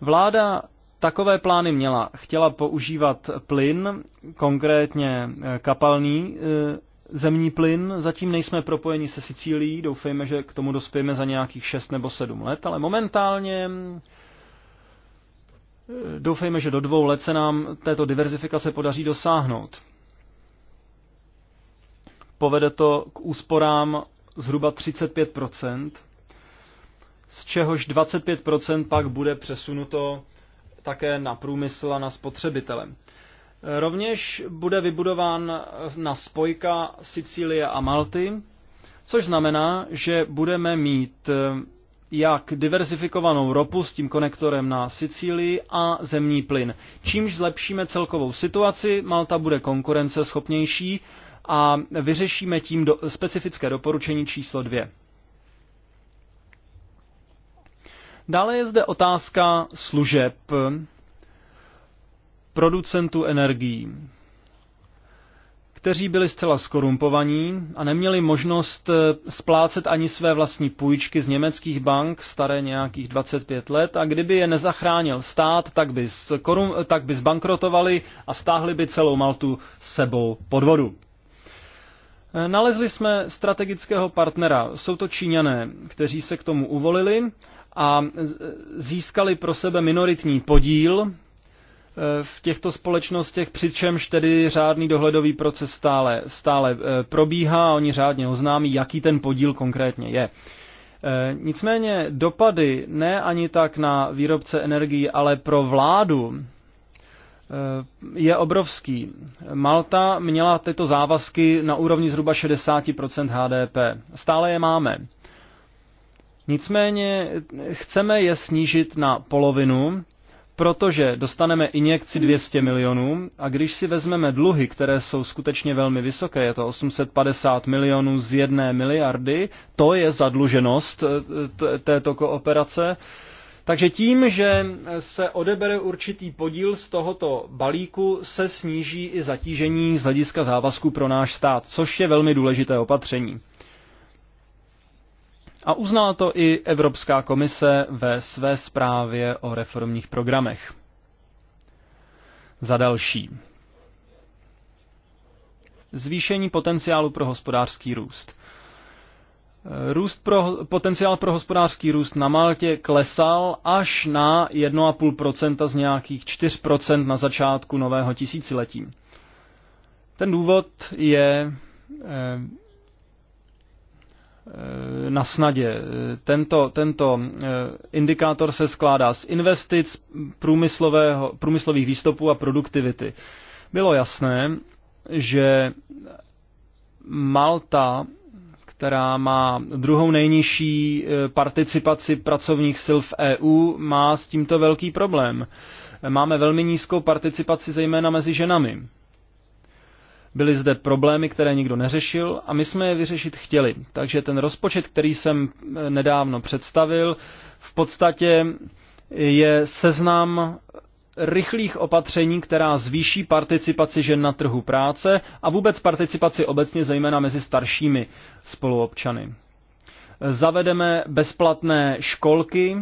Vláda takové plány měla. Chtěla používat plyn, konkrétně eh, kapalný eh, zemní plyn. Zatím nejsme propojeni se Sicílií, doufejme, že k tomu dospějeme za nějakých 6 nebo 7 let, ale momentálně eh, doufejme, že do dvou let se nám této diverzifikace podaří dosáhnout. Povede to k úsporám zhruba 35 z čehož 25 pak bude přesunuto také na průmysl a na spotřebitele. Rovněž bude vybudován na spojka Sicílie a Malty, což znamená, že budeme mít eh, jak diverzifikovanou ropu s tím konektorem na Sicílii a zemní plyn. Čímž zlepšíme celkovou situaci, Malta bude konkurenceschopnější a vyřešíme tím do, specifické doporučení číslo dvě. Dále je zde otázka služeb producentů energií, kteří byli zcela skorumpovaní a neměli možnost eh, splácet ani své vlastní půjčky z německých bank, staré nějakých 25 let, a kdyby je nezachránil stát, tak by, skorum, tak by zbankrotovali a stáhli by celou Maltu sebou pod vodu. Eh, nalezli jsme strategického partnera. Jsou to Číňané, kteří se k tomu uvolili a získali pro sebe minoritní podíl v těchto společnostech, přičemž tedy řádný dohledový proces stále, stále eh, probíhá a oni řádně oznámí, jaký ten podíl konkrétně je. Eh, nicméně dopady ne ani tak na výrobce energii, ale pro vládu eh, je obrovský. Malta měla tyto závazky na úrovni zhruba 60% HDP. Stále je máme. Nicméně chceme je snížit na polovinu protože dostaneme injekci 200 milionů a když si vezmeme dluhy, které jsou skutečně velmi vysoké, je to 850 milionů z jedné miliardy, to je zadluženost eh, této kooperace, takže tím, že se odebere určitý podíl z tohoto balíku, se sníží i zatížení z hlediska závazku pro náš stát, což je velmi důležité opatření. A uznala to i Evropská komise ve své zprávě o reformních programech. Za další. Zvýšení potenciálu pro hospodářský růst. Růst pro, potenciál pro hospodářský růst na Maltě klesal až na 1,5% z nějakých 4% na začátku nového tisíciletí. Ten důvod je eh, Eh, na snadě. Eh, tento, tento eh, indikátor se skládá z investic, průmyslového, průmyslových výstupů a produktivity. Bylo jasné, že Malta, která má druhou nejnižší participaci pracovních sil v EU, má s tímto velký problém. Máme velmi nízkou participaci zejména mezi ženami. Byly zde problémy, které nikdo neřešil a my jsme je vyřešit chtěli. Takže ten rozpočet, který jsem eh, nedávno představil, v podstatě je seznam rychlých opatření, která zvýší participaci žen na trhu práce a vůbec participaci obecně zejména mezi staršími spoluobčany. Zavedeme bezplatné školky,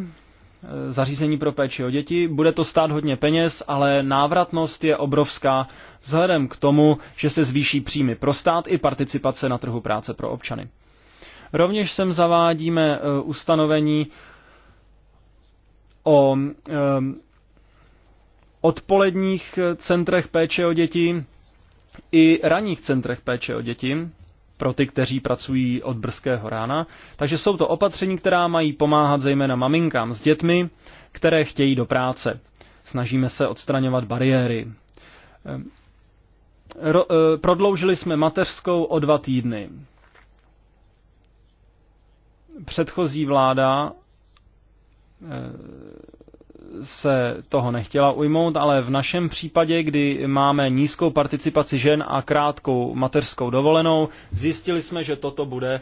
Eh, zařízení pro péči o děti. Bude to stát hodně peněz, ale návratnost je obrovská vzhledem k tomu, že se zvýší příjmy pro stát i participace na trhu práce pro občany. Rovněž sem zavádíme eh, ustanovení o eh, odpoledních centrech péče o děti i ranních centrech péče o děti, pro ty, kteří pracují od brzkého rána. Takže jsou to opatření, která mají pomáhat zejména maminkám s dětmi, které chtějí do práce. Snažíme se odstraňovat bariéry. Ehm, ro, e, prodloužili jsme mateřskou o dva týdny. Předchozí vláda e, se toho nechtěla ujmout, ale v našem případě, kdy máme nízkou participaci žen a krátkou mateřskou dovolenou, zjistili jsme, že toto bude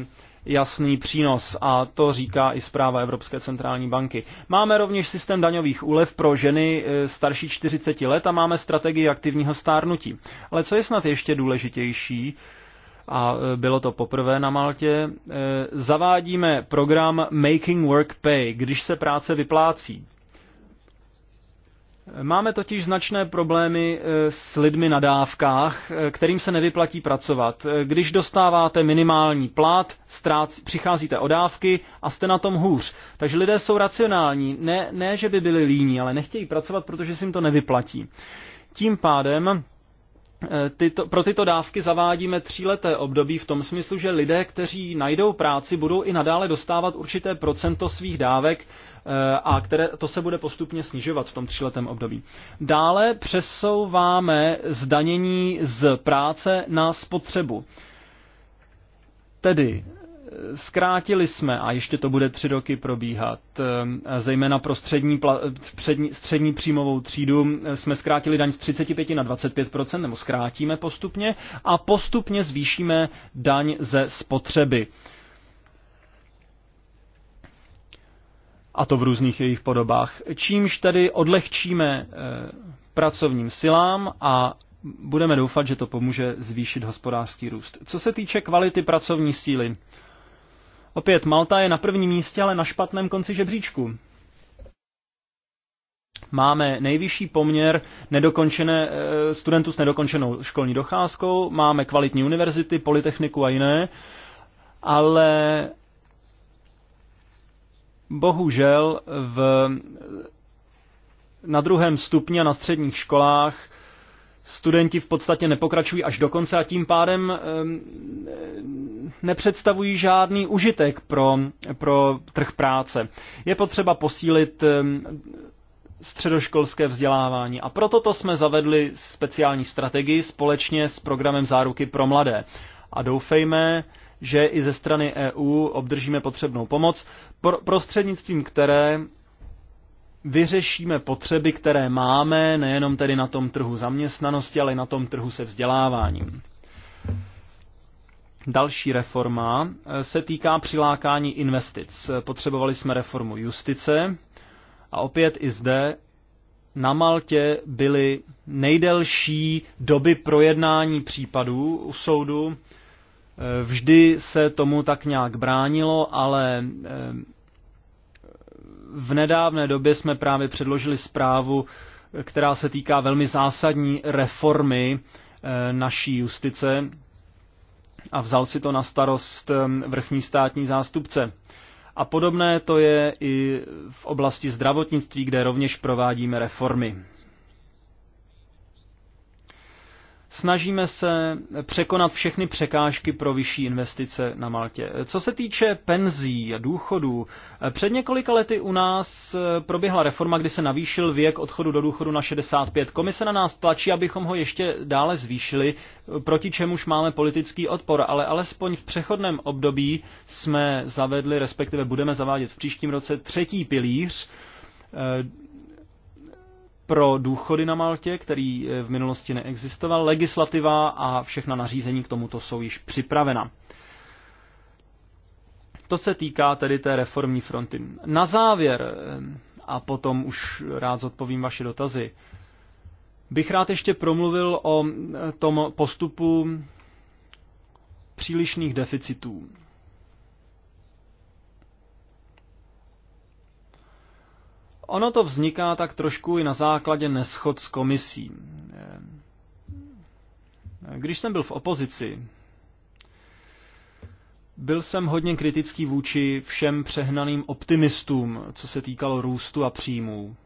eh, jasný přínos a to říká i zpráva Evropské centrální banky. Máme rovněž systém daňových úlev pro ženy eh, starší 40 let a máme strategii aktivního stárnutí. Ale co je snad ještě důležitější, a e, bylo to poprvé na Maltě, e, zavádíme program Making Work Pay, když se práce vyplácí. Máme totiž značné problémy e, s lidmi na dávkách, kterým se nevyplatí pracovat. Když dostáváte minimální plat, ztrác, přicházíte o dávky a jste na tom hůř. Takže lidé jsou racionální. Ne, ne, že by byli líní, ale nechtějí pracovat, protože se jim to nevyplatí. Tím pádem Eh, tyto, pro tyto dávky zavádíme tříleté období v tom smyslu, že lidé, kteří najdou práci, budou i nadále dostávat určité procento svých dávek eh, a které, to se bude postupně snižovat v tom tříletém období. Dále přesouváme zdanění z práce na spotřebu. Tedy Zkrátili jsme, a ještě to bude tři roky probíhat, ehm, zejména pro střední, přední, střední příjmovou třídu, eh, jsme zkrátili daň z 35 na 25 nebo zkrátíme postupně a postupně zvýšíme daň ze spotřeby. A to v různých jejich podobách. Čímž tedy odlehčíme eh, pracovním silám a budeme doufat, že to pomůže zvýšit hospodářský růst. Co se týče kvality pracovní síly, Opět Malta je na prvním místě, ale na špatném konci žebříčku. Máme nejvyšší poměr nedokončené, eh, studentů s nedokončenou školní docházkou, máme kvalitní univerzity, polytechniku a jiné, ale bohužel v, na druhém stupni a na středních školách studenti v podstatě nepokračují až do konce a tím pádem nepředstavují žádný užitek pro, pro trh práce. Je potřeba posílit středoškolské vzdělávání a proto to jsme zavedli speciální strategii společně s programem Záruky pro mladé. A doufejme, že i ze strany EU obdržíme potřebnou pomoc, prostřednictvím které vyřešíme potřeby, které máme, nejenom tedy na tom trhu zaměstnanosti, ale i na tom trhu se vzděláváním. Další reforma eh, se týká přilákání investic. Potřebovali jsme reformu justice a opět i zde na Maltě byly nejdelší doby projednání případů u soudu. Eh, vždy se tomu tak nějak bránilo, ale eh, v nedávné době jsme právě předložili zprávu, která se týká velmi zásadní reformy eh, naší justice a vzal si to na starost eh, vrchní státní zástupce. A podobné to je i v oblasti zdravotnictví, kde rovněž provádíme reformy. Snažíme se překonat všechny překážky pro vyšší investice na Maltě. Co se týče penzí a důchodů, před několika lety u nás proběhla reforma, kdy se navýšil věk odchodu do důchodu na 65. Komise na nás tlačí, abychom ho ještě dále zvýšili, proti čemuž máme politický odpor, ale alespoň v přechodném období jsme zavedli, respektive budeme zavádět v příštím roce třetí pilíř pro důchody na Maltě, který eh, v minulosti neexistoval. Legislativa a všechna nařízení k tomuto jsou již připravena. To se týká tedy té reformní fronty. Na závěr, eh, a potom už rád zodpovím vaše dotazy, bych rád ještě promluvil o eh, tom postupu přílišných deficitů. Ono to vzniká tak trošku i na základě neschod s komisí. Když jsem byl v opozici, byl jsem hodně kritický vůči všem přehnaným optimistům, co se týkalo růstu a příjmů.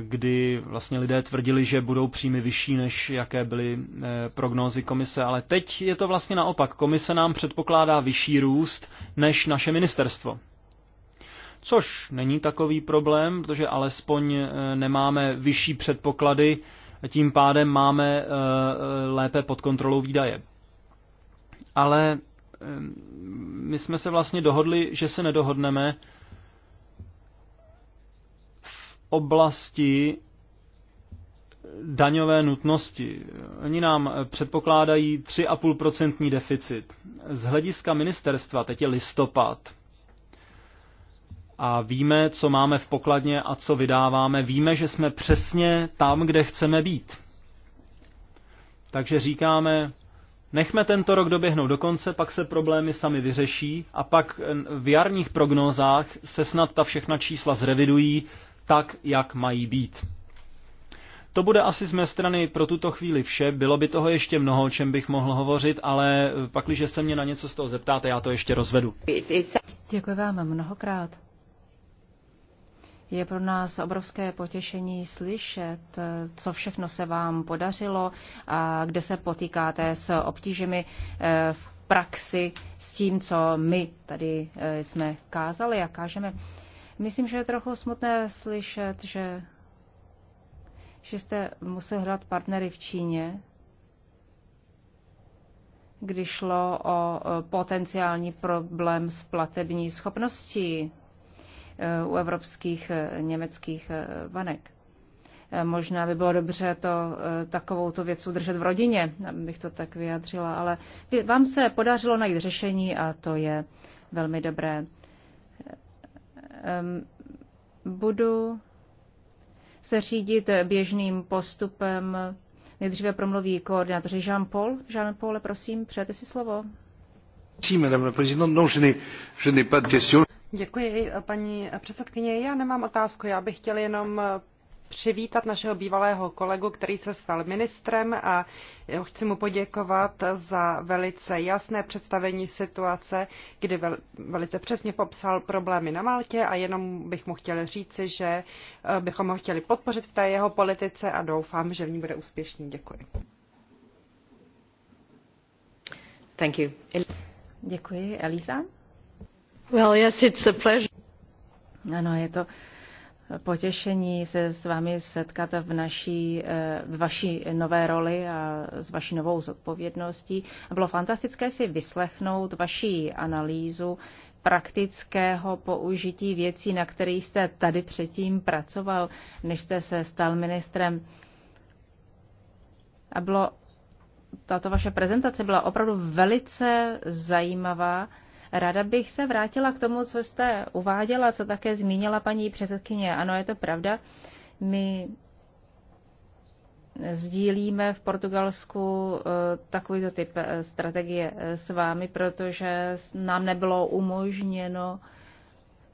Kdy vlastně lidé tvrdili, že budou příjmy vyšší, než jaké byly eh, prognózy komise, ale teď je to vlastně naopak. Komise nám předpokládá vyšší růst než naše ministerstvo což není takový problém, protože alespoň eh, nemáme vyšší předpoklady, tím pádem máme eh, eh, lépe pod kontrolou výdaje. Ale my jsme se vlastně dohodli, že se nedohodneme v oblasti daňové nutnosti. Oni nám předpokládají 3,5% deficit. Z hlediska ministerstva, teď je listopad, a víme, co máme v pokladně a co vydáváme. Víme, že jsme přesně tam, kde chceme být. Takže říkáme, nechme tento rok doběhnout do konce, pak se problémy sami vyřeší a pak v jarních prognózách se snad ta všechna čísla zrevidují tak, jak mají být. To bude asi z mé strany pro tuto chvíli vše. Bylo by toho ještě mnoho, o čem bych mohl hovořit, ale pakliže se mě na něco z toho zeptáte, já to ještě rozvedu. Děkuji vám mnohokrát. Je pro nás obrovské potěšení slyšet, co všechno se vám podařilo a kde se potýkáte s obtížemi eh, v praxi, s tím, co my tady eh, jsme kázali a kážeme. Myslím, že je trochu smutné slyšet, že, že jste museli hrát partnery v Číně, když šlo o potenciální problém s platební schopností Eh, u evropských eh, německých eh, banek. Možná by bylo dobře to, takovou tu věc udržet v rodině, abych to tak vyjadřila, ale vám se podařilo najít řešení a to je velmi dobré. Ehm, budu se řídit běžným postupem. Nejdříve promluví koordinátoři Jean-Paul. Jean-Paul, prosím, přejete si slovo. Merci, madame la présidente. Non, je n'ai pas de question. Děkuji, paní předsedkyně. Já nemám otázku, já bych chtěl jenom přivítat našeho bývalého kolegu, který se stal ministrem a chci mu poděkovat za velice jasné představení situace, kdy velice přesně popsal problémy na Maltě a jenom bych mu chtěl říci, že eh, bychom ho chtěli podpořit v té jeho politice a doufám, že v ní bude úspěšný. Děkuji. Thank you. Děkuji, Eliza. Well, yes, it's a pleasure. Ano, je to potěšení se s vámi setkat v, naší, eh, v vaší nové roli a s vaší novou zodpovědností. Bylo fantastické si vyslechnout vaší analýzu praktického použití věcí, na kterých jste tady předtím pracoval, než jste se stal ministrem. A bylo, tato vaše prezentace byla opravdu velice zajímavá Ráda bych se vrátila k tomu, co jste uváděla, co také zmínila paní předsedkyně. Ano, je to pravda. My sdílíme v Portugalsku eh, takovýto typ eh, strategie eh, s vámi, protože nám nebylo umožněno,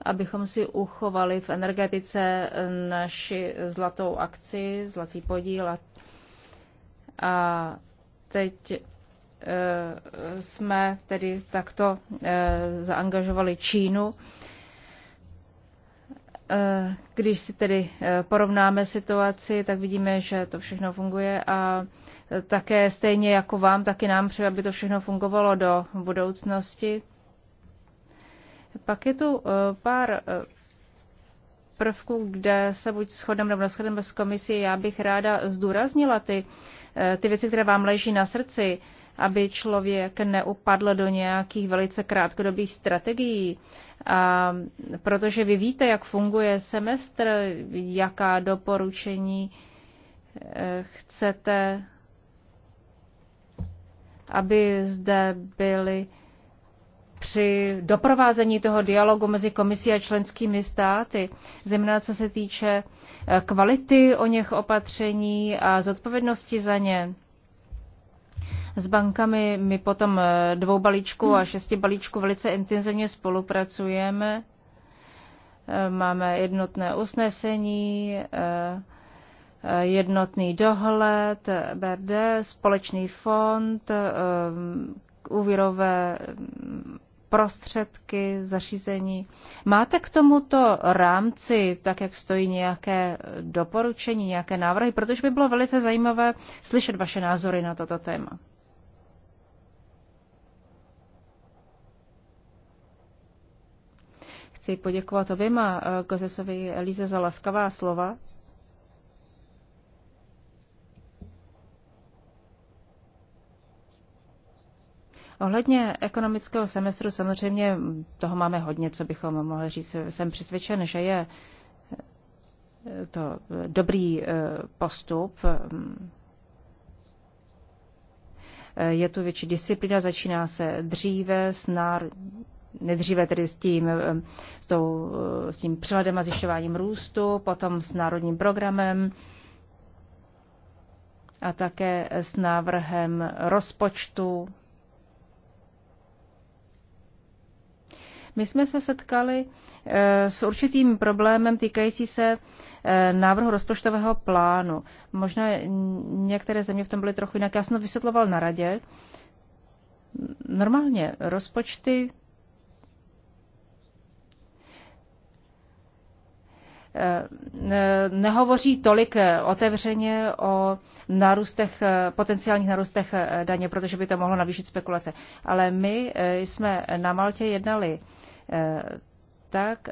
abychom si uchovali v energetice naši zlatou akci, zlatý podíl. A teď Eh, jsme tedy takto eh, zaangažovali Čínu. Eh, když si tedy porovnáme situaci, tak vidíme, že to všechno funguje a také stejně jako vám, taky nám přeji, aby to všechno fungovalo do budoucnosti. Pak je tu pár prvků, kde se buď shodneme nebo neschodneme s komisí. Já bych ráda zdůraznila ty, ty věci, které vám leží na srdci aby člověk neupadl do nějakých velice krátkodobých strategií. A protože vy víte, jak funguje semestr, jaká doporučení eh, chcete, aby zde byly při doprovázení toho dialogu mezi komisí a členskými státy, zejména co se týče eh, kvality o něch opatření a zodpovědnosti za ně. S bankami my potom eh, dvou balíčku a šesti balíčku velice intenzivně spolupracujeme. Eh, máme jednotné usnesení, eh, jednotný dohled, BRD, společný fond, úvěrové mm, prostředky, zařízení. Máte k tomuto rámci, tak jak stojí, nějaké doporučení, nějaké návrhy? Protože by bylo velice zajímavé slyšet vaše názory na toto téma. Chci poděkovat oběma eh, Gozesovi Elize za laskavá slova. Ohledně ekonomického semestru samozřejmě toho máme hodně, co bychom mohli říct. Jsem přesvědčen, že je eh, to dobrý eh, postup. Je tu větší disciplína, začíná se dříve s národní nedříve tedy s tím, eh, s, tou, eh, s tím přehledem a zjišťováním růstu, potom s národním programem a také s návrhem rozpočtu. My jsme se setkali eh, s určitým problémem týkající se návrhu rozpočtového plánu. Možná některé země v tom byly trochu jinak. Já jsem to vysvětloval na radě. Normálně rozpočty Eh, nehovoří tolik eh, otevřeně o narůstech, eh, potenciálních narůstech daně, protože by to mohlo navýšit spekulace. Ale my jsme na Maltě jednali tak,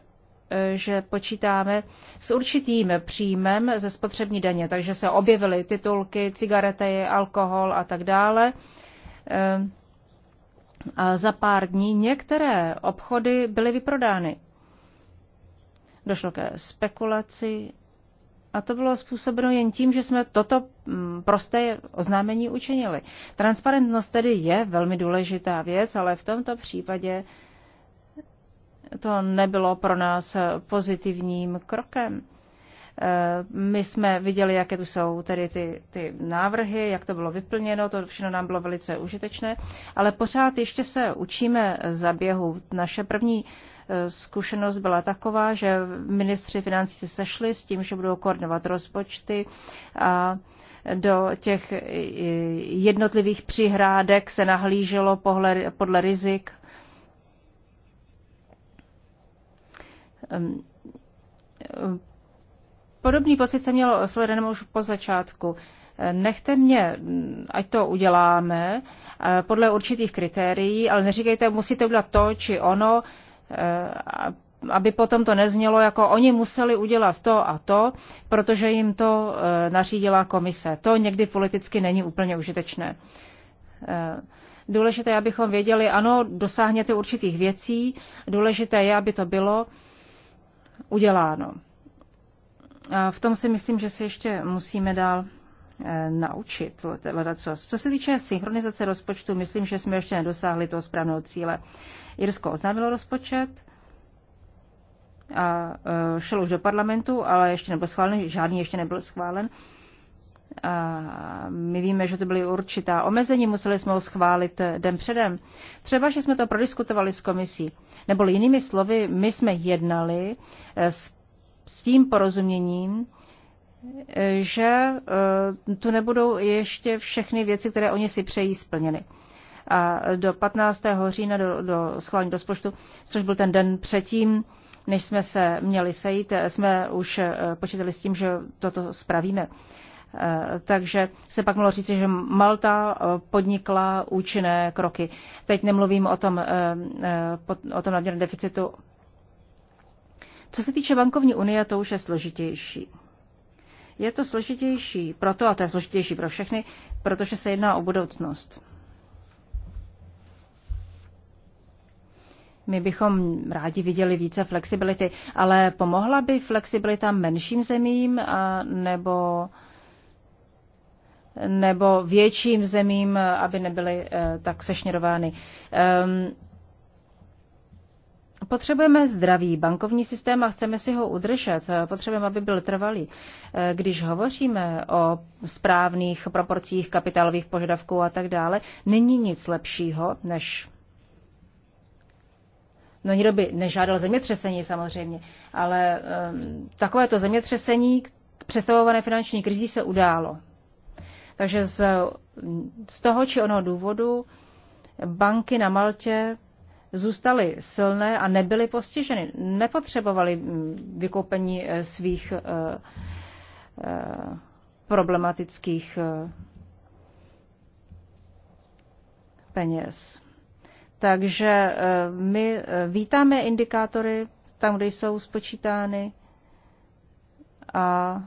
že počítáme s určitým příjmem ze spotřební daně, takže se objevily titulky, cigarety, alkohol a tak dále. A za pár dní některé obchody byly vyprodány došlo ke spekulaci a to bylo způsobeno jen tím, že jsme toto mm, prosté oznámení učinili. Transparentnost tedy je velmi důležitá věc, ale v tomto případě to nebylo pro nás pozitivním krokem. Eh, my jsme viděli, jaké tu jsou tedy ty, ty návrhy, jak to bylo vyplněno, to všechno nám bylo velice užitečné, ale pořád ještě se učíme zaběhu. Naše první eh, zkušenost byla taková, že ministři financí se sešli s tím, že budou koordinovat rozpočty a do těch eh, jednotlivých přihrádek se nahlíželo podle, podle rizik. Ehm, Podobný pocit jsem měl s Ledenem už po začátku. Nechte mě, ať to uděláme, eh, podle určitých kritérií, ale neříkejte, musíte udělat to či ono, eh, aby potom to neznělo, jako oni museli udělat to a to, protože jim to eh, nařídila komise. To někdy politicky není úplně užitečné. Důležité abychom věděli, ano, dosáhněte určitých věcí, důležité je, aby to bylo uděláno. A v tom si myslím, že se ještě musíme dál eh, naučit co. Co se týče synchronizace rozpočtu, myslím, že jsme ještě nedosáhli toho správného cíle. Irsko oznámilo rozpočet a eh, šel už do parlamentu, ale ještě nebyl schválen, žádný ještě nebyl schválen. A my víme, že to byly určitá omezení, museli jsme ho schválit eh, den předem. Třeba, že jsme to prodiskutovali s komisí. Nebo jinými slovy, my jsme jednali s s tím porozuměním, že eh, tu nebudou ještě všechny věci, které oni si přejí splněny. A do 15. října do, do schválení rozpočtu, což byl ten den předtím, než jsme se měli sejít, jsme už eh, počítali s tím, že toto spravíme. Eh, takže se pak mohlo říct, že Malta podnikla účinné kroky. Teď nemluvím o tom, o tom nadměrném deficitu co se týče bankovní unie, to už je složitější. Je to složitější proto, a to je složitější pro všechny, protože se jedná o budoucnost. My bychom rádi viděli více flexibility, ale pomohla by flexibilita menším zemím a nebo, nebo větším zemím, aby nebyly eh, tak sešněrovány. Ehm, Potřebujeme zdravý bankovní systém a chceme si ho udržet. Potřebujeme, aby byl trvalý. Když hovoříme o správných proporcích kapitálových požadavků a tak dále, není nic lepšího, než No nikdo by nežádal zemětřesení samozřejmě, ale um, takovéto zemětřesení představované finanční krizí se událo. Takže z, z toho či onoho důvodu banky na Maltě zůstaly silné a nebyly postiženy. Nepotřebovali mm, vykoupení eh, svých eh, eh, problematických peněz. Takže my vítáme indikátory tam, kde jsou spočítány a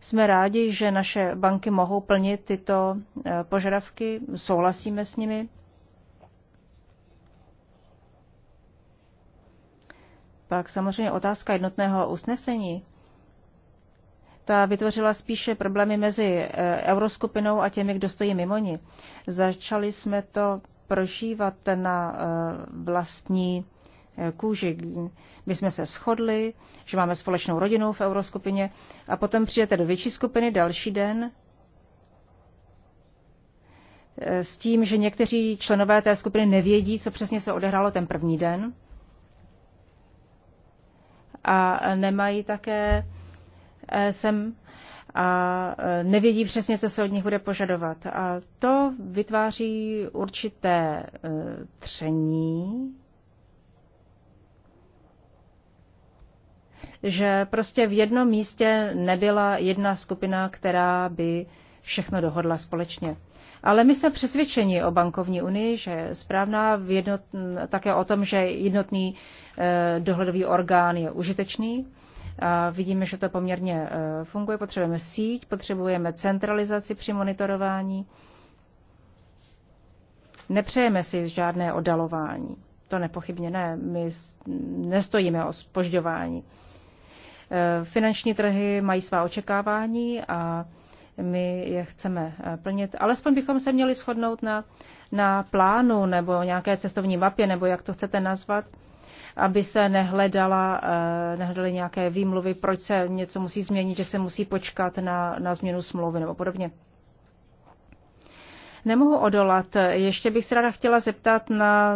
jsme rádi, že naše banky mohou plnit tyto požadavky, souhlasíme s nimi. Pak samozřejmě otázka jednotného usnesení. Ta vytvořila spíše problémy mezi eh, euroskupinou a těmi, kdo stojí mimo ní. Začali jsme to prožívat na eh, vlastní eh, kůži. My jsme se shodli, že máme společnou rodinu v euroskupině a potom přijete do větší skupiny další den s tím, že někteří členové té skupiny nevědí, co přesně se odehrálo ten první den a nemají také eh, sem a eh, nevědí přesně, co se od nich bude požadovat. A to vytváří určité eh, tření, že prostě v jednom místě nebyla jedna skupina, která by všechno dohodla společně. Ale my jsme přesvědčeni o bankovní unii, že je správná jednot, také o tom, že jednotný eh, dohledový orgán je užitečný. A vidíme, že to poměrně eh, funguje. Potřebujeme síť, potřebujeme centralizaci při monitorování. Nepřejeme si žádné odalování. To nepochybně ne. My nestojíme o spožďování. Eh, finanční trhy mají svá očekávání a my je chceme eh, plnit. Alespoň bychom se měli shodnout na, na plánu nebo nějaké cestovní mapě, nebo jak to chcete nazvat, aby se nehledala, eh, nehledaly nějaké výmluvy, proč se něco musí změnit, že se musí počkat na, na změnu smlouvy nebo podobně. Nemohu odolat. Ještě bych se ráda chtěla zeptat na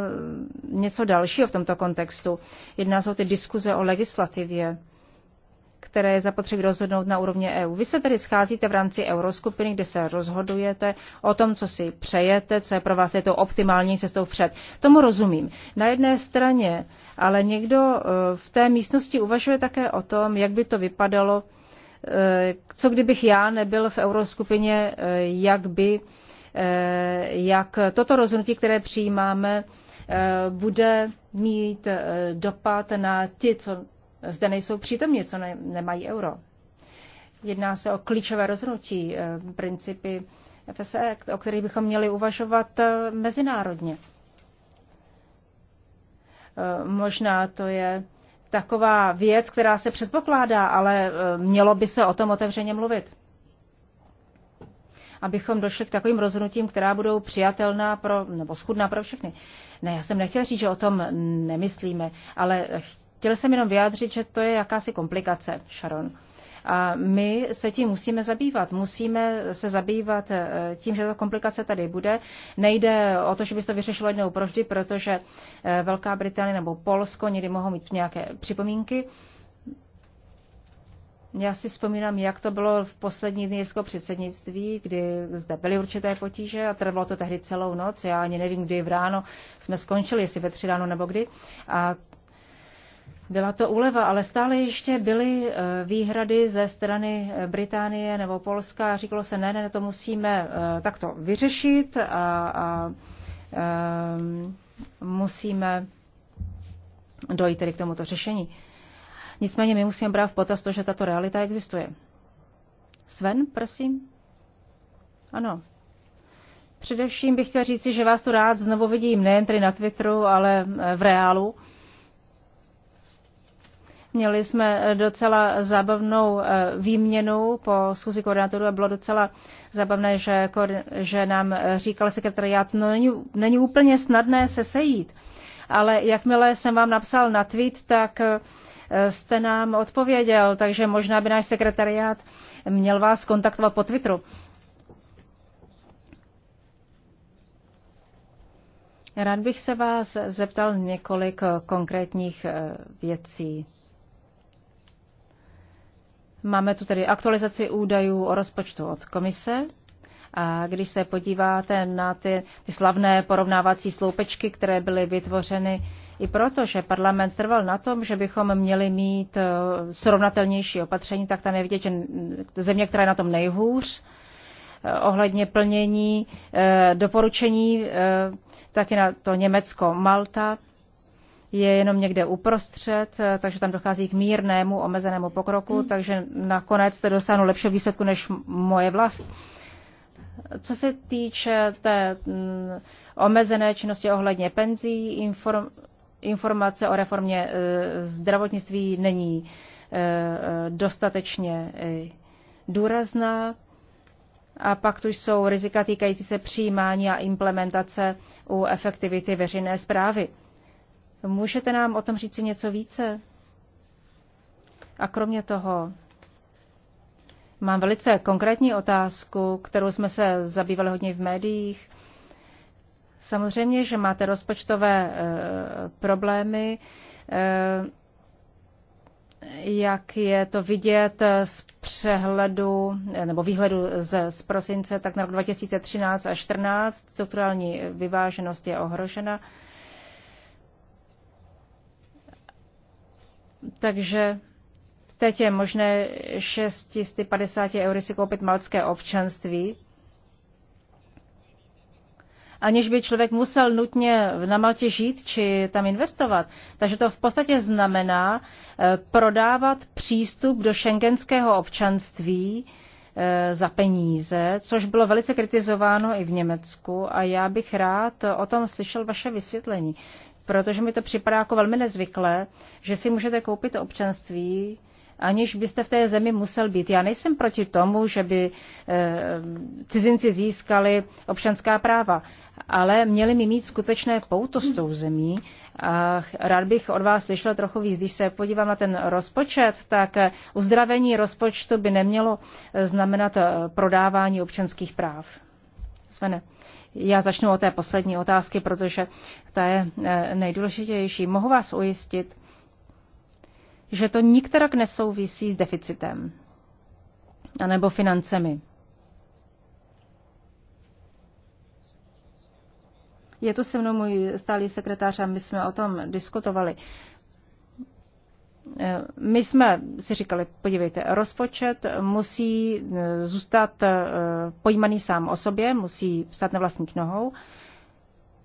něco dalšího v tomto kontextu. Jedná se o ty diskuze o legislativě které je zapotřebí rozhodnout na úrovni EU. Vy se tedy scházíte v rámci euroskupiny, kde se rozhodujete o tom, co si přejete, co je pro vás je to optimální cestou vpřed. Tomu rozumím. Na jedné straně, ale někdo eh, v té místnosti uvažuje také o tom, jak by to vypadalo, eh, co kdybych já nebyl v euroskupině, eh, jak by jak toto rozhodnutí, které přijímáme, bude mít dopad na ty, co zde nejsou přítomni, co ne, nemají euro. Jedná se o klíčové rozhodnutí, eh, principy FSE, o kterých bychom měli uvažovat eh, mezinárodně. Eh, možná to je taková věc, která se předpokládá, ale mělo by se o tom otevřeně mluvit. Abychom došli k takovým rozhodnutím, která budou přijatelná pro, nebo schudná pro všechny. Ne, já jsem nechtěl říct, že o tom nemyslíme, ale Chtěl jsem jenom vyjádřit, že to je jakási komplikace, Sharon. A my se tím musíme zabývat. Musíme se zabývat e, tím, že ta komplikace tady bude. Nejde o to, že by se vyřešilo jednou proždy, protože e, Velká Británie nebo Polsko někdy mohou mít nějaké připomínky. Já si vzpomínám, jak to bylo v poslední dny jirského předsednictví, kdy zde byly určité potíže a trvalo to tehdy celou noc. Já ani nevím, kdy v ráno jsme skončili, jestli ve tři ráno nebo kdy. A byla to úleva, ale stále ještě byly eh, výhrady ze strany eh, Británie nebo Polska. Říkalo se, ne, ne, to musíme eh, takto vyřešit a, a a musíme dojít tedy k tomuto řešení. Nicméně my musíme brát v potaz to, že tato realita existuje. Sven, prosím? Ano. Především bych chtěl říci, že vás tu rád znovu vidím, nejen tedy na Twitteru, ale v reálu. Měli jsme docela zábavnou eh, výměnu po schůzi koordinátorů a bylo docela zábavné, že, že nám eh, říkal sekretariát, no není, není úplně snadné se sejít. Ale jakmile jsem vám napsal na tweet, tak eh, jste nám odpověděl, takže možná by náš sekretariát měl vás kontaktovat po Twitteru. Rád bych se vás zeptal několik konkrétních věcí. Máme tu tedy aktualizaci údajů o rozpočtu od komise. A když se podíváte na ty, ty slavné porovnávací sloupečky, které byly vytvořeny i proto, že parlament trval na tom, že bychom měli mít eh, srovnatelnější opatření, tak tam je vidět, že země, která je na tom nejhůř, eh, ohledně plnění eh, doporučení, je na to Německo, Malta, je jenom někde uprostřed, eh, takže tam dochází k mírnému omezenému pokroku, hmm. takže nakonec jste dosáhnu lepšího výsledku než moje vlast. Co se týče té mm, omezené činnosti ohledně penzí, inform, informace o reformě eh, zdravotnictví není eh, dostatečně důrazná. A pak tu jsou rizika týkající se přijímání a implementace u efektivity veřejné zprávy. Můžete nám o tom říci něco více? A kromě toho, mám velice konkrétní otázku, kterou jsme se zabývali hodně v médiích. Samozřejmě, že máte rozpočtové e, problémy. E, jak je to vidět z přehledu nebo výhledu z, z prosince, tak na rok 2013 a 2014 strukturální vyváženost je ohrožena. E, Takže teď je možné 650 eury si koupit malcké občanství, aniž by člověk musel nutně na Maltě žít či tam investovat. Takže to v podstatě znamená eh, prodávat přístup do šengenského občanství eh, za peníze, což bylo velice kritizováno i v Německu a já bych rád o tom slyšel vaše vysvětlení protože mi to připadá jako velmi nezvyklé, že si můžete koupit občanství, aniž byste v té zemi musel být. Já nejsem proti tomu, že by eh, cizinci získali občanská práva, ale měli mi mít skutečné pouto s tou zemí. A rád bych od vás slyšel trochu víc. Když se podívám na ten rozpočet, tak eh, uzdravení rozpočtu by nemělo eh, znamenat prodávání občanských práv. Svene. Já začnu od té poslední otázky, protože ta je eh, nejdůležitější. Mohu vás ujistit, že to nikterak nesouvisí s deficitem anebo financemi. Je tu se mnou můj stálý sekretář a my jsme o tom diskutovali. Eh, my jsme si říkali, podívejte, rozpočet musí eh, zůstat eh, pojímaný sám o sobě, musí stát na vlastních nohou.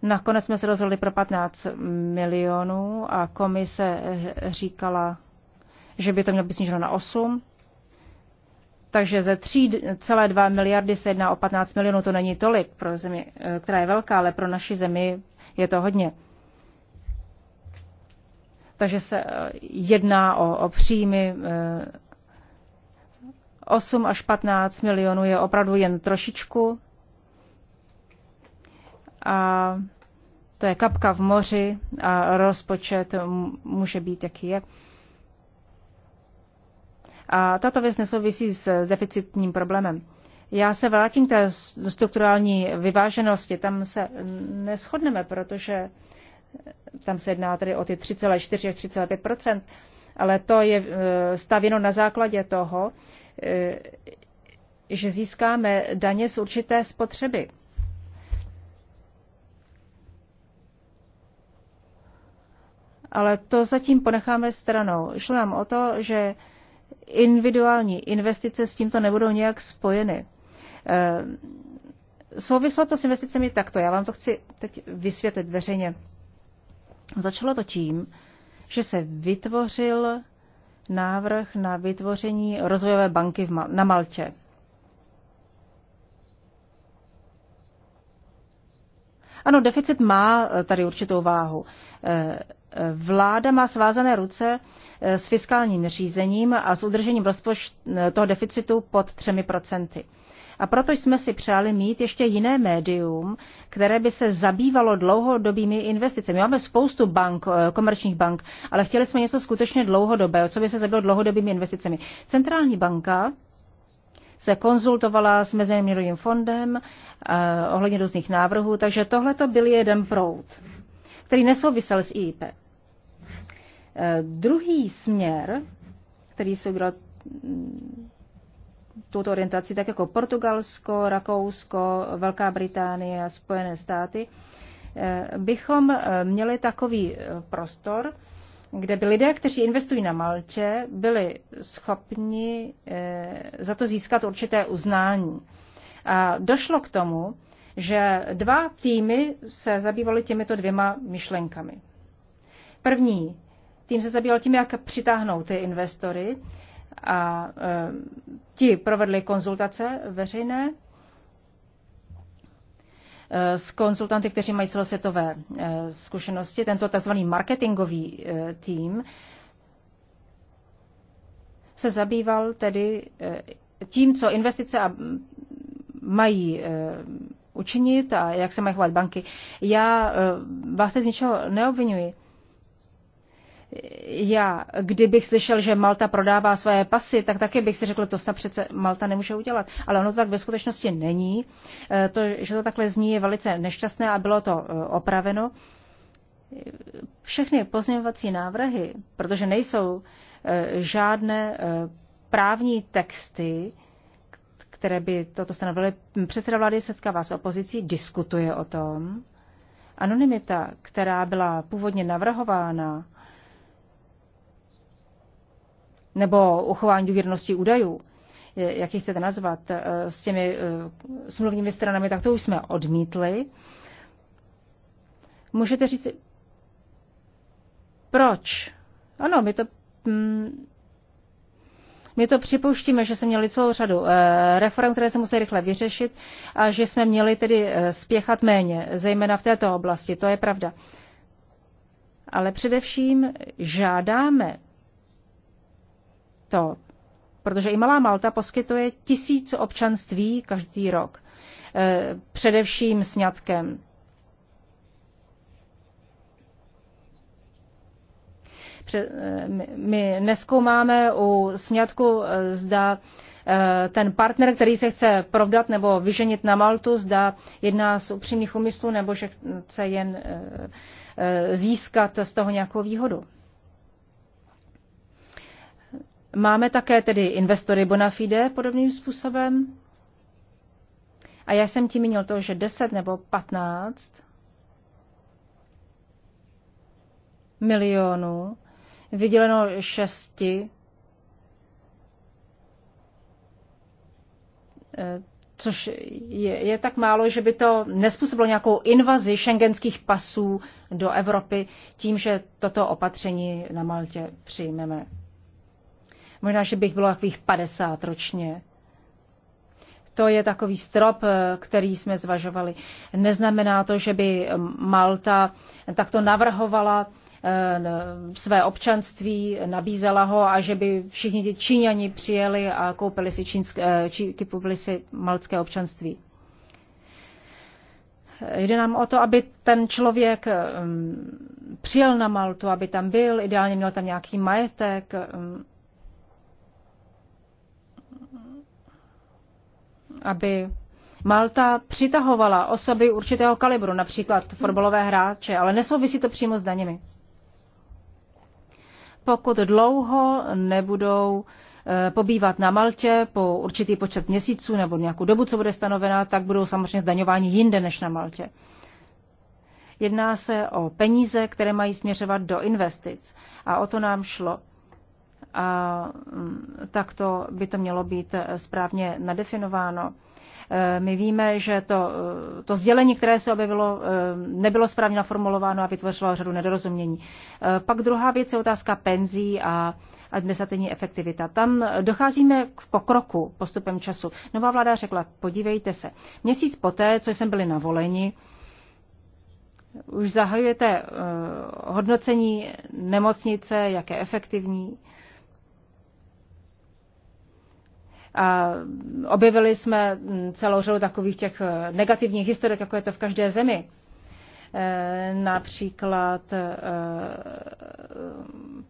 Nakonec jsme se rozhodli pro 15 milionů a komise říkala, že by to mělo být sníženo na 8. Takže ze 3,2 miliardy se jedná o 15 milionů, to není tolik pro zemi, která je velká, ale pro naši zemi je to hodně takže se eh, jedná o, o příjmy 8 eh, až 15 milionů je opravdu jen trošičku. A to je kapka v moři a rozpočet může být, jaký je. A tato věc nesouvisí s deficitním problémem. Já se vrátím k té strukturální vyváženosti. Tam se neschodneme, protože tam se jedná tedy o ty 3,4 až 3,5 ale to je e, stavěno na základě toho, e, že získáme daně z určité spotřeby. Ale to zatím ponecháme stranou. Šlo nám o to, že individuální investice s tímto nebudou nějak spojeny. E, souvislo to s investicemi takto. Já vám to chci teď vysvětlit veřejně. Začalo to tím, že se vytvořil návrh na vytvoření rozvojové banky v Mal- na Maltě. Ano, deficit má eh, tady určitou váhu. Eh, eh, vláda má svázané ruce s fiskálním řízením a s udržením rozpočtu toho deficitu pod třemi procenty. A proto jsme si přáli mít ještě jiné médium, které by se zabývalo dlouhodobými investicemi. Máme spoustu bank, eh, komerčních bank, ale chtěli jsme něco skutečně dlouhodobého, co by se zabývalo dlouhodobými investicemi. Centrální banka se konzultovala s Mezinárodním fondem eh, ohledně různých návrhů, takže tohle to byl jeden proud, který nesouvisel s IIP. Eh, druhý směr, který se udělal tuto orientaci, tak jako Portugalsko, Rakousko, Velká Británie a Spojené státy, eh, bychom eh, měli takový eh, prostor, kde by lidé, kteří investují na Malče, byli schopni za to získat určité uznání. A došlo k tomu, že dva týmy se zabývaly těmito dvěma myšlenkami. První tým se zabýval tím, jak přitáhnout ty investory, a e, ti provedli konzultace veřejné e, s konzultanty, kteří mají celosvětové e, zkušenosti. Tento tzv. marketingový tým se zabýval tedy tím, co investice a mají učinit a jak se mají chovat banky. Já vás teď z ničeho neobvinuji já, kdybych slyšel, že Malta prodává své pasy, tak taky bych si řekl, to snad přece Malta nemůže udělat. Ale ono tak ve skutečnosti není. Eh, to, že to takhle zní, je velice nešťastné a bylo to eh, opraveno. Všechny pozměňovací návrhy, protože nejsou eh, žádné právní texty, které by toto stanovily, předseda vlády setkává s opozicí, diskutuje o tom. Anonymita, která byla původně navrhována, nebo uchování důvěrnosti údajů, jak ji chcete nazvat, eh, s těmi eh, smluvními stranami, tak to už jsme odmítli. Můžete říct, proč? Ano, my to, mm, my to připouštíme, že jsme měli celou řadu eh, reform, které se musí rychle vyřešit a že jsme měli tedy spěchat méně, zejména v této oblasti, to je pravda. Ale především žádáme to, protože i Malá Malta poskytuje tisíc občanství každý rok, eh, především sňatkem. Eh, my neskoumáme u sňatku, eh, zda ten partner, který se chce provdat nebo vyženit na Maltu, zda jedná z upřímných úmyslů nebo že chce jen získat z toho nějakou výhodu. Máme také tedy investory bona fide podobným způsobem. A já jsem tím měl to, že 10 nebo 15 milionů vyděleno 6 eh, což je, je tak málo, že by to nespůsobilo nějakou invazi šengenských pasů do Evropy tím, že toto opatření na Maltě přijmeme. Možná, že bych bylo takových 50 ročně. To je takový strop, eh, který jsme zvažovali. Neznamená to, že by Malta takto navrhovala eh, své občanství, nabízela ho a že by všichni ti Číňani přijeli a koupili si, čínské, eh, či, koupili si maltské občanství. Jde nám o to, aby ten člověk přijel na Maltu, aby tam byl, ideálně měl tam nějaký majetek, aby Malta přitahovala osoby určitého kalibru, například fotbalové hráče, ale nesouvisí to přímo s daněmi. Pokud dlouho nebudou eh, pobývat na Maltě po určitý počet měsíců nebo nějakou dobu, co bude stanovena, tak budou samozřejmě zdaňováni jinde než na Maltě. Jedná se o peníze, které mají směřovat do investic. A o to nám šlo a mm, tak to by to mělo být eh, správně nadefinováno. Eh, my víme, že to, eh, to sdělení, které se objevilo, nebylo správně naformulováno a vytvořilo řadu nedorozumění. Pak druhá věc je otázka penzí a administrativní efektivita. Tam docházíme k pokroku postupem času. Nová vláda řekla, podívejte se, měsíc poté, co jsme byli navoleni, už zahajujete hodnocení nemocnice, jak je efektivní, A objevili jsme mm, celou řadu takových těch eh, negativních historik, jako je to v každé zemi. Eh, například eh,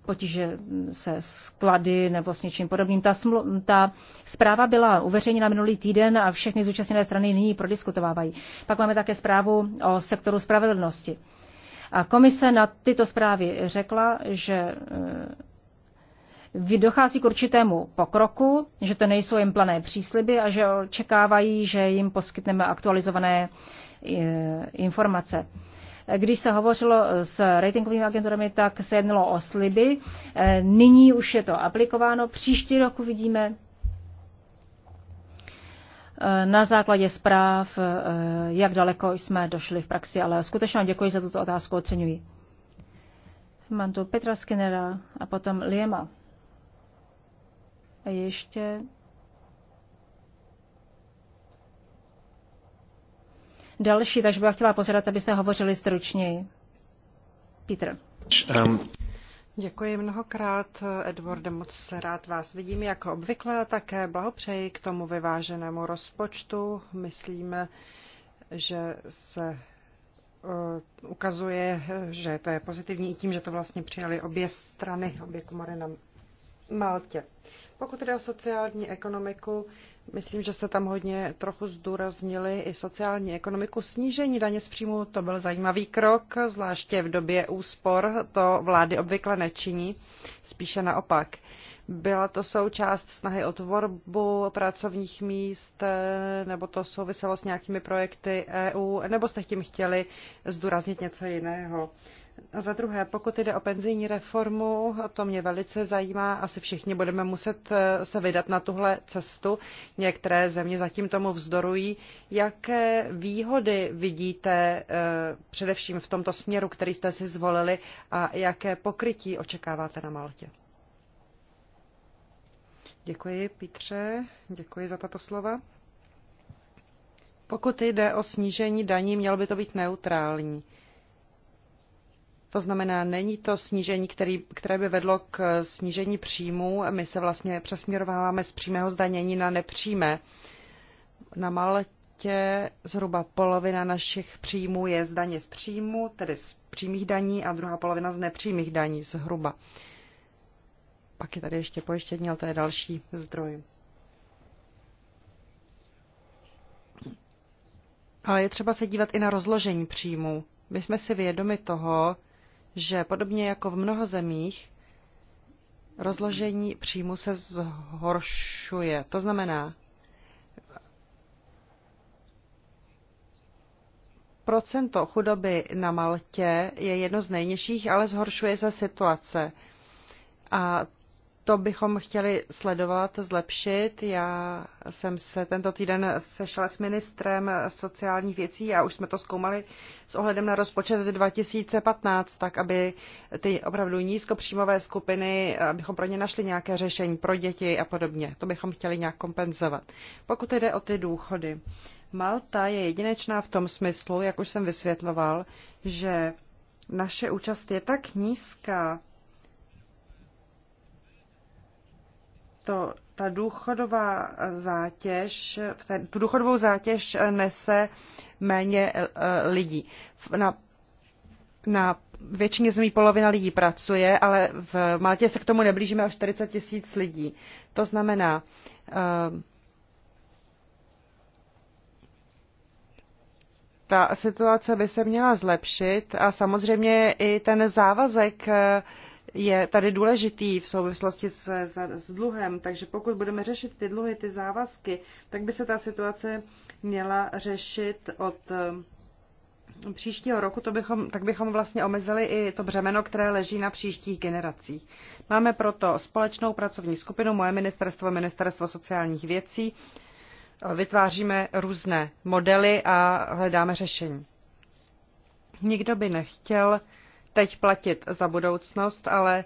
potíže se sklady nebo s něčím podobným. Ta, smlu, ta zpráva byla uveřejněna minulý týden a všechny zúčastněné strany nyní prodiskutovávají. Pak máme také zprávu o sektoru spravedlnosti. A komise na tyto zprávy řekla, že dochází k určitému pokroku, že to nejsou jen plané přísliby a že očekávají, že jim poskytneme aktualizované e, informace. Když se hovořilo s ratingovými agenturami, tak se jednalo o sliby. E, nyní už je to aplikováno. Příští rok uvidíme e, na základě zpráv, jak daleko jsme došli v praxi, ale skutečně děkuji za tuto otázku, oceňuji. Mám tu Petra Skinnera a potom Liema. A ještě další, takže bych chtěla pozorat, abyste hovořili stručněji. Petr. Um. Děkuji mnohokrát, Edward, moc rád vás vidím jako obvykle a také blahopřeji k tomu vyváženému rozpočtu. Myslíme, že se uh, ukazuje, že to je pozitivní i tím, že to vlastně přijali obě strany, obě komory na Maltě. Pokud jde o sociální ekonomiku, myslím, že jste tam hodně trochu zdůraznili i sociální ekonomiku. Snížení daně z příjmu to byl zajímavý krok, zvláště v době úspor to vlády obvykle nečiní, spíše naopak. Byla to součást snahy o tvorbu pracovních míst, nebo to souviselo s nějakými projekty EU, nebo jste tím chtěli zdůraznit něco jiného? A za druhé, pokud jde o penzijní reformu, to mě velice zajímá. Asi všichni budeme muset eh, se vydat na tuhle cestu. Některé země zatím tomu vzdorují. Jaké výhody vidíte eh, především v tomto směru, který jste si zvolili a jaké pokrytí očekáváte na Maltě? Děkuji, Pítře. Děkuji za tato slova. Pokud jde o snížení daní, mělo by to být neutrální. To znamená, není to snížení, který, které by vedlo k snížení příjmů. My se vlastně přesměrováváme z přímého zdanění na nepřímé. Na Maltě zhruba polovina našich příjmů je z daně z příjmu, tedy z přímých daní a druhá polovina z nepřímých daní zhruba. Pak je tady ještě pojištění, ale to je další zdroj. Ale je třeba se dívat i na rozložení příjmů. My jsme si vědomi toho, že podobně jako v mnoha zemích rozložení příjmu se zhoršuje. To znamená, procento chudoby na Maltě je jedno z nejnižších, ale zhoršuje se situace. A to bychom chtěli sledovat, zlepšit. Já jsem se tento týden sešla s ministrem sociálních věcí a už jsme to zkoumali s ohledem na rozpočet 2015, tak aby ty opravdu nízkopříjmové skupiny, abychom pro ně našli nějaké řešení pro děti a podobně. To bychom chtěli nějak kompenzovat. Pokud jde o ty důchody, Malta je jedinečná v tom smyslu, jak už jsem vysvětloval, že naše účast je tak nízká, to, ta důchodová zátěž, ten, tu důchodovou zátěž nese méně eh, lidí. Na, na většině zemí polovina lidí pracuje, ale v Maltě se k tomu neblížíme o 40 tisíc lidí. To znamená, eh, ta situace by se měla zlepšit a samozřejmě i ten závazek eh, je tady důležitý v souvislosti s, s, s dluhem, takže pokud budeme řešit ty dluhy, ty závazky, tak by se ta situace měla řešit od eh, příštího roku, to bychom, tak bychom vlastně omezili i to břemeno, které leží na příštích generacích. Máme proto společnou pracovní skupinu, moje ministerstvo, ministerstvo sociálních věcí, vytváříme různé modely a hledáme řešení. Nikdo by nechtěl teď platit za budoucnost, ale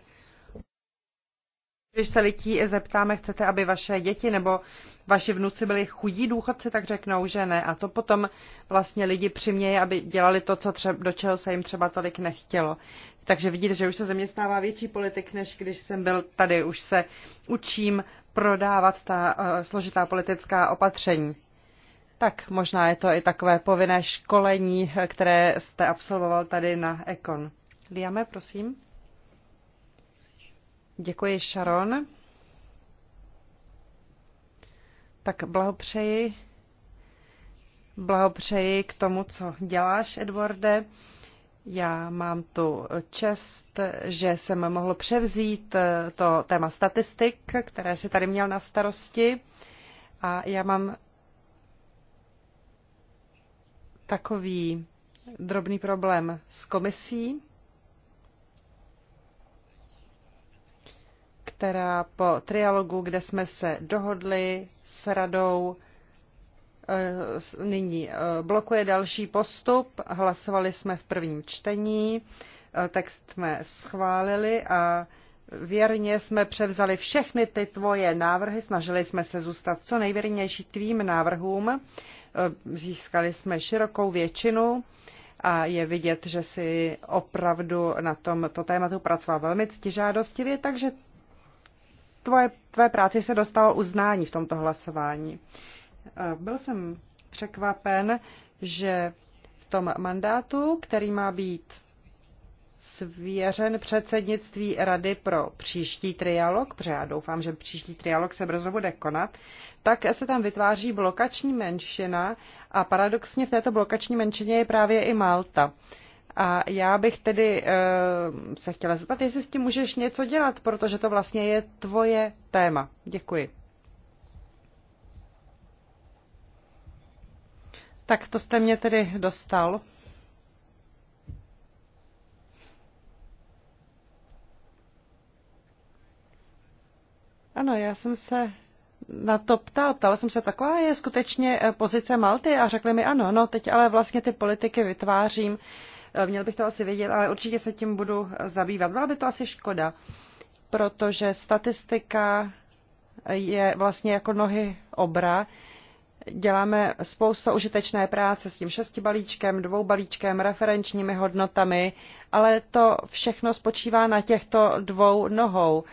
když se lidí zeptáme, chcete, aby vaše děti nebo vaši vnuci byli chudí důchodci, tak řeknou, že ne. A to potom vlastně lidi přiměje, aby dělali to, co třeba, do čeho se jim třeba tolik nechtělo. Takže vidíte, že už se mě stává větší politik, než když jsem byl tady. Už se učím prodávat ta uh, složitá politická opatření. Tak možná je to i takové povinné školení, eh, které jste absolvoval tady na Ekon. Liame, prosím. Děkuji, Sharon. Tak blahopřeji. Blahopřeji k tomu, co děláš, Edwarde. Já mám tu čest, že jsem mohl převzít eh, to téma statistik, které si tady měl na starosti. A já mám takový drobný problém s komisí. která po trialogu, kde jsme se dohodli s radou, eh, nyní eh, blokuje další postup. Hlasovali jsme v prvním čtení, eh, text jsme schválili a věrně jsme převzali všechny ty tvoje návrhy, snažili jsme se zůstat co nejvěrnější tvým návrhům, získali jsme širokou většinu a je vidět, že si opravdu na tomto tématu pracoval velmi ctižádostivě, takže tvoje, tvé práci se dostalo uznání v tomto hlasování. E, byl jsem překvapen, že v tom mandátu, který má být svěřen předsednictví Rady pro příští trialog, protože já doufám, že příští trialog se brzo bude konat, tak se tam vytváří blokační menšina a paradoxně v této blokační menšině je právě i Malta. Uh, a já bych tedy uh, se chtěla zeptat, jestli s tím můžeš něco dělat, protože to vlastně je tvoje téma. Děkuji. Tak to jste mě tedy dostal. Ano, já jsem se na to ptal. ptal jsem se, taková je skutečně eh, pozice Malty a řekli mi ano, no teď ale vlastně ty politiky vytvářím Eh, měl bych to asi vědět, ale určitě se tím budu zabývat. Byla by to asi škoda, protože statistika je vlastně jako nohy obra. Děláme spoustu užitečné práce s tím šesti balíčkem, dvou balíčkem, referenčními hodnotami, ale to všechno spočívá na těchto dvou nohou.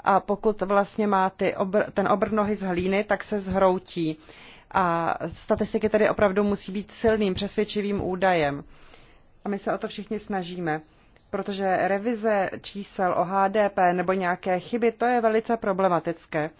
A pokud vlastně má ty obr, ten obr nohy z hlíny, tak se zhroutí. A statistiky tedy opravdu musí být silným, přesvědčivým údajem. A my se o to všichni snažíme, protože revize čísel o HDP nebo nějaké chyby, to je velice problematické. E,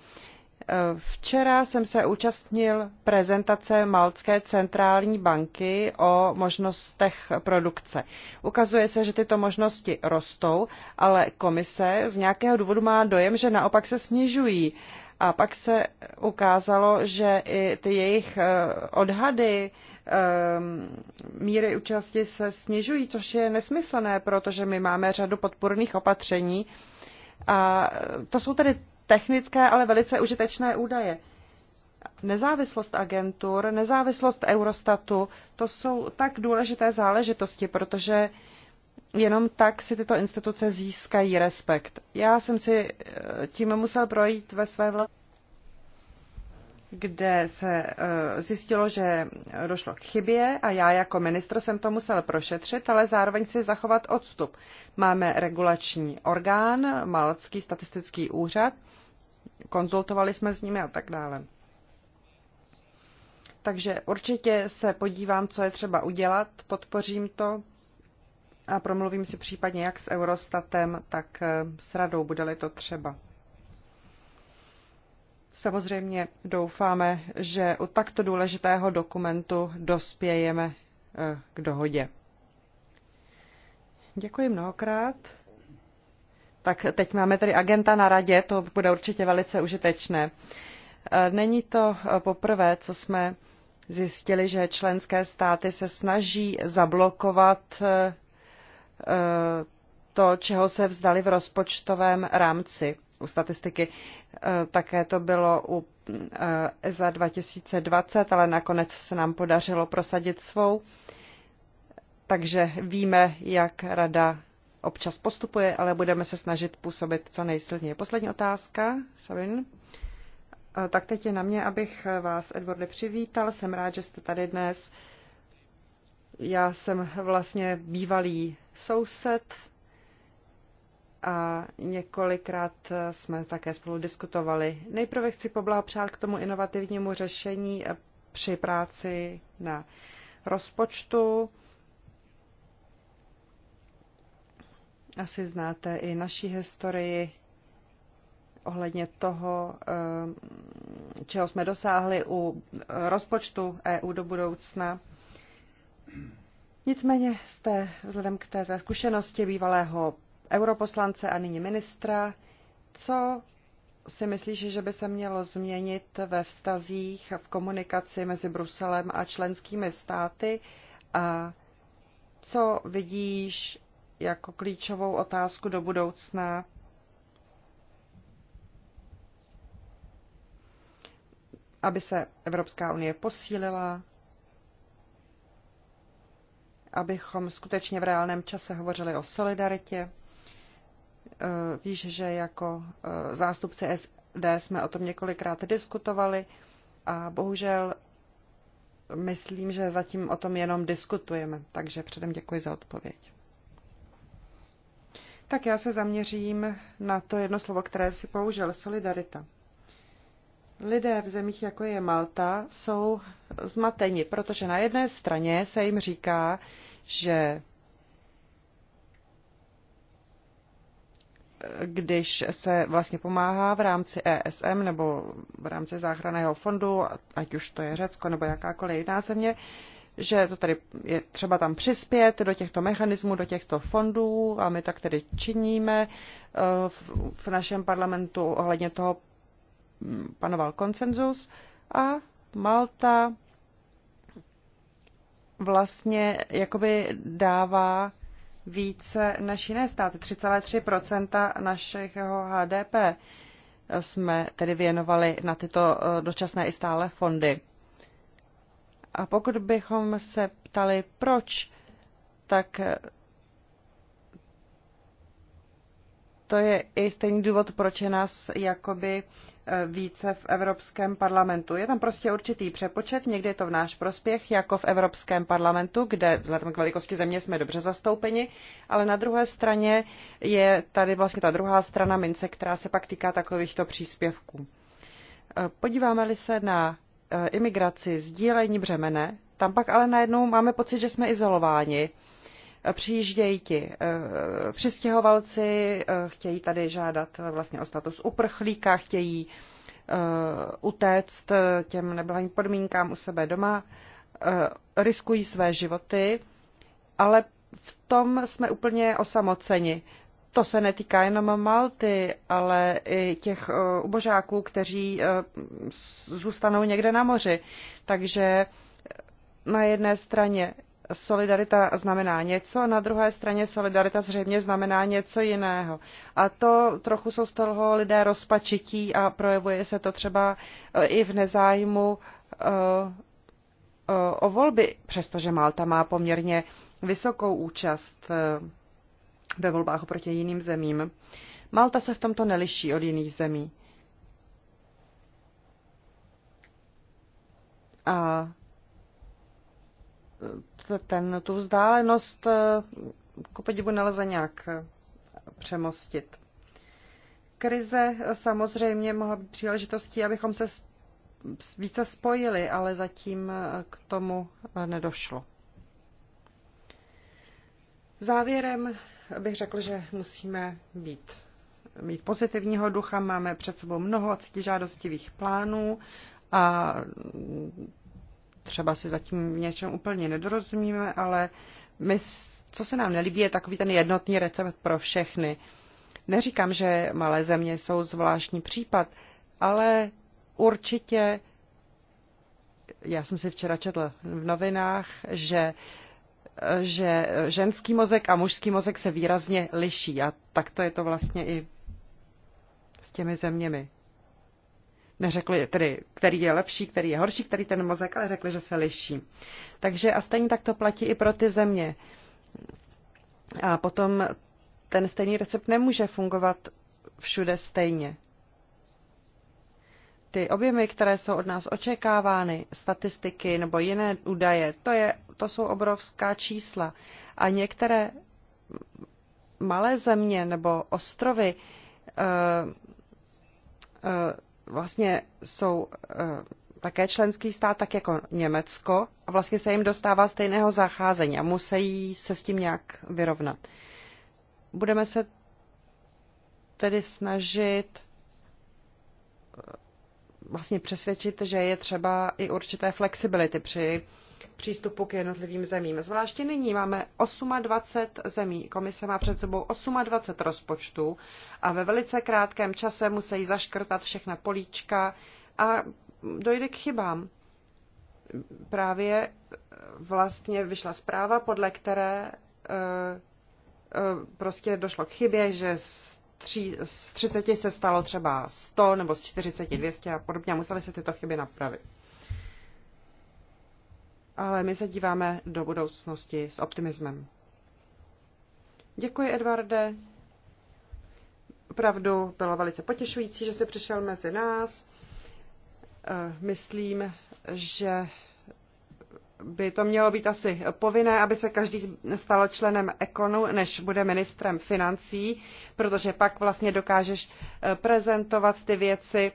včera jsem se účastnil prezentace Maltské centrální banky o možnostech produkce. Ukazuje se, že tyto možnosti rostou, ale komise z nějakého důvodu má dojem, že naopak se snižují. A pak se ukázalo, že i ty jejich e, odhady Ehm, míry účasti se snižují, což je nesmyslné, protože my máme řadu podpůrných opatření. A to jsou tedy technické, ale velice užitečné údaje. Nezávislost agentur, nezávislost Eurostatu, to jsou tak důležité záležitosti, protože jenom tak si tyto instituce získají respekt. Já jsem si eh, tím musel projít ve své vlastní kde se eh, zjistilo, že došlo k chybě a já jako ministr jsem to musel prošetřit, ale zároveň si zachovat odstup. Máme regulační orgán, Malcký statistický úřad, konzultovali jsme s nimi a tak dále. Takže určitě se podívám, co je třeba udělat, podpořím to a promluvím si případně jak s Eurostatem, tak eh, s radou, bude-li to třeba. Samozřejmě doufáme, že u takto důležitého dokumentu dospějeme eh, k dohodě. Děkuji mnohokrát. Tak teď máme tedy agenta na radě, to bude určitě velice užitečné. Eh, není to eh, poprvé, co jsme zjistili, že členské státy se snaží zablokovat to, čeho se vzdali v rozpočtovém rámci u statistiky. Eh, také to bylo u ESA eh, e 2020, ale nakonec se nám podařilo prosadit svou. Takže víme, jak rada občas postupuje, ale budeme se snažit působit co nejsilněji. Poslední otázka, Sabin. Eh, tak teď je na mě, abych vás, Edwardy, přivítal. Jsem rád, že jste tady dnes. Já jsem vlastně bývalý soused a několikrát eh, jsme také spolu diskutovali. Nejprve chci poblahopřát k tomu inovativnímu řešení eh, při práci na rozpočtu. Asi znáte i naší historii ohledně toho, eh, čeho jsme dosáhli u rozpočtu EU do budoucna. Nicméně jste vzhledem k té zkušenosti bývalého europoslance a nyní ministra, co si myslíš, že by se mělo změnit ve vztazích v komunikaci mezi Bruselem a členskými státy a co vidíš jako klíčovou otázku do budoucna? aby se Evropská unie posílila, abychom skutečně v reálném čase hovořili o solidaritě. Eh, víš, že jako eh, zástupci SD jsme o tom několikrát diskutovali a bohužel myslím, že zatím o tom jenom diskutujeme, takže předem děkuji za odpověď. Tak já se zaměřím na to jedno slovo, které si použil, solidarita. Lidé v zemích, jako je Malta, jsou zmateni, protože na jedné straně se jim říká, že když se vlastně pomáhá v rámci ESM nebo v rámci záchranného fondu, ať už to je Řecko nebo jakákoliv jiná země, že to tady je třeba tam přispět do těchto mechanismů, do těchto fondů a my tak tedy činíme. Eh, v našem parlamentu ohledně toho hm, panoval konsenzus a Malta vlastně jakoby dává více než jiné státy. 3,3 našeho HDP jsme tedy věnovali na tyto eh, dočasné i stále fondy. A pokud bychom se ptali, proč, tak eh, to je i stejný důvod, proč je nás jakoby více v Evropském parlamentu. Je tam prostě určitý přepočet, někdy je to v náš prospěch, jako v Evropském parlamentu, kde vzhledem k velikosti země jsme dobře zastoupeni, ale na druhé straně je tady vlastně ta druhá strana mince, která se pak týká takovýchto příspěvků. Podíváme-li se na eh, imigraci, sdílení břemene, tam pak ale najednou máme pocit, že jsme izolováni Přijíždějí ti eh, přistěhovalci, eh, chtějí tady žádat vlastně o status uprchlíka, chtějí eh, utéct těm neblahým podmínkám u sebe doma, riskují své životy, ale v tom jsme úplně osamoceni. To se netýká jenom Malty, ale i těch ubožáků, kteří zůstanou někde na moři. Takže na jedné straně solidarita znamená něco, na druhé straně solidarita zřejmě znamená něco jiného. A to trochu jsou z toho lidé rozpačití a projevuje se to třeba eh, i v nezájmu eh, eh, o volby, přestože Malta má poměrně vysokou účast ve volbách oproti jiným zemím. Malta se v tomto neliší od jiných zemí. A ten, tu vzdálenost eh, ku podivu nelze nějak eh, přemostit. Krize eh, samozřejmě mohla být příležitostí, abychom se více spojili, ale zatím k tomu nedošlo. Závěrem bych řekl, že musíme být mít pozitivního ducha, máme před sebou mnoho ctižádostivých plánů a třeba si zatím v něčem úplně nedorozumíme, ale my, co se nám nelíbí, je takový ten jednotný recept pro všechny. Neříkám, že malé země jsou zvláštní případ, ale určitě, já jsem si včera četl v novinách, že že ženský mozek a mužský mozek se výrazně liší a tak to je to vlastně i s těmi zeměmi neřekli tedy, který je lepší, který je horší, který ten mozek, ale řekli, že se liší. Takže a stejně tak to platí i pro ty země. A potom ten stejný recept nemůže fungovat všude stejně. Ty objemy, které jsou od nás očekávány, statistiky nebo jiné údaje, to, je, to jsou obrovská čísla. A některé malé země nebo ostrovy uh, uh, vlastně jsou eh, také členský stát, tak jako Německo, a vlastně se jim dostává stejného zacházení a musí se s tím nějak vyrovnat. Budeme se tedy snažit eh, vlastně přesvědčit, že je třeba i určité flexibility při přístupu k jednotlivým zemím. Zvláště nyní máme 28 zemí. Komise má před sebou 28 rozpočtů a ve velice krátkém čase musí zaškrtat všechna políčka a dojde k chybám. Právě eh, vlastně vyšla zpráva, podle které eh, eh, prostě došlo k chybě, že z 30 se stalo třeba 100 nebo z 40, 200 a podobně a museli se tyto chyby napravit ale my se díváme do budoucnosti s optimismem. Děkuji, Edvarde. Opravdu bylo velice potěšující, že jsi přišel mezi nás. Eh, myslím, že by to mělo být asi povinné, aby se každý stal členem ekonu, než bude ministrem financí, protože pak vlastně dokážeš eh, prezentovat ty věci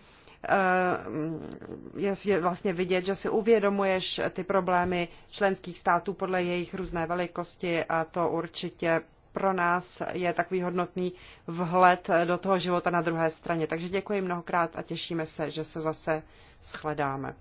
Eh, je vlastně vidět, že si uvědomuješ ty problémy členských států podle jejich různé velikosti a to určitě pro nás je takový hodnotný vhled do toho života na druhé straně. Takže děkuji mnohokrát a těšíme se, že se zase shledáme.